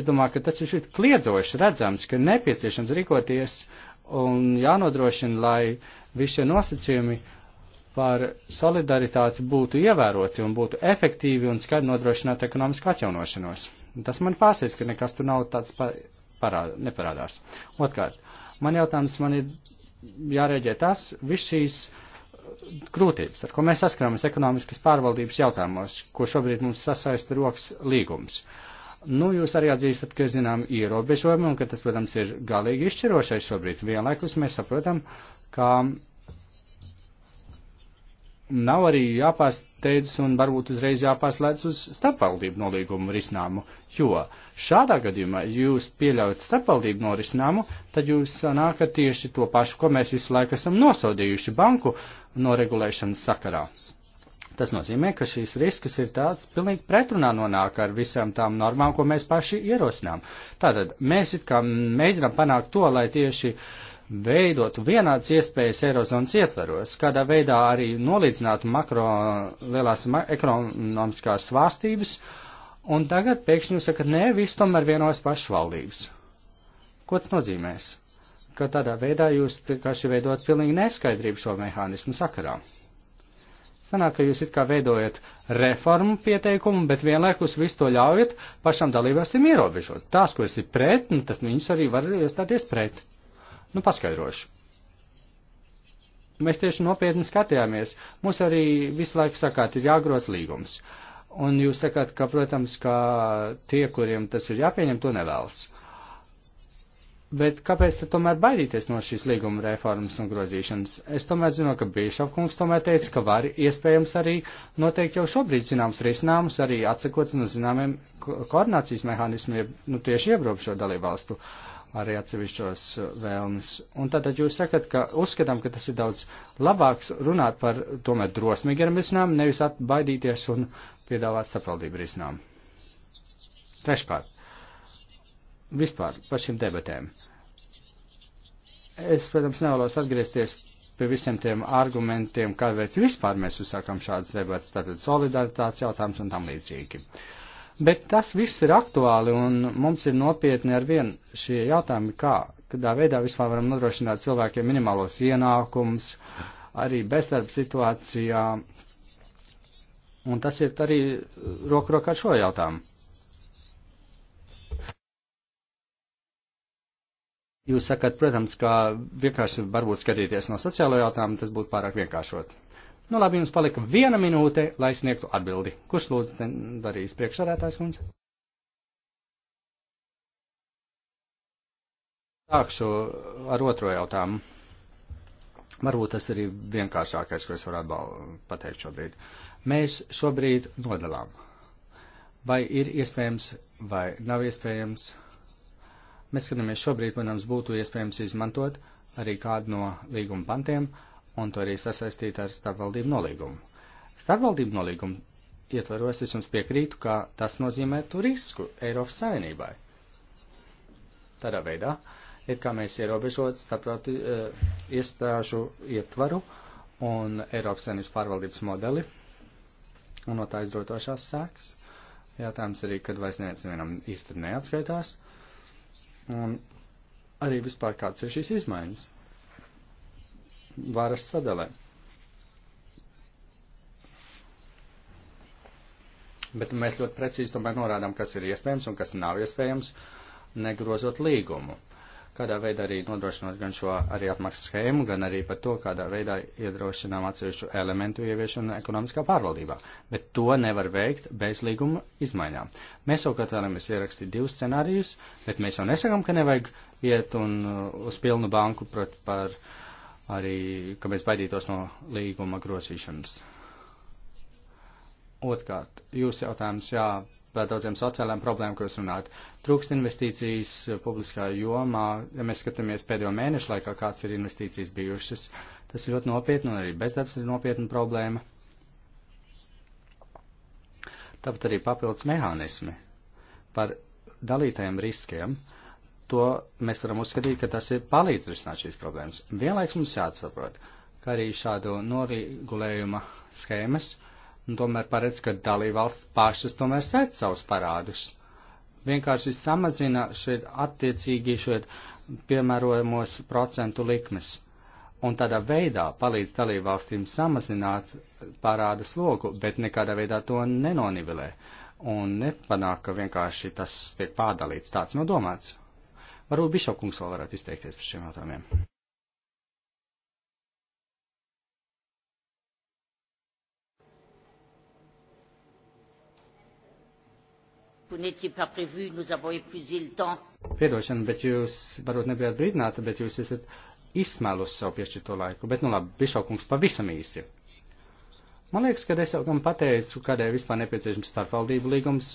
es domāju, ka tas ir kliedzoši redzams, ka nepieciešams rīkoties uh, un jānodrošina, lai visi šie nosacījumi par solidaritāti būtu ievēroti un būtu efektīvi un skaidri nodrošināt ekonomisku atjaunošanos. Tas man pārsteidz, ka nekas tur nav tāds pa, parād, neparādās. Otkārt, man jautājums man ir jārēģē tas, viss šīs uh, grūtības, ar ko mēs saskaramies ekonomiskas pārvaldības jautājumos, ko šobrīd mums sasaista rokas līgums. Uh, Nu, jūs arī atzīstat, ka ir zinām ierobežojumi un ka tas, protams, ir galīgi izšķirošais šobrīd. Vienlaikus mēs saprotam, ka nav arī jāpārsteidz un varbūt uzreiz jāpārslēdz uz starpvaldību nolīgumu risinājumu, jo šādā gadījumā jūs pieļaujat starpvaldību norisinājumu, tad jūs nākat tieši to pašu, ko mēs visu laiku esam nosaudījuši banku noregulēšanas sakarā. Tas nozīmē, ka šīs risks ir tāds pilnīgi pretrunā nonāk ar visām tām normām, ko mēs paši ierosinām. Tātad mēs it kā mēģinām panākt to, lai tieši veidotu vienādas iespējas Eirozonas ietveros, kādā veidā arī nolīdzinātu makro lielās ekonomiskās svārstības, un tagad pēkšņi jūs sakat, nē, viss tomēr vienojas pašvaldības. Ko tas nozīmēs? Ka tādā veidā jūs vienkārši veidot pilnīgi neskaidrību šo mehānismu sakarā. Sanāk, ka jūs it kā veidojat reformu pieteikumu, bet vienlaikus visu to ļaujat pašam dalībvalstīm ierobežot. Tās, ko esi pret, nu, tas viņas arī var iestāties pret. Nu, paskaidrošu. Mēs tieši nopietni skatījāmies. Mums arī visu laiku sakāt, ir jāgroz līgums. Un jūs sakāt, ka, protams, ka tie, kuriem tas ir jāpieņem, to nevēlas. Uh, Bet kāpēc tad tomēr baidīties no šīs līguma reformas un grozīšanas? Es tomēr zinu, ka Bīšovkungs tomēr teica, ka var iespējams arī noteikt jau šobrīd zināms risinājumus, arī atsakot no zināmiem koordinācijas mehānismiem, nu tieši iebraukšo dalībvalstu arī atsevišķos uh, vēlmes. Un tātad jūs sakat, ka uzskatām, ka tas ir daudz labāks runāt par tomēr drosmīgiem risinājumiem, nevis atbaidīties un piedāvāt sapaldību risinājumu. Treškārt vispār par šīm debatēm. Es, protams, nevēlos atgriezties pie visiem tiem argumentiem, kāpēc vispār mēs uzsākam šādas debatas, tātad solidaritātes jautājums un tam līdzīgi. Bet tas viss ir aktuāli un mums ir nopietni ar vien šie jautājumi, kā, kādā veidā vispār varam nodrošināt cilvēkiem minimālos ienākums, arī bezdarba situācijā. Un tas ir arī roku rokā ar šo jautājumu. Jūs sakat, protams, ka vienkārši varbūt skatīties no sociālo jautājumu, tas būtu pārāk vienkāršot. Nu labi, jums palika viena minūte, lai sniegtu atbildi. Kurš lūdzu darīs priekšsādātājs kundze? Sākšu ar otro jautājumu. Varbūt tas ir vienkāršākais, ko es varētu pateikt šobrīd. Mēs šobrīd nodalām. Vai ir iespējams, vai nav iespējams Mēs skatāmies šobrīd, protams, būtu iespējams izmantot arī kādu no līguma pantiem un to arī sasaistīt ar starpvaldību nolīgumu. Starpvaldību nolīgumu ietvaros es jums piekrītu, ka tas nozīmē risku Eiropas Savienībai. Tādā veidā, it kā mēs ierobežot starptauti uh, eh, iestāžu ietvaru un Eiropas Savienības pārvaldības modeli un no tā izrotošās sēks. Jātājums arī, kad vairs neviens vienam īsti neatskaitās. Uh, Un arī vispār kāds ir šīs izmaiņas varas sadalē. Bet mēs ļoti precīzi tomēr norādām, kas ir iespējams un kas nav iespējams, negrozot līgumu. Uh, kādā veidā arī nodrošinot gan šo arī apmaksas schēmu, gan arī par to, kādā veidā iedrošinām atsevišķu elementu ieviešanu ekonomiskā pārvaldībā. Bet to nevar veikt bez līguma izmaiņām. Mēs savukārt vēlamies ierakstīt divus scenārijus, bet mēs jau nesakām, ka nevajag iet un uh, uz pilnu banku pret par arī, ka mēs baidītos no līguma grosīšanas. Otkārt, jūsu jautājums, jā, par daudziem sociālām problēmām, ko jūs runājat. Trūkst investīcijas eh, publiskā jomā, ja mēs skatāmies pēdējo mēnešu laikā, kāds ir investīcijas bijušas, tas ir ļoti nopietni, un arī bezdarbs ir nopietna problēma. Tāpat arī papildus mehānismi par dalītajiem riskiem. To mēs varam uzskatīt, ka tas ir palīdz risināt šīs problēmas. Vienlaiks mums jāatsaprot, ka arī šādu norīgulējuma schēmas uh, un tomēr paredz, ka dalībvalsts pašas tomēr sēd savus parādus. Vienkārši samazina šeit attiecīgi šeit piemērojamos procentu likmes. Un tādā veidā palīdz dalībvalstīm samazināt parādu slogu, bet nekādā veidā to nenonivelē. Un nepanāk, ka vienkārši tas tiek pārdalīts tāds nodomāts. Varbūt Bišokungs vēl varētu izteikties par šiem jautājumiem. vous n'étiez pas prévu, nous avons épuisé le temps. Piedošana, bet jūs varbūt nebijāt brīdināta, bet jūs esat izsmēlus savu piešķirto laiku. Bet nu labi, Bišaukungs pavisam īsi. Man liekas, ka es jau gan pateicu, kādēļ vispār nepieciešams starpvaldību līgums,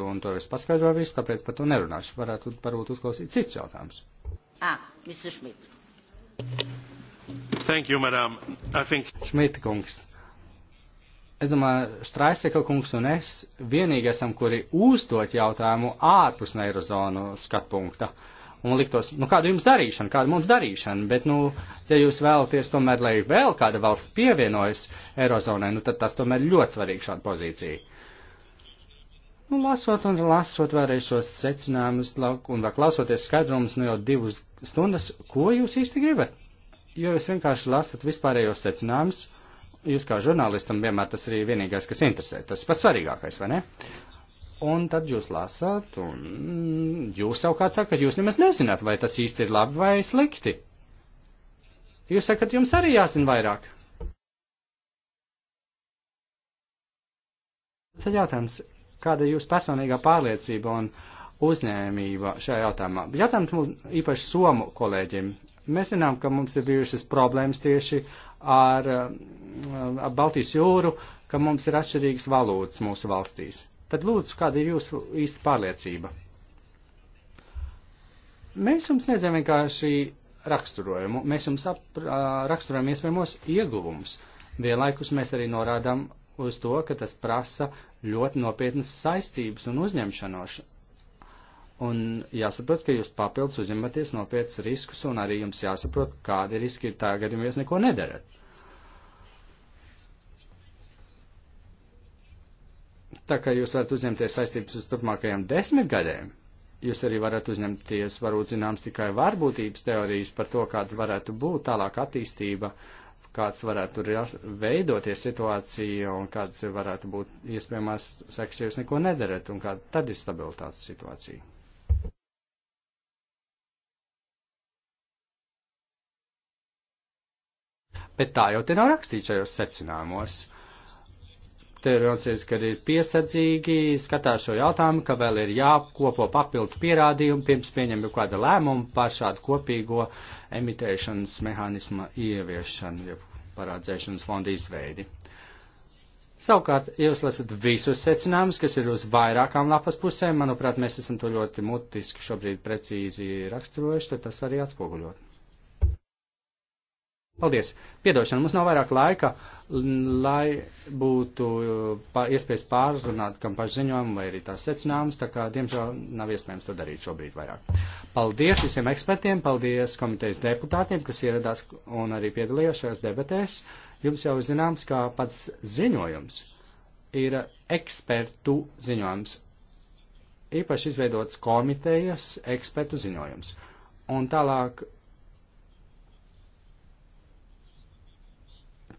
un to es paskaidroju visu, tāpēc par to nerunāšu. Varētu varbūt uzklausīt cits jautājums. Ah, Mr. Schmidt. Thank you, madam. I think... Schmidt kungs es domāju, Straiseka kungs un es vienīgi esam, kuri uzdot jautājumu ārpus neirozonu skatpunkta. Un liktos, nu kāda jums darīšana, kāda mums darīšana, bet, nu, ja jūs vēlaties tomēr, lai vēl kāda valsts pievienojas eirozonai, nu tad tas tomēr ļoti svarīgi šāda pozīcija. Nu, lasot un lasot vēlreiz šos secinājumus un vēl klausoties skaidrumus nu jau divas stundas, ko jūs īsti gribat? Jo jūs vienkārši lasat vispārējos secinājumus jūs kā žurnālistam vienmēr tas ir vienīgais, kas interesē. Tas pats svarīgākais, vai ne? Un tad jūs lasāt, un jūs savukārt sakat, jūs nemaz nezināt, vai tas īsti ir labi vai slikti. Jūs sakat, jums arī jāzina vairāk. Tad jautājums, kāda ir jūsu personīgā pārliecība un uzņēmība šajā jautājumā? Jautājums mums īpaši somu kolēģiem. Mēs zinām, ka mums ir bijušas problēmas tieši uh, ar, um, ar Baltijas jūru, ka mums ir atšķirīgas valūtas mūsu valstīs. Tad lūdzu, kāda ir jūsu īsta pārliecība? Mēs jums nezinām vienkārši raksturojumu, mēs jums ap, raksturojam iespējamos ieguvumus. Vienlaikus mēs arī norādām uz to, ka tas prasa ļoti nopietnas saistības un uzņemšanos Un jāsaprot, ka jūs papildus uzņematies nopietnus riskus, un arī jums jāsaprot, kādi riski ir tagad, ja jūs neko nedarat. Tā kā jūs varat uzņemties saistības uz turpmākajām desmit gadiem, jūs arī varat uzņemties, varbūt zināms, tikai varbūtības teorijas par to, kāda varētu būt tālāk attīstība, kāds varētu tur veidoties situācija un kāds varētu būt iespējamās sekas, ja jūs neko nedarat, un kāda tad ir stabilitātes situācija. Bet tā jau te nav rakstīts šajos secinājumos. Te ir rakstīts, ka ir piesardzīgi, skatās šo jautājumu, ka vēl ir jākopo papildus pierādījumi, pirms pieņem jau kāda lēmuma par šādu kopīgo emitēšanas mehānisma ieviešanu, jau parādzēšanas fonda izveidi. Savukārt, jūs lasat visus secinājumus, kas ir uz vairākām lapas pusēm, manuprāt, mēs esam to ļoti mutiski šobrīd precīzi raksturojuši, tad tas arī atspoguļot. Paldies! Piedošana, mums nav vairāk laika, lai būtu uh, iespējas pārrunāt kam pašziņojumu vai arī tās secinājumus, tā kā, diemžēl, nav iespējams to darīt šobrīd vairāk. Paldies visiem ekspertiem, paldies komitejas deputātiem, kas ieradās un arī piedalījās šajās debatēs. Jums jau zināms, ka pats ziņojums ir ekspertu ziņojums, īpaši izveidots komitejas ekspertu ziņojums. Un tālāk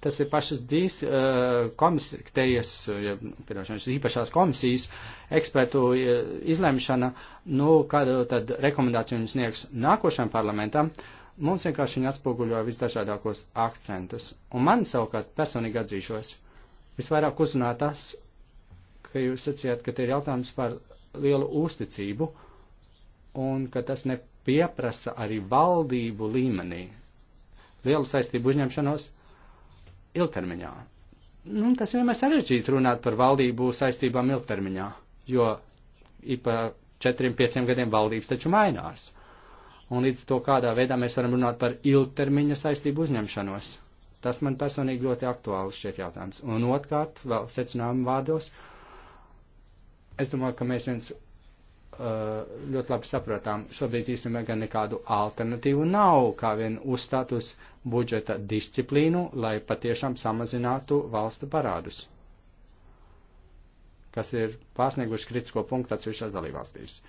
tas ir pašas dīs eh, komisijas, pirošanas īpašās komisijas ekspertu eh, izlemšana, nu, kādu tad rekomendāciju viņi sniegs nākošajam parlamentam. Mums vienkārši viņi atspoguļoja visdažādākos akcentus. Un man savukārt personīgi atzīšos, visvairāk uzrunā tas, ka jūs sacījāt, ka te ir jautājums par lielu uzticību un ka tas nepieprasa arī valdību līmenī lielu saistību uzņemšanos ilgtermiņā. Nu, tas vienmēr sarežģīts runāt par valdību saistībām ilgtermiņā, jo ik pa četriem, pieciem gadiem valdības taču mainās. Un līdz to, kādā veidā mēs varam runāt par ilgtermiņa saistību uzņemšanos. Tas man personīgi ļoti aktuāls šķiet jautājums. Un otrkārt, vēl secinājumu vārdos, es domāju, ka mēs viens Eh, ļoti labi saprotām. Šobrīd īstenībā gan nekādu alternatīvu nav, kā vien uzstāt uz budžeta disciplīnu, lai patiešām samazinātu valstu parādus, kas ir pārsnieguši kritisko punktu atsevišķās dalībvalstīs.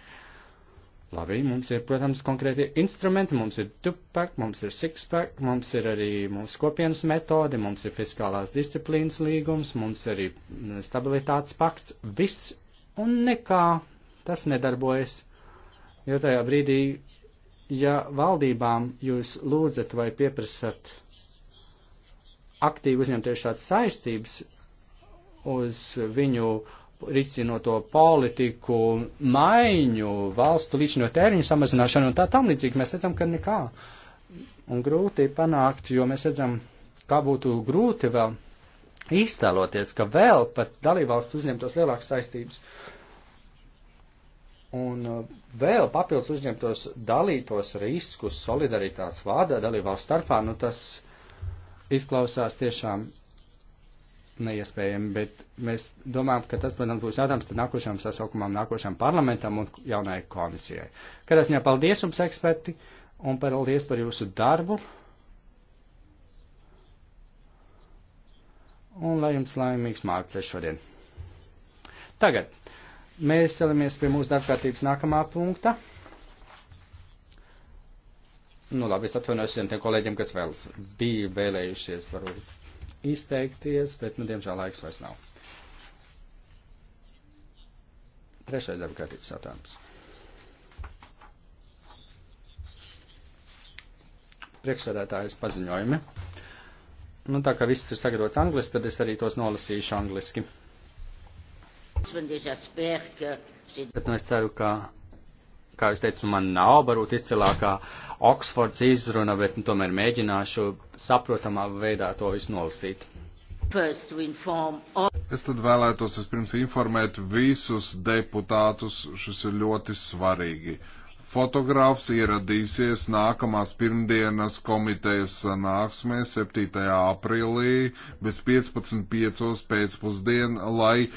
Labi, mums ir, protams, konkrēti instrumenti, mums ir tupak, mums ir sixpack, mums ir arī mūsu kopienas metode, mums ir fiskālās disciplīnas līgums, mums ir arī stabilitātes pakts, viss un nekā tas nedarbojas, jo tajā brīdī, ja valdībām jūs lūdzat vai pieprasat aktīvi uzņemties šādas saistības uz viņu ricinoto politiku maiņu, valstu līdzino tēriņu samazināšanu un tā tam līdzīgi, mēs redzam, ka nekā. Un grūti panākt, jo mēs redzam, kā būtu grūti vēl iztēloties, ka vēl pat dalībvalsts uzņemtos lielākas saistības. Uh, un uh, vēl papildus uzņemtos dalītos riskus solidaritātes vārdā dalībvalsts starpā, nu tas izklausās tiešām neiespējami, bet mēs domājam, ka tas, protams, būs jautājums nākošajam sasaukumam, nākošajam parlamentam un jaunai komisijai. Kādās ņā paldies jums, eksperti, un paldies par jūsu darbu. Un lai jums laimīgs mācē šodien. Tagad Mēs celamies pie mūsu darbkārtības nākamā punkta. Nu, labi, es atvainojos šiem tiem kolēģiem, kas vēlas bija vēlējušies varbūt izteikties, bet, nu, diemžēl laiks vairs nav. Trešais darbkārtības jautājums. Priekšsēdētājas paziņojumi. Nu, tā kā viss ir sagatavots angliski, tad es arī tos nolasīšu angliski. Bet nu es ceru, ka, kā es teicu, man nav varbūt izcilākā Oksfords izruna, bet nu, tomēr mēģināšu saprotamā veidā to visu nolasīt. Es tad vēlētos vispirms informēt visus deputātus, šis ir ļoti svarīgi. Fotogrāfs ieradīsies nākamās pirmdienas komitejas sanāksmē 7. aprīlī bez 15.5. pēcpusdien, lai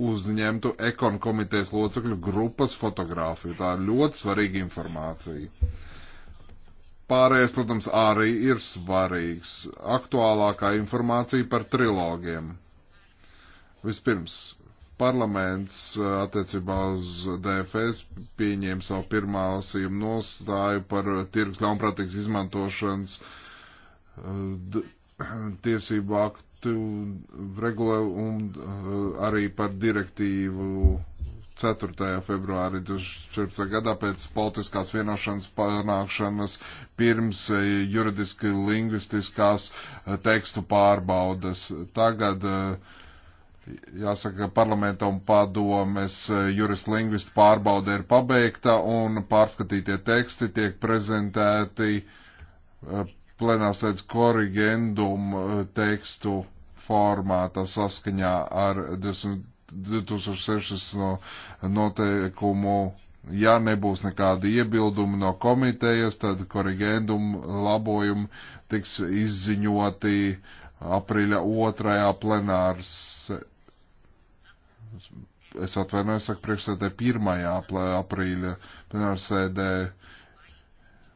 uzņemtu ekon komitejas locekļu grupas fotogrāfiju. Tā ir ļoti svarīga informācija. Pārējais, protams, arī ir svarīgs. Aktuālākā informācija par trilogiem. Vispirms, parlaments eh, attiecībā uz DFS pieņēma savu pirmā lasījuma nostāju par tirgus ļaunprātīgas izmantošanas eh, tiesību aktu aktu regulē un eh, arī par direktīvu 4. februārī 2014. gadā pēc politiskās vienošanas panākšanas pirms eh, juridiski lingvistiskās eh, tekstu pārbaudas. Tagad, jāsaka, parlamenta un padomes jurislingvistu pārbauda ir pabeigta un pārskatītie teksti tiek prezentēti plenārsēdz korrigendumu eh, tekstu formā, tas saskaņā ar 2006 no noteikumu. Ja nebūs nekāda iebilduma no komitejas, tad korrigendumu labojumi tiks izziņoti aprīļa otrajā plenārs es atvainojos, saka priekšsēdē 1. aprīļa plenārsēdē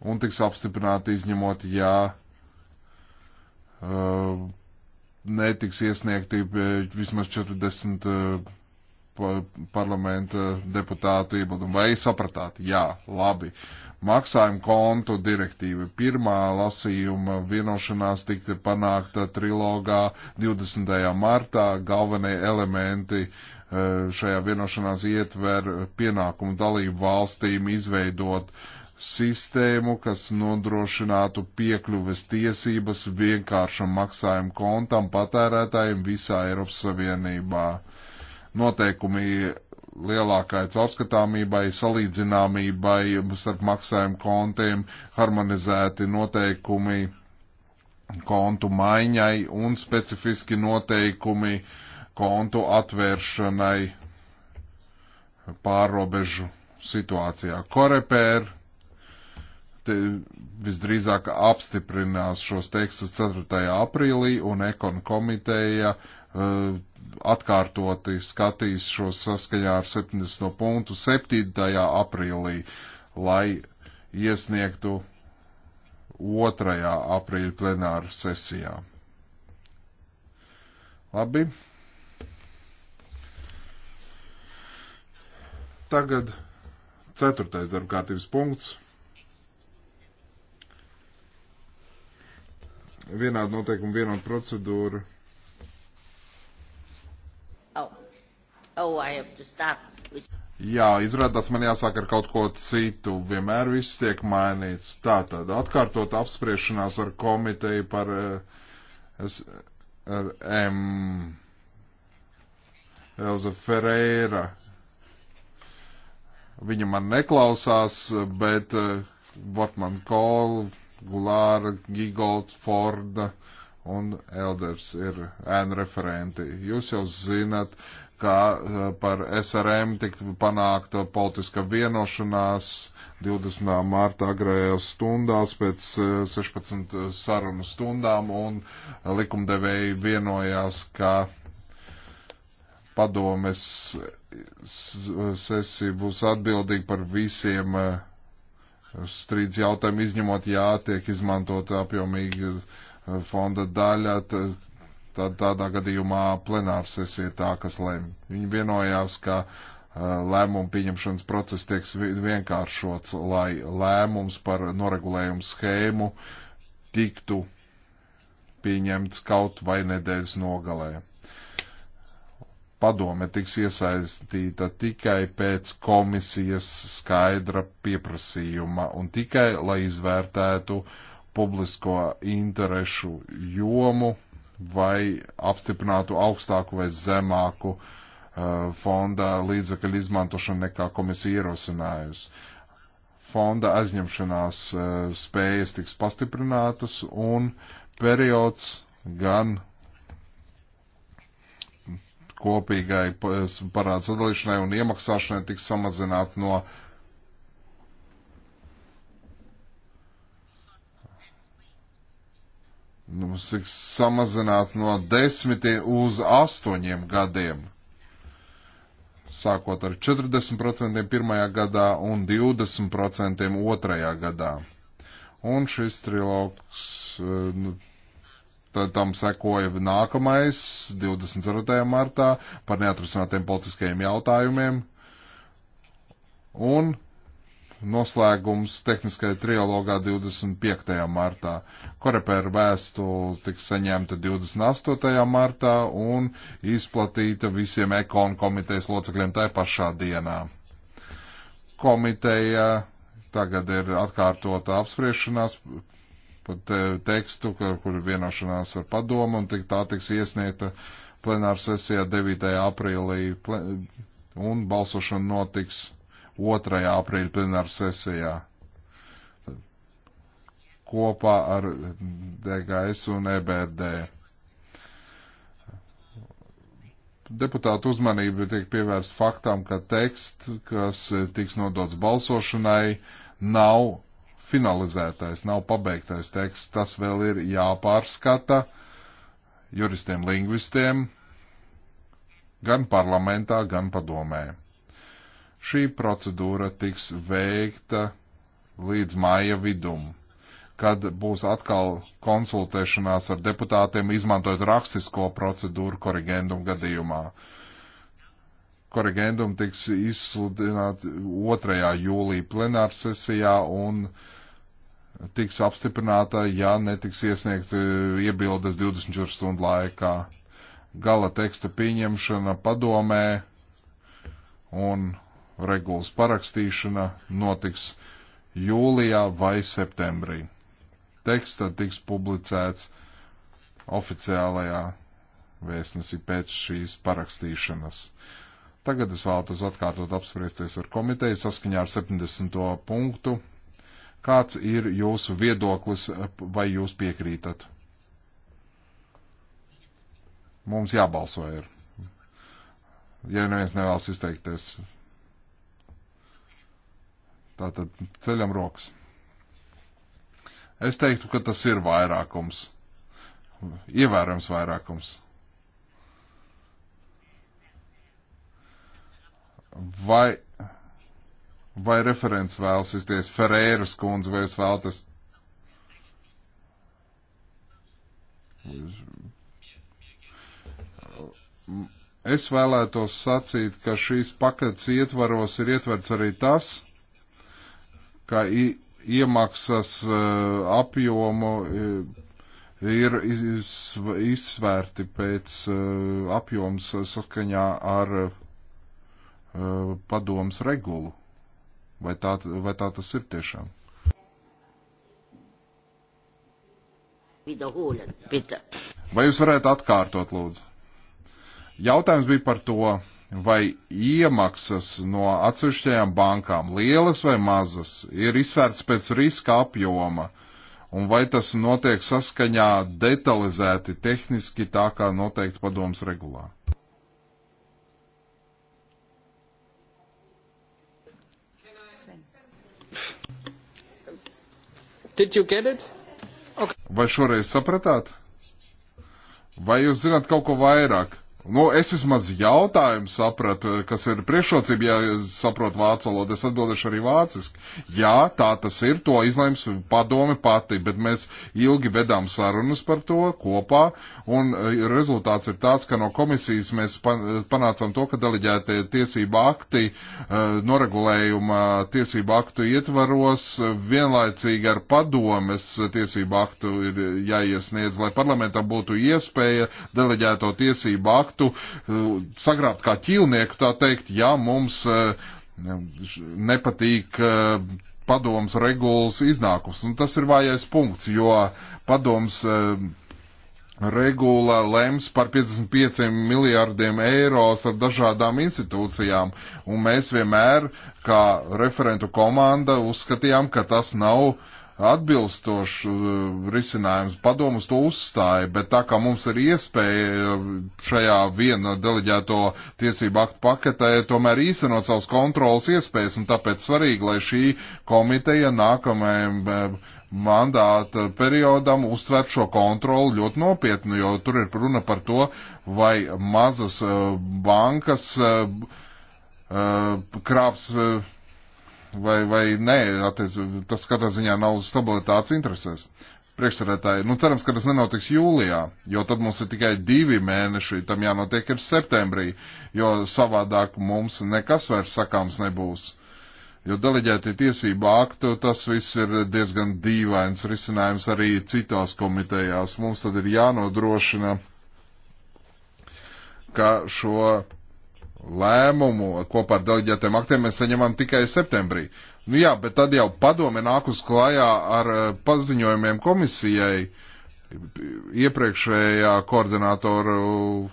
un tiks apstiprināti izņemot, ja uh, netiks iesniegti uh, vismaz 40 uh, parlamenta deputātu iebildumi. Vai sapratāt? Jā, labi. Maksājuma kontu direktīva. Pirmā lasījuma vienošanās tika panākta trilogā 20. martā. Galvenie elementi uh, šajā vienošanās ietver pienākumu dalību valstīm izveidot uh, sistēmu, kas nodrošinātu piekļuves tiesības vienkāršam maksājumu kontam patērētājiem visā Eiropas Savienībā. Noteikumi lielākai caurskatāmībai, salīdzināmībai starp maksājumu kontiem, harmonizēti noteikumi kontu maiņai un specifiski noteikumi kontu atvēršanai pārobežu situācijā. Korepēr te, visdrīzāk apstiprinās šos tekstus 4. aprīlī un ekon komiteja uh, atkārtoti skatīs šos saskaņā ar 70. punktu 7. aprīlī, lai iesniegtu 2. aprīļa plenāra sesijā. Labi. Tagad ceturtais darbkārtības punkts. vienādi noteikumi, vienāda procedūra. Oh. Oh, Jā, izrādās man jāsāk ar kaut ko citu. Vienmēr viss tiek mainīts. Tātad atkārtot apspriešanās ar komiteju par eh, es, ar M. Elza Ferreira. Viņa man neklausās, bet eh, Vatman uh, Kola Gulāra, Gigolds, Forda un Elders ir ēnu referenti. Jūs jau zinat, kā eh, par SRM tika panākta politiska vienošanās 20. marta agrējās stundās pēc 16 eh, sarunu stundām un likumdevēji vienojās, ka padomes sesija būs atbildīga par visiem uh, strīds jautājumu, izņemot, jā, tiek izmantot apjomīgi uh, fonda daļa, tad tādā gadījumā plenārsesija tā, kas lem. Viņi vienojās, ka uh, lēmumu pieņemšanas process tiek vienkāršots, lai lēmums par noregulējumu schēmu tiktu pieņemts kaut vai nedēļas nogalē padome tiks iesaistīta tikai pēc komisijas skaidra pieprasījuma un tikai, lai izvērtētu publisko interešu jomu vai apstiprinātu augstāku vai zemāku uh, fonda līdzekļu izmantošanu nekā komisija ierosinājusi. Fonda aizņemšanās uh, spējas tiks pastiprinātas un periods gan kopīgai parāds atdalīšanai un iemaksāšanai tiks samazināts no nu, mums tiks samazināts no desmitiem uz astoņiem gadiem. Sākot ar 40% pirmajā gadā un 20% otrajā gadā. Un šis trilogs eh, nu, tam sekoja nākamais, 24. martā, par neatrisinātiem politiskajiem jautājumiem. Un noslēgums tehniskajā trialogā 25. martā. Korepēra vēstule tika saņemta 28. martā un izplatīta visiem ekonu komitejas locekļiem tajā pašā dienā. Komiteja tagad ir atkārtota apspriešanās pat tekstu, kur, kur vienošanās ar padomu, un tik tā tiks iesniegta plenāra sesijā 9. aprīlī, plen, un balsošana notiks 2. aprīļa plenāra sesijā kopā ar DGS un EBRD. Deputātu uzmanība tiek pievērsta faktam, ka teksts, kas tiks nodots balsošanai, nav finalizētais, nav pabeigtais teksts, tas vēl ir jāpārskata juristiem, lingvistiem, gan parlamentā, gan padomē. Šī procedūra tiks veikta līdz māja vidum, kad būs atkal konsultēšanās ar deputātiem, izmantojot rakstisko procedūru korigendumu gadījumā. Korigendumu tiks izsludināt 2. jūlija plenārsesijā un uh, tiks apstiprināta, ja netiks iesniegt e, iebildes 24 stundu laikā. Gala teksta pieņemšana padomē un regulas parakstīšana notiks jūlijā vai septembrī. Teksts tad tiks publicēts oficiālajā vēstnesī pēc šīs parakstīšanas. Tagad es vēlētos atkārtot apspriesties ar komiteju saskaņā ar 70. punktu Kāds ir jūsu viedoklis, vai jūs piekrītat? Mums jābalso ir. Ja neviens nevēlas izteikties. Tātad ceļam rokas. Es teiktu, ka tas ir vairākums. Ievērojams vairākums. Vai Vai referents vēlas izties Ferēras kundze, vai jūs vēlaties? Es vēlētos sacīt, ka šīs paketes ietvaros ir ietverts arī tas, ka iemaksas e, apjomu e, ir izsvērti pēc e, apjoms saskaņā ar padomas regulu. Vai tā, vai tā tas ir tiešām? Vai jūs varētu atkārtot, lūdzu? Jautājums bija par to, vai iemaksas no atsevišķajām bankām, lielas vai mazas, ir izsvērts pēc riska apjoma, un vai tas notiek saskaņā detalizēti tehniski tā, kā noteikts padoms regulā. Did you get it? Okay. Vai šoreiz sapratāt? Vai jūs zināt kaut ko vairāk? Nu, es vismaz jautājumu sapratu, kas ir priekšrocība, ja saprotu vācu valodu. Es atbildēšu arī vāciski. Jā, tā tas ir, to izlēms padome pati, bet mēs ilgi vedām sarunas par to kopā, un eh, rezultāts ir tāds, ka no komisijas mēs eh, panācām to, ka deleģētie tiesību akti eh, noregulējuma tiesību aktu ietvaros vienlaicīgi ar padomes tiesību aktu ir jāiesniedz, lai parlamentam būtu iespēja deleģēto tiesību aktu sāktu eh, sagrābt kā ķīlnieku, tā teikt, ja mums eh, nepatīk eh, padoms regulas iznākums. Un tas ir vājais punkts, jo padoms regula lems par 55 miljārdiem eiro ar dažādām institūcijām, un mēs vienmēr, kā referentu komanda, uzskatījām, ka tas nav uh, atbilstošs uh, risinājums. Padomus to uzstāja, bet tā kā mums ir iespēja uh, šajā viena deleģēto tiesību aktu paketē tomēr īstenot savus kontrolas iespējas, un tāpēc svarīgi, lai šī komiteja nākamajam uh, mandāta periodam uztver šo kontroli ļoti nopietnu, jo tur ir runa par to, vai mazas bankas krāps vai, vai nē, attiec, tas katrā ziņā nav stabilitātes interesēs. Priekšsarētāji, nu cerams, ka tas nenotiks jūlijā, jo tad mums ir tikai divi mēneši, tam jānotiek ir septembrī, jo savādāk mums nekas vairs sakāms nebūs. Jo deleģētie tiesība aktu, tas viss ir diezgan dīvains risinājums arī citās komitejās. Mums tad ir jānodrošina, ka šo lēmumu kopā ar deleģētiem aktiem mēs saņemam tikai septembrī. Nu jā, bet tad jau padome nāk uz klājā ar eh, paziņojumiem komisijai iepriekšējā koordinātoru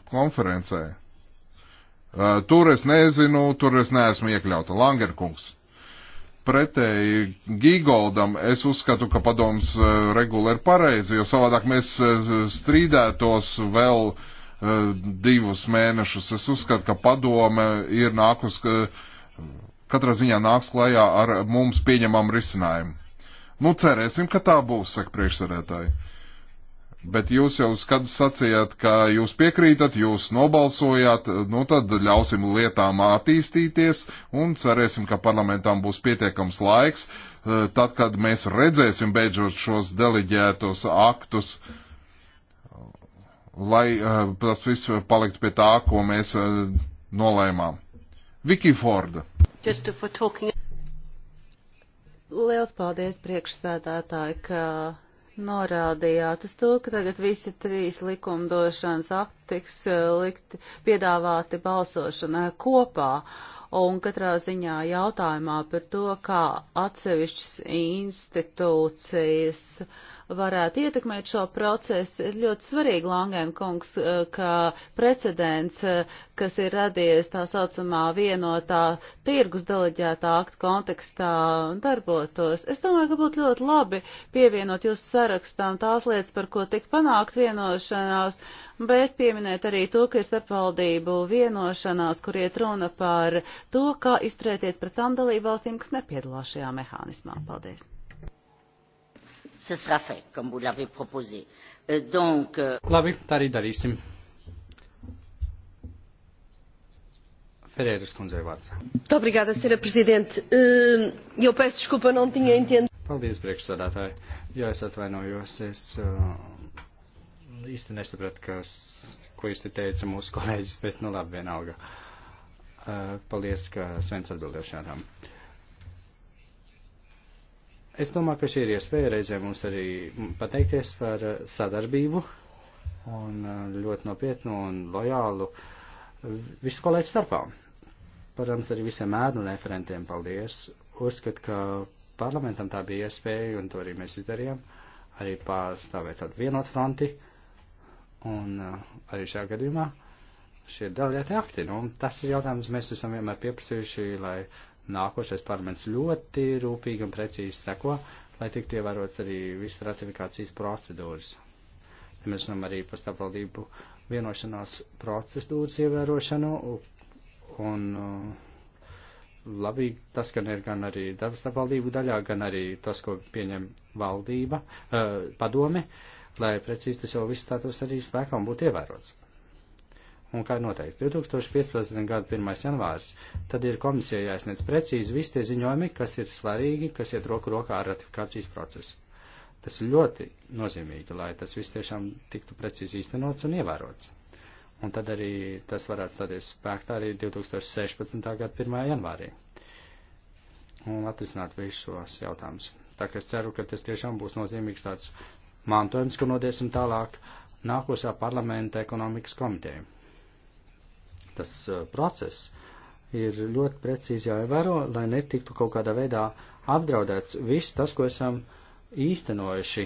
konferencē. Eh, tur es nezinu, tur es neesmu iekļauta. Langerkungs. Pretēji Gigoldam es uzskatu, ka padoms eh, regula ir pareizi, jo savādāk mēs strīdētos vēl uh, Eh, divus mēnešus. Es uzskatu, ka padome ir nākus, eh, katrā ziņā nāks klajā ar mums pieņemam risinājumu. Nu, cerēsim, ka tā būs, saka priekšsarētāji. Bet jūs jau skatu sacījāt, ka jūs piekrītat, jūs nobalsojāt, eh, nu tad ļausim lietām attīstīties un cerēsim, ka parlamentām būs pietiekams laiks, tad, kad mēs redzēsim beidzot šos deleģētos aktus. Uh, lai uh, tas viss palikt pie tā, ko mēs uh, nolēmām. Viki Forda. Talking... Liels paldies priekšsēdētāji, ka norādījāt uz to, ka tagad visi trīs likumdošanas akti tiks eh, likti piedāvāti balsošanai kopā. Un katrā ziņā jautājumā par to, kā atsevišķas institūcijas uh, varētu ietekmēt šo procesu. Ir ļoti svarīgi, Langenkungs, eh, ka precedents, eh, kas ir radies tā saucamā vienotā tirgus deleģētā aktu kontekstā, darbotos. Es domāju, ka būtu ļoti labi pievienot jūsu sarakstām tās lietas, par ko tik panākt vienošanās, bet pieminēt arī to, ka ir starpvaldību vienošanās, kur iet runa par to, kā izturēties pret tām dalībvalstīm, kas nepiedalās šajā mehānismā. Paldies! ce sera fait comme vous l'avez proposé. Euh, donc, euh... Labi, tā arī darīsim. Ferreiras kundzei vārds. Muito obrigada, Sra. Presidente. Eh, eu peço desculpa, não tinha entendido. Paldies, priekšsādātāji. Jā, es atvainojos, es uh, īsti nesapratu, kas, ko īsti teica mūsu kolēģis, bet nu labi, vienalga. Uh, paldies, ka Svens atbildēja šādām. Uh, Es domāju, ka šī ir iespēja reizē mums arī pateikties par eh, sadarbību un eh, ļoti nopietnu un lojālu eh, visu kolēģi starpā. Params, arī visiem ēnu referentiem paldies. Uzskat, ka parlamentam tā bija iespēja, un to arī mēs izdarījām, arī pārstāvēt tādu vienotu fronti. Un arī šajā gadījumā šie dalietie akti, nu, tas ir jautājums, mēs esam vienmēr pieprasījuši, lai nākošais parlaments ļoti rūpīgi un precīzi seko, lai tiktu ievērots arī visas ratifikācijas procedūras. Ja mēs runājam arī par starpvaldību vienošanās procedūras ievērošanu, un uh, labi tas, ka ir gan arī starpvaldību daļā, gan arī tas, ko pieņem valdība, uh, padome, lai precīzi tas jau viss stātos arī spēkā un būtu ievērots un kā noteikts 2015. gada 1. janvārs, tad ir komisijai jāizniedz precīzi visi tie ziņojumi, kas ir svarīgi, kas iet roku rokā ar ratifikācijas procesu. Tas ir ļoti nozīmīgi, lai tas viss tiešām tiktu precīzi īstenots un ievērots. Un tad arī tas varētu stāties spēktā arī 2016. gada 1. janvārī. Un atrisināt visus šos jautājumus. Tā kā es ceru, ka tas tiešām būs nozīmīgs tāds mantojums, ko nodiesim tālāk nākošā parlamenta ekonomikas komiteja tas eh, process ir ļoti precīzi jāievēro, lai netiktu kaut kādā veidā apdraudēts viss tas, ko esam īstenojuši.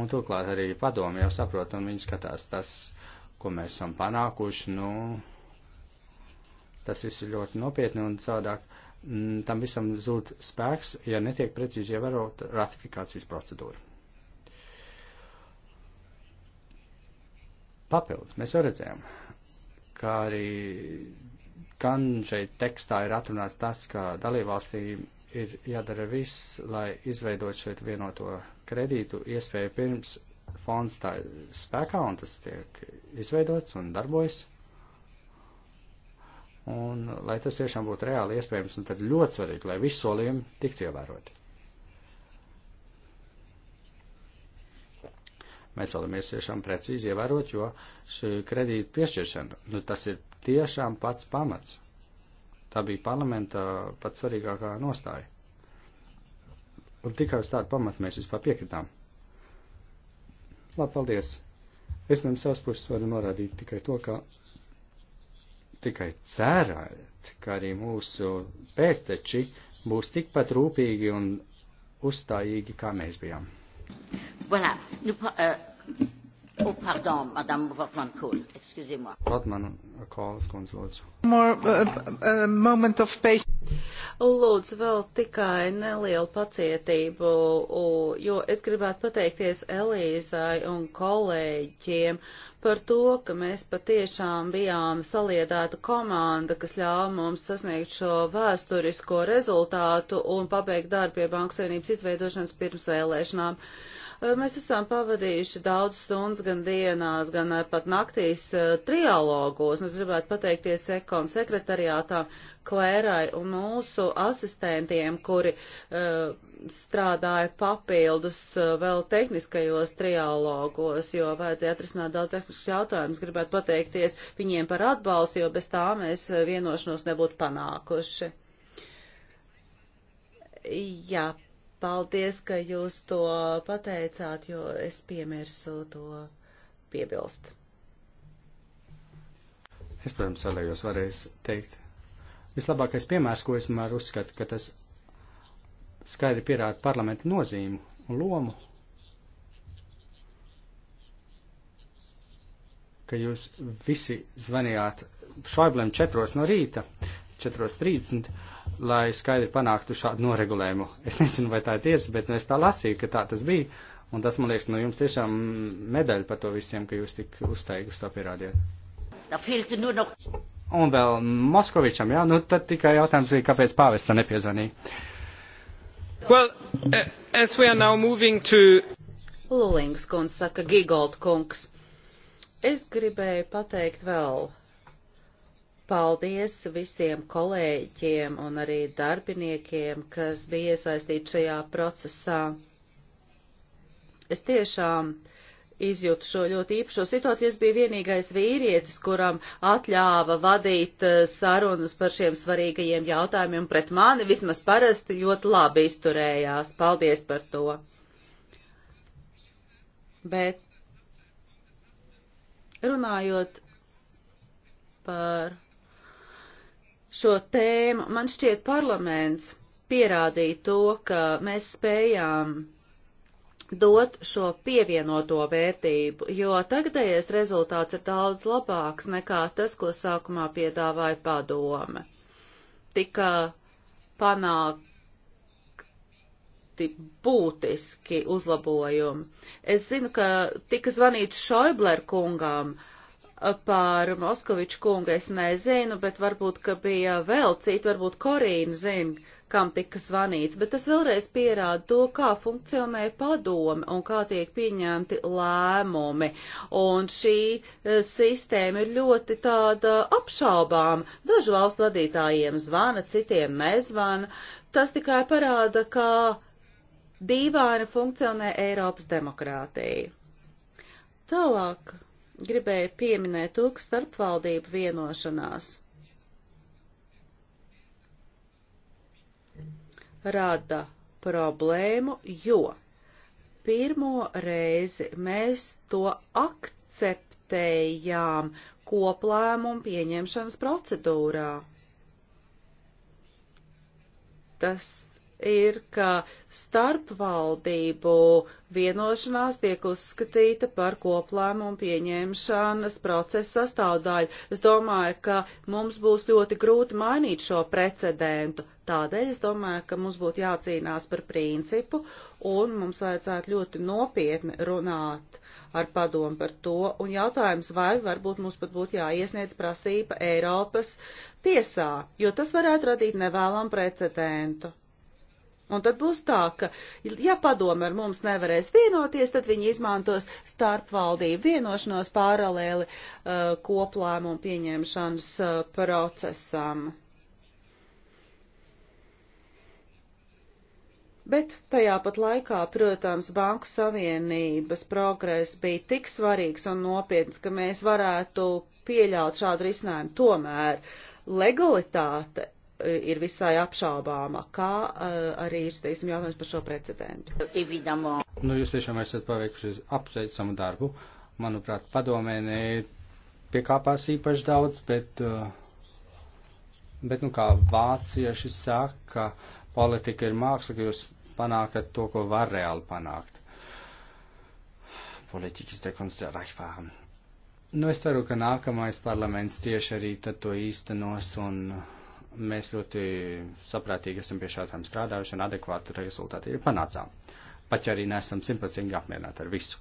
Un turklāt arī padomi jau saprot, un viņi skatās tas, ko mēs esam panākuši, nu, tas viss ir ļoti nopietni un savādāk. Mm, tam visam zūd spēks, ja netiek precīzi ievērot ratifikācijas procedūru. Papildus mēs jau redzējām, ka arī gan šeit tekstā ir atrunāts tas, ka dalībvalstīm ir jādara viss, lai izveidot šeit vienoto kredītu iespēju pirms fonds tā ir spēkā un tas tiek izveidots un darbojas. Un lai tas tiešām būtu reāli iespējams, un tad ļoti svarīgi, lai visi solījumi tiktu ievēroti. Mēs vēlamies tiešām precīzi ievērot, jo šī kredīta piešķiršana, nu tas ir tiešām pats pamats. Tā bija parlamenta pats svarīgākā nostāja. Un tikai uz tādu pamatu mēs vispār piekritām. Labi, paldies. Es no savas puses varu norādīt tikai to, ka tikai cerēt, ka arī mūsu pēsteči būs tikpat rūpīgi un uzstājīgi, kā mēs bijām. Voilà. Nous, euh, oh, pardon, Madame Wortmann-Kohl, excusez-moi. Wortmann-Kohl, uh, skundze, lūdzu. More, uh, uh, uh, moment of patience. Lūdzu, vēl tikai nelielu pacietību, jo es gribētu pateikties Elīzai un kolēģiem par to, ka mēs patiešām bijām saliedēta komanda, kas ļāva mums sasniegt šo vēsturisko rezultātu un pabeigt darbu pie Banku Savienības izveidošanas pirms vēlēšanām. Uh, Mēs esam pavadījuši daudz stundas gan dienās, gan pat naktīs trialogos. Es gribētu pateikties ekon sekretariātā Klērai un mūsu asistentiem, kuri uh, strādāja papildus uh, vēl tehniskajos trialogos, jo vajadzēja atrisināt daudz tehniskus jautājumus. Gribētu pateikties viņiem par atbalstu, jo bez tā mēs vienošanos nebūtu panākuši. Jā, Paldies, ka jūs to pateicāt, jo es piemirsu to piebilst. Es, protams, vēlējos varēs teikt. Vislabākais piemērs, ko es vienmēr uzskatu, ka tas skaidri pierāda parlamenta nozīmu un lomu, ka jūs visi zvanījāt šaiblēm četros no rīta, 4.30 lai skaidri panāktu šādu noregulējumu. Es nezinu, vai tā ir tiesa, bet nu, es tā lasīju, ka tā tas bija. Un tas, man liekas, no nu, jums tiešām medaļa par to visiem, ka jūs tik uzteikti uz to pierādījāt. Un vēl Moskovičam, jā, nu tad tikai jautājums bija, kāpēc pāvesta nepiezvanīja. Well, eh, as we are now moving to... Lulings, kungs, saka Gigold kungs. Es gribēju pateikt vēl Paldies visiem kolēģiem un arī darbiniekiem, kas bija iesaistīti šajā procesā. Es tiešām izjūtu šo ļoti īpašo situāciju. Es biju vienīgais vīrietis, kuram atļāva vadīt eh, sarunas par šiem svarīgajiem jautājumiem pret mani. Vismaz parasti ļoti labi izturējās. Paldies par to. Bet runājot par šo tēmu. Man šķiet, parlaments pierādīja to, ka mēs spējām dot šo pievienoto vērtību, jo tagadējais rezultāts ir daudz labāks nekā tas, ko sākumā piedāvāja padome. Tika panākti būtiski uzlabojumi. Es zinu, ka tika zvanīts Šoibler kungām, uh, par Moskoviču kungu es nezinu, bet varbūt, ka bija vēl citi, varbūt Korīna zina, kam tika zvanīts, bet tas vēlreiz pierāda to, kā funkcionē padome un kā tiek pieņemti lēmumi. Un šī e, sistēma ir ļoti tāda apšaubām. Dažu valstu vadītājiem zvana, citiem nezvana. Tas tikai parāda, kā dīvaini funkcionē Eiropas demokrātija. Tālāk gribēju pieminēt tulku starpvaldību vienošanās. Rada problēmu, jo pirmo reizi mēs to akceptējām koplēmumu pieņemšanas procedūrā. Tas ir, ka starpvaldību vienošanās tiek uzskatīta par koplēmumu pieņemšanas procesa sastāvdaļu. Es domāju, ka mums būs ļoti grūti mainīt šo precedentu. Tādēļ es domāju, ka mums būtu jācīnās par principu un mums vajadzētu ļoti nopietni runāt ar padomu par to. Un jautājums, vai varbūt mums pat būtu jāiesniedz prasība Eiropas tiesā, jo tas varētu radīt nevēlam precedentu. Un tad būs tā, ka, ja padome ar mums nevarēs vienoties, tad viņi izmantos starpvaldību vienošanos paralēli uh, koplēmumu pieņemšanas uh, procesam. Bet tajā pat laikā, protams, Banku Savienības progress bija tik svarīgs un nopietns, ka mēs varētu pieļaut šādu risinājumu. Tomēr legalitāte ir visai apšaubāma, kā eh, arī ir, teiksim, jautājums par šo precedentu. Nu, jūs tiešām esat paveikuši apsveicamu darbu. Manuprāt, padomē ne piekāpās īpaši daudz, bet, eh, bet nu kā vācieši saka, politika ir māksla, ka jūs panākat to, ko var reāli panākt. Politikas dekonstruēšanā waren. Nu, es ceru, ka nākamais parlaments tieši arī tad to īstenos un mēs ļoti saprātīgi esam pie šādām strādājuši un adekvātu rezultātu ir panācām. Pat ja arī neesam simtprocentīgi apmierināti ar visu.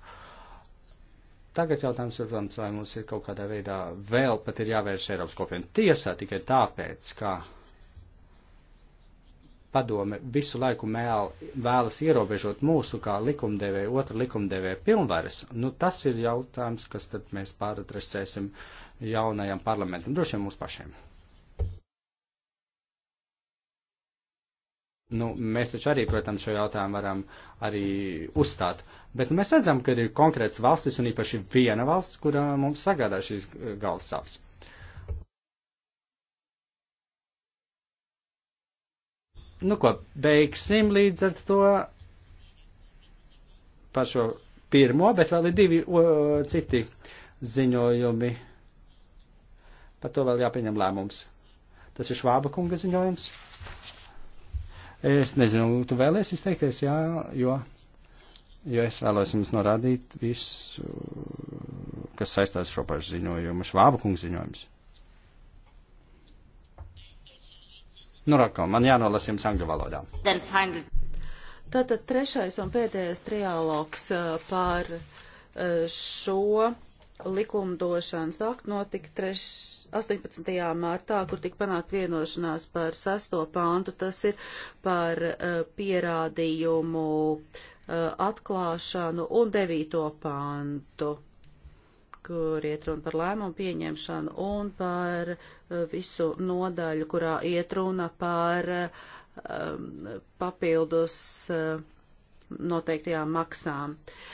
Tagad jautājums ir, protams, vai mums ir kaut kādā veidā vēl pat ir jāvērš Eiropas kopienu tiesā tikai tāpēc, ka padome visu laiku mēl, vēlas ierobežot mūsu kā likumdevēja, otru likumdevēja pilnvaras. Nu, tas ir jautājums, kas tad mēs pāradresēsim jaunajam parlamentam, droši vien mums pašiem. Nu, mēs taču arī, protams, šo jautājumu varam arī uzstāt, bet mēs redzam, ka ir konkrēts valstis un īpaši viena valsts, kurā mums sagādā šīs eh, galvas sāpes. Nu ko, beigsim līdz ar to par šo pirmo, bet vēl ir divi o, citi ziņojumi. Par to vēl jāpieņem lēmums. Tas ir Švāba kunga ziņojums. Es nezinu, tu vēlies izteikties, jā, jo, jo es vēlos jums norādīt visu, kas saistās šo pašu ziņojumu, švāba kungu ziņojums. Nu, rakal, man jānolas jums angļu valodā. Tātad trešais un pēdējais trialogs uh, par uh, šo likumdošanas aktu notika 3. 18. martā, kur tika panākt vienošanās par sesto pāntu, tas ir par uh, pierādījumu uh, atklāšanu un devīto pāntu, kur iet runa par lēmumu pieņemšanu un par uh, visu nodaļu, kurā iet runa par papildus noteiktajām maksām. Uh,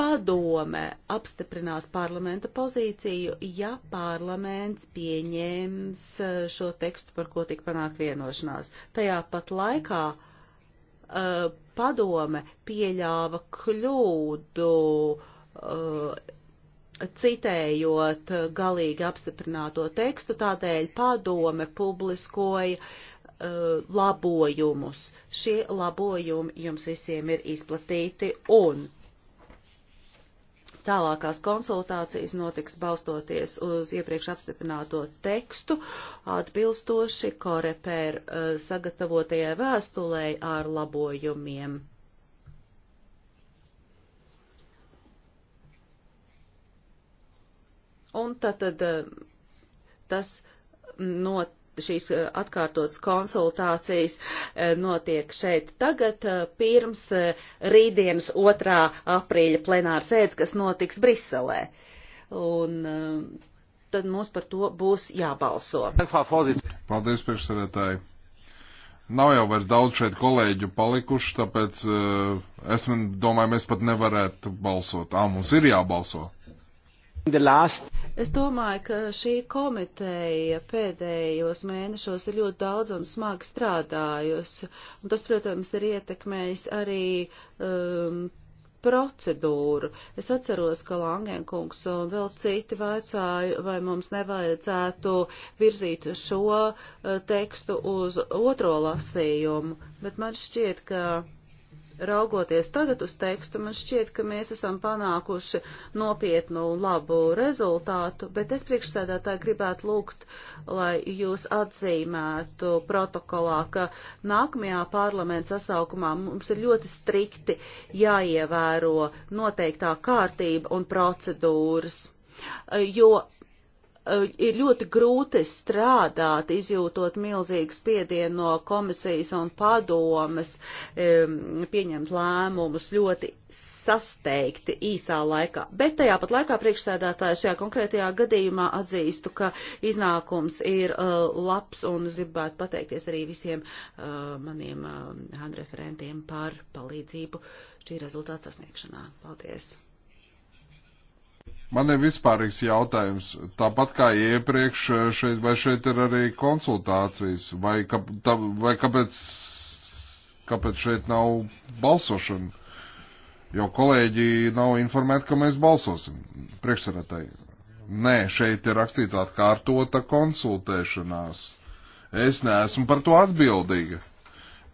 padome apstiprinās parlamenta pozīciju, ja parlaments pieņems eh, šo tekstu, par ko tik panākt vienošanās. Tajā pat laikā uh, padome pieļāva kļūdu, uh, citējot galīgi apstiprināto tekstu, tādēļ padome publiskoja uh, labojumus. Šie labojumi jums visiem ir izplatīti un Tālākās konsultācijas notiks balstoties uz iepriekš apstiprināto tekstu, atbilstoši korepēr eh, sagatavotajai vēstulei ar labojumiem. Un tad, tad eh, tas not šīs eh, atkārtotas konsultācijas eh, notiek šeit tagad, eh, pirms rītdienas 2. aprīļa plenāra sēdes, kas notiks Briselē. Un tad mums par to būs jābalso. Paldies, priekšsarētāji! Nav jau vairs daudz šeit kolēģu palikuši, tāpēc uh, es domāju, mēs pat nevarētu balsot. Ā, mums ir jābalso. The last Es domāju, ka šī komiteja pēdējos mēnešos ir ļoti daudz un smagi strādājusi, un tas, protams, ir ietekmējis arī um, procedūru. Es atceros, ka Langenkungs un vēl citi vaicāja, vai mums nevajadzētu virzīt šo uh, tekstu uz otro lasījumu, bet man šķiet, ka Raugoties tagad uz tekstu, man šķiet, ka mēs esam panākuši nopietnu labu rezultātu, bet es priekšsēdētāji gribētu lūgt, lai jūs atzīmētu protokolā, ka nākamajā parlamenta sasaukumā mums ir ļoti strikti jāievēro noteiktā kārtība un procedūras, jo Eh, ir ļoti grūti strādāt, izjūtot milzīgu spiedienu no komisijas un padomas, pieņemt lēmumus ļoti sasteigti īsā laikā. Bet tajā pat laikā priekšsēdētāja šajā konkrētajā gadījumā atzīstu, ka iznākums ir eh, labs un es gribētu pateikties arī visiem eh, maniem referentiem par palīdzību šī rezultāta sasniegšanā. Paldies! Man ir vispārīgs jautājums, tāpat kā iepriekš, eh, šeit, vai šeit ir arī konsultācijas, vai, ka, tā, vai kāpēc, kāpēc šeit nav balsošana? Jo kolēģi nav informēti, ka mēs balsosim priekšsaratai. Nē, šeit ir rakstīts atkārtota konsultēšanās. Es neesmu par to atbildīga.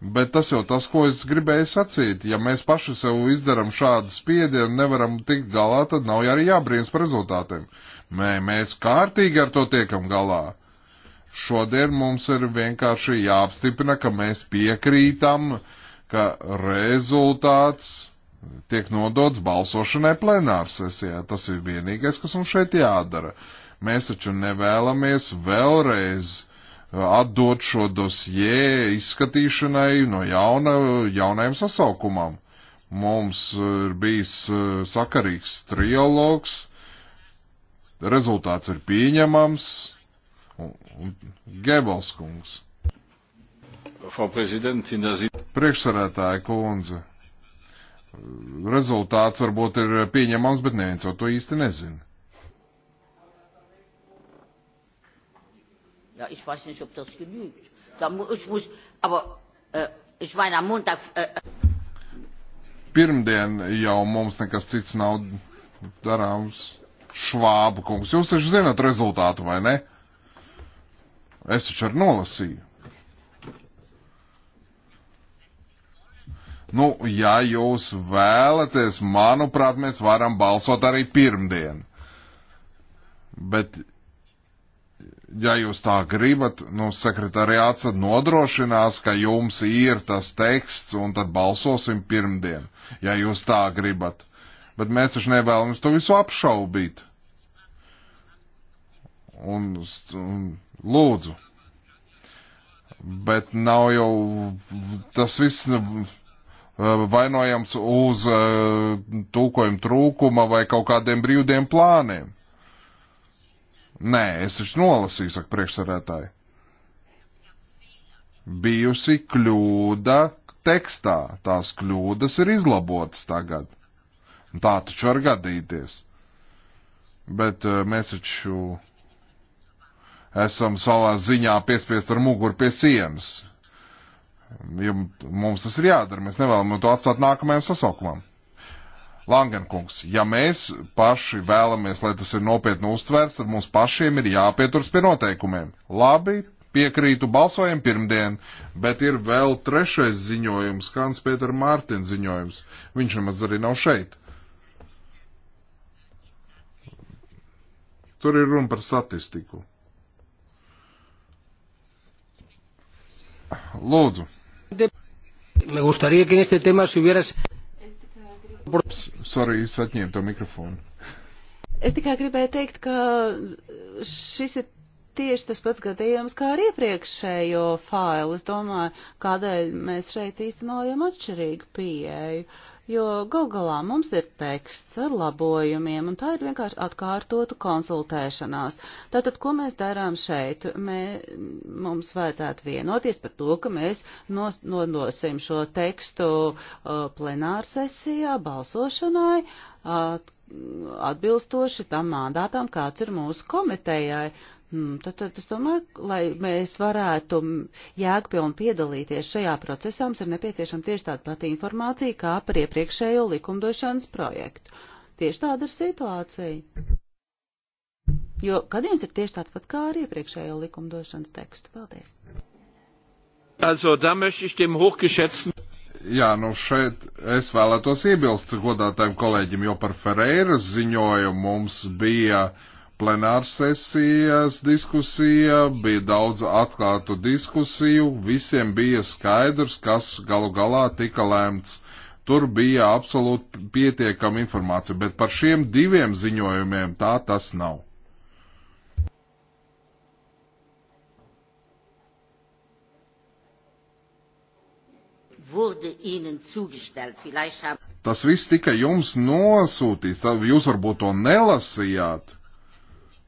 Bet tas jau tas, ko es gribēju sacīt. Ja mēs paši sev izdaram šādu spiedienu, nevaram tikt galā, tad nav arī jābrīnas par rezultātiem. Mē, mēs kārtīgi ar to tiekam galā. Šodien mums ir vienkārši jāapstiprina, ka mēs piekrītam, ka rezultāts tiek nodots balsošanai plenārsesijā. Tas ir vienīgais, kas mums šeit jādara. Mēs taču nevēlamies vēlreiz atdot šo dosjē izskatīšanai no jauna, jaunajam sasaukumam. Mums e, ir bijis e, sakarīgs trialogs, rezultāts ir pieņemams. Gebels kungs. Priekšsarētāja kundze. Rezultāts varbūt ir pieņemams, bet neviens jau to īsti nezina. Ja, ich weiß nicht, ob das genügt. Da mu ich muss, aber äh, ich meine, am Montag. Äh, äh Pirmdien jau mums nekas cits nav darāms. Švāba kungs, jūs taču zināt rezultātu, vai ne? Es taču ar nolasīju. Nu, ja jūs vēlaties, manuprāt, mēs varam balsot arī pirmdien. Bet ja jūs tā gribat, nu, sekretariāts nodrošinās, ka jums ir tas teksts, un tad balsosim pirmdien, ja jūs tā gribat. Bet mēs taču nevēlamies to visu apšaubīt. Un, un lūdzu. Bet nav jau tas viss nu, vainojams uz uh, eh, tūkojuma trūkuma vai kaut kādiem brīvdiem plāniem. Nē, es taču nolasīju, saka priekšsarētāji. Bijusi kļūda tekstā. Tās kļūdas ir izlabotas tagad. Tā taču var gadīties. Bet eh, mēs taču esam savā ziņā piespiest ar muguru pie sienas. Jo mums tas ir jādara. Mēs nevēlamies to atstāt nākamajam sasaukumam. Langenkungs, ja mēs paši vēlamies, lai tas ir nopietni uztvērts, tad mums pašiem ir jāpieturas pie noteikumiem. Labi, piekrītu balsojumu pirmdien, bet ir vēl trešais ziņojums, Hans Pēter Mārtiņa ziņojums. Viņš nemaz arī nav šeit. Tur ir runa par statistiku. Lūdzu. Me gustaría que en este tema se hubieras Sorry, es atņēmu to mikrofonu. Es tikai gribēju teikt, ka šis ir tieši tas pats gadījums kā ar iepriekšējo failu. Es domāju, kādēļ mēs šeit īstenojam atšķirīgu pieeju. Uh, jo gal galā mums ir teksts ar labojumiem, un tā ir vienkārši atkārtotu konsultēšanās. Tātad, ko mēs darām šeit? Mē, mums vajadzētu vienoties par to, ka mēs nos, nodosim šo tekstu uh, plenārsesijā balsošanai. Uh, atbilstoši tam mandātam, kāds ir mūsu komitejai. Uh, Hmm, tad, tad es domāju, lai mēs varētu jēgpilni piedalīties šajā procesā, mums ir nepieciešama tieši tāda pati informācija kā par iepriekšējo likumdošanas projektu. Tieši tāda ir situācija. Jo gadījums ir tieši tāds pats kā ar iepriekšējo likumdošanas tekstu. Paldies. Also, da möchte ich dem hochgeschätzten. Jā, nu šeit es vēlētos iebilst godātājiem kolēģim, jo par Ferreiras ziņojumu mums bija uh, plenārsesijas diskusija, bija daudz atklātu diskusiju, visiem bija skaidrs, kas galu galā tika lēmts. Tur bija absolūti pietiekama informācija, bet par šiem diviem ziņojumiem tā tas nav. wurde Ihnen zugestellt. Vielleicht haben Tas viss tika jums nosūtīts, tad jūs varbūt to nelasījāt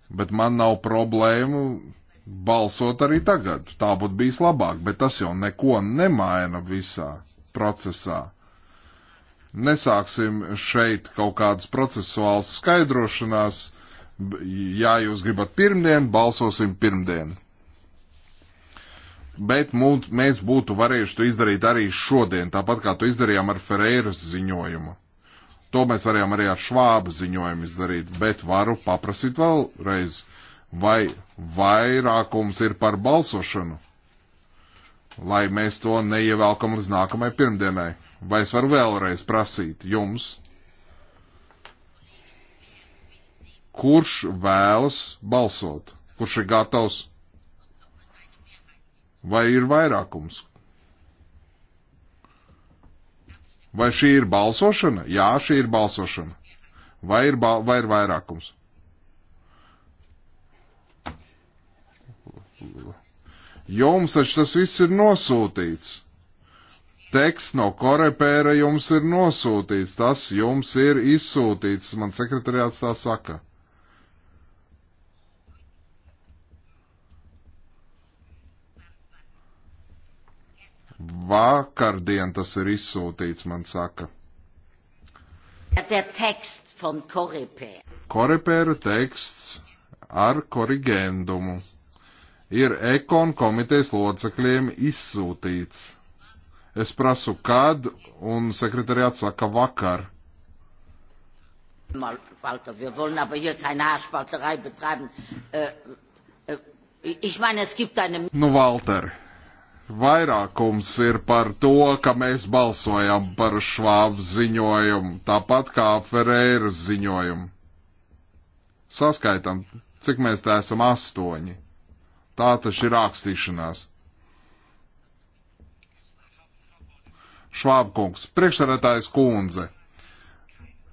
bet man nav problēmu balsot arī tagad. Tā būtu bijis labāk, bet tas jau neko nemaina visā procesā. Nesāksim šeit kaut kādas procesuālas skaidrošanās. Ja jūs gribat pirmdien, balsosim pirmdien. Bet mums, mēs būtu varējuši to izdarīt arī šodien, tāpat kā to izdarījām ar Ferreiras ziņojumu. To mēs varējām arī ar švābu ziņojumu izdarīt, bet varu paprasīt vēlreiz, vai vairākums ir par balsošanu, lai mēs to neievēlkam līdz nākamajai pirmdienai. Vai es varu vēlreiz prasīt jums, kurš vēlas balsot, kurš ir gatavs, vai ir vairākums, Vai šī ir balsošana? Jā, šī ir balsošana. Vai ir, ba vai ir vairākums? Jums taču tas viss ir nosūtīts. Teksts no korepēra jums ir nosūtīts, tas jums ir izsūtīts, man sekretariāts tā saka. Vakardien tas ir izsūtīts, man saka. Korepēra teksts ar korigendumu ir ekon komitejas locekļiem izsūtīts. Es prasu, kad, un sekretariāts saka vakar. Mal, Walter, wir wollen aber hier keine Haarspalterei betreiben. Äh, äh, ich meine, es gibt eine... Nu, Walter, vairākums ir par to, ka mēs balsojam par švābu ziņojumu, tāpat kā Ferēras ziņojumu. Saskaitam, cik mēs tā esam astoņi. Tā taču ir rakstīšanās. Švābkungs, priekšsarētājs kundze.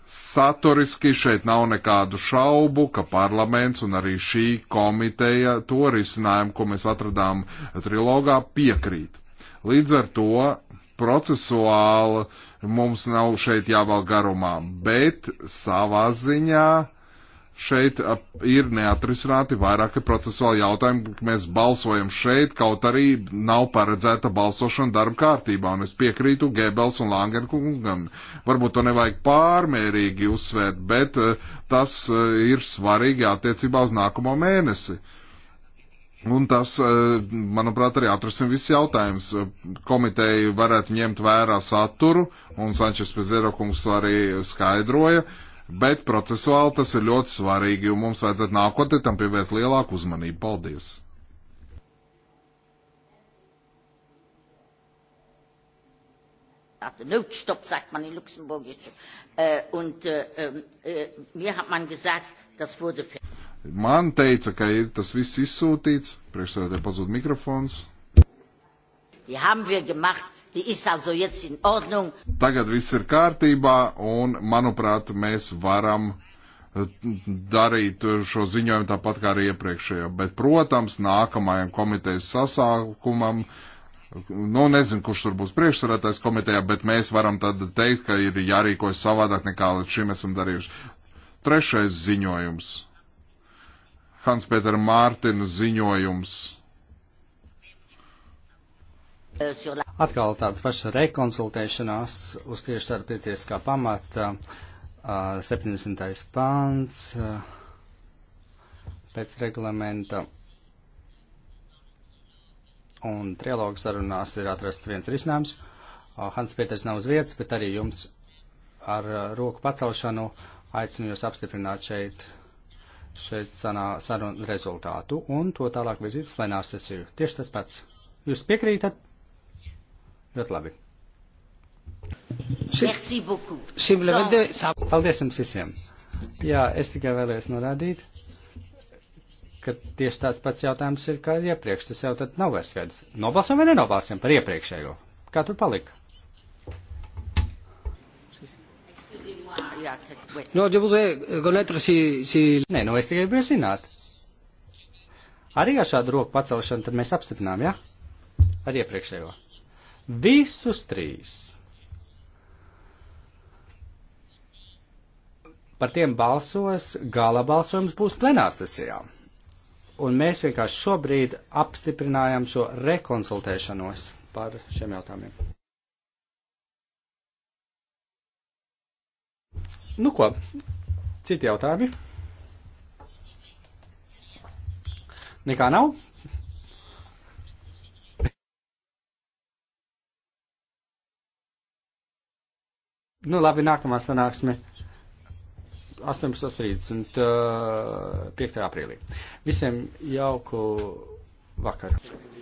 Saturiski šeit nav nekādu šaubu, ka parlaments un arī šī komiteja to risinājumu, ko mēs atradām trilogā, piekrīt. Līdz ar to procesuāli mums nav šeit jāvēl garumā, bet savā ziņā šeit ir neatrisināti vairāki procesuāli jautājumi, mēs balsojam šeit, kaut arī nav paredzēta balsošana darba kārtībā, un es piekrītu Gebels un Langenkungam. Varbūt to nevajag pārmērīgi uzsvērt, bet eh, tas eh, ir svarīgi attiecībā uz nākamo mēnesi. Un tas, eh, manuprāt, arī atrasim viss jautājums. Komiteja varētu ņemt vērā saturu, un Sančes Pezero kungs arī skaidroja, uh, bet procesuāli tas ir ļoti svarīgi, un mums vajadzētu nākotnē tam pievērst lielāku uzmanību. Paldies! ab dem Notstopp, sagt man in Luxemburg jetzt. Äh, und äh, ähm, äh, mir hat man gesagt, das wurde fertig. Man teica, ka ir tas viss izsūtīts, priekšsēdētāji pazūd mikrofons. Die haben wir gemacht, Tagad viss ir kārtībā, un, manuprāt, mēs varam eh, darīt šo ziņojumu tāpat kā arī iepriekšējo. Bet, protams, nākamajam komitejas sasākumam, nu, nezinu, kurš tur būs priekšsarētais komitejā, bet mēs varam tad teikt, ka ir jārīkojas savādāk nekā līdz šim esam darījuši. Trešais ziņojums. Hans-Peter Mārtiņa ziņojums Atkal tāds pašs rekonsultēšanās uz tieši tāda pietieskā pamata, 70. pāns pēc reglamenta. Un trialogu sarunās ir atrasts viens risinājums. Hans Pieters nav uz vietas, bet arī jums ar roku pacelšanu aicinu jūs apstiprināt šeit šeit sanā, sarunu rezultātu un to tālāk virzīt plenārsesiju. Tieši tas pats. Jūs piekrītat? Ļoti labi. Merci beaucoup. Simplemente... Paldies jums visiem. Jā, es tikai vēlējos norādīt, ka tieši tāds pats jautājums ir kā iepriekš. Tas jau tad nav vairs skaidrs. Nobalsam vai nenobalsam par iepriekšējo? Kā tur palika? No, yo pude conocer si, si... Nē, nu es tikai gribēju zināt. Arī ar šādu roku pacelšanu tad mēs apstiprinām, jā? Ja? Ar iepriekšējo. Visus trīs. Par tiem balsos gala balsojums būs plenārsesijā. Un mēs vienkārši šobrīd apstiprinājam šo rekonsultēšanos par šiem jautājumiem. Nu ko, citi jautājumi? Nekā nav? Nu, labi, nākamā sanāksme 18.35. Uh, aprīlī. Visiem jauku vakaru!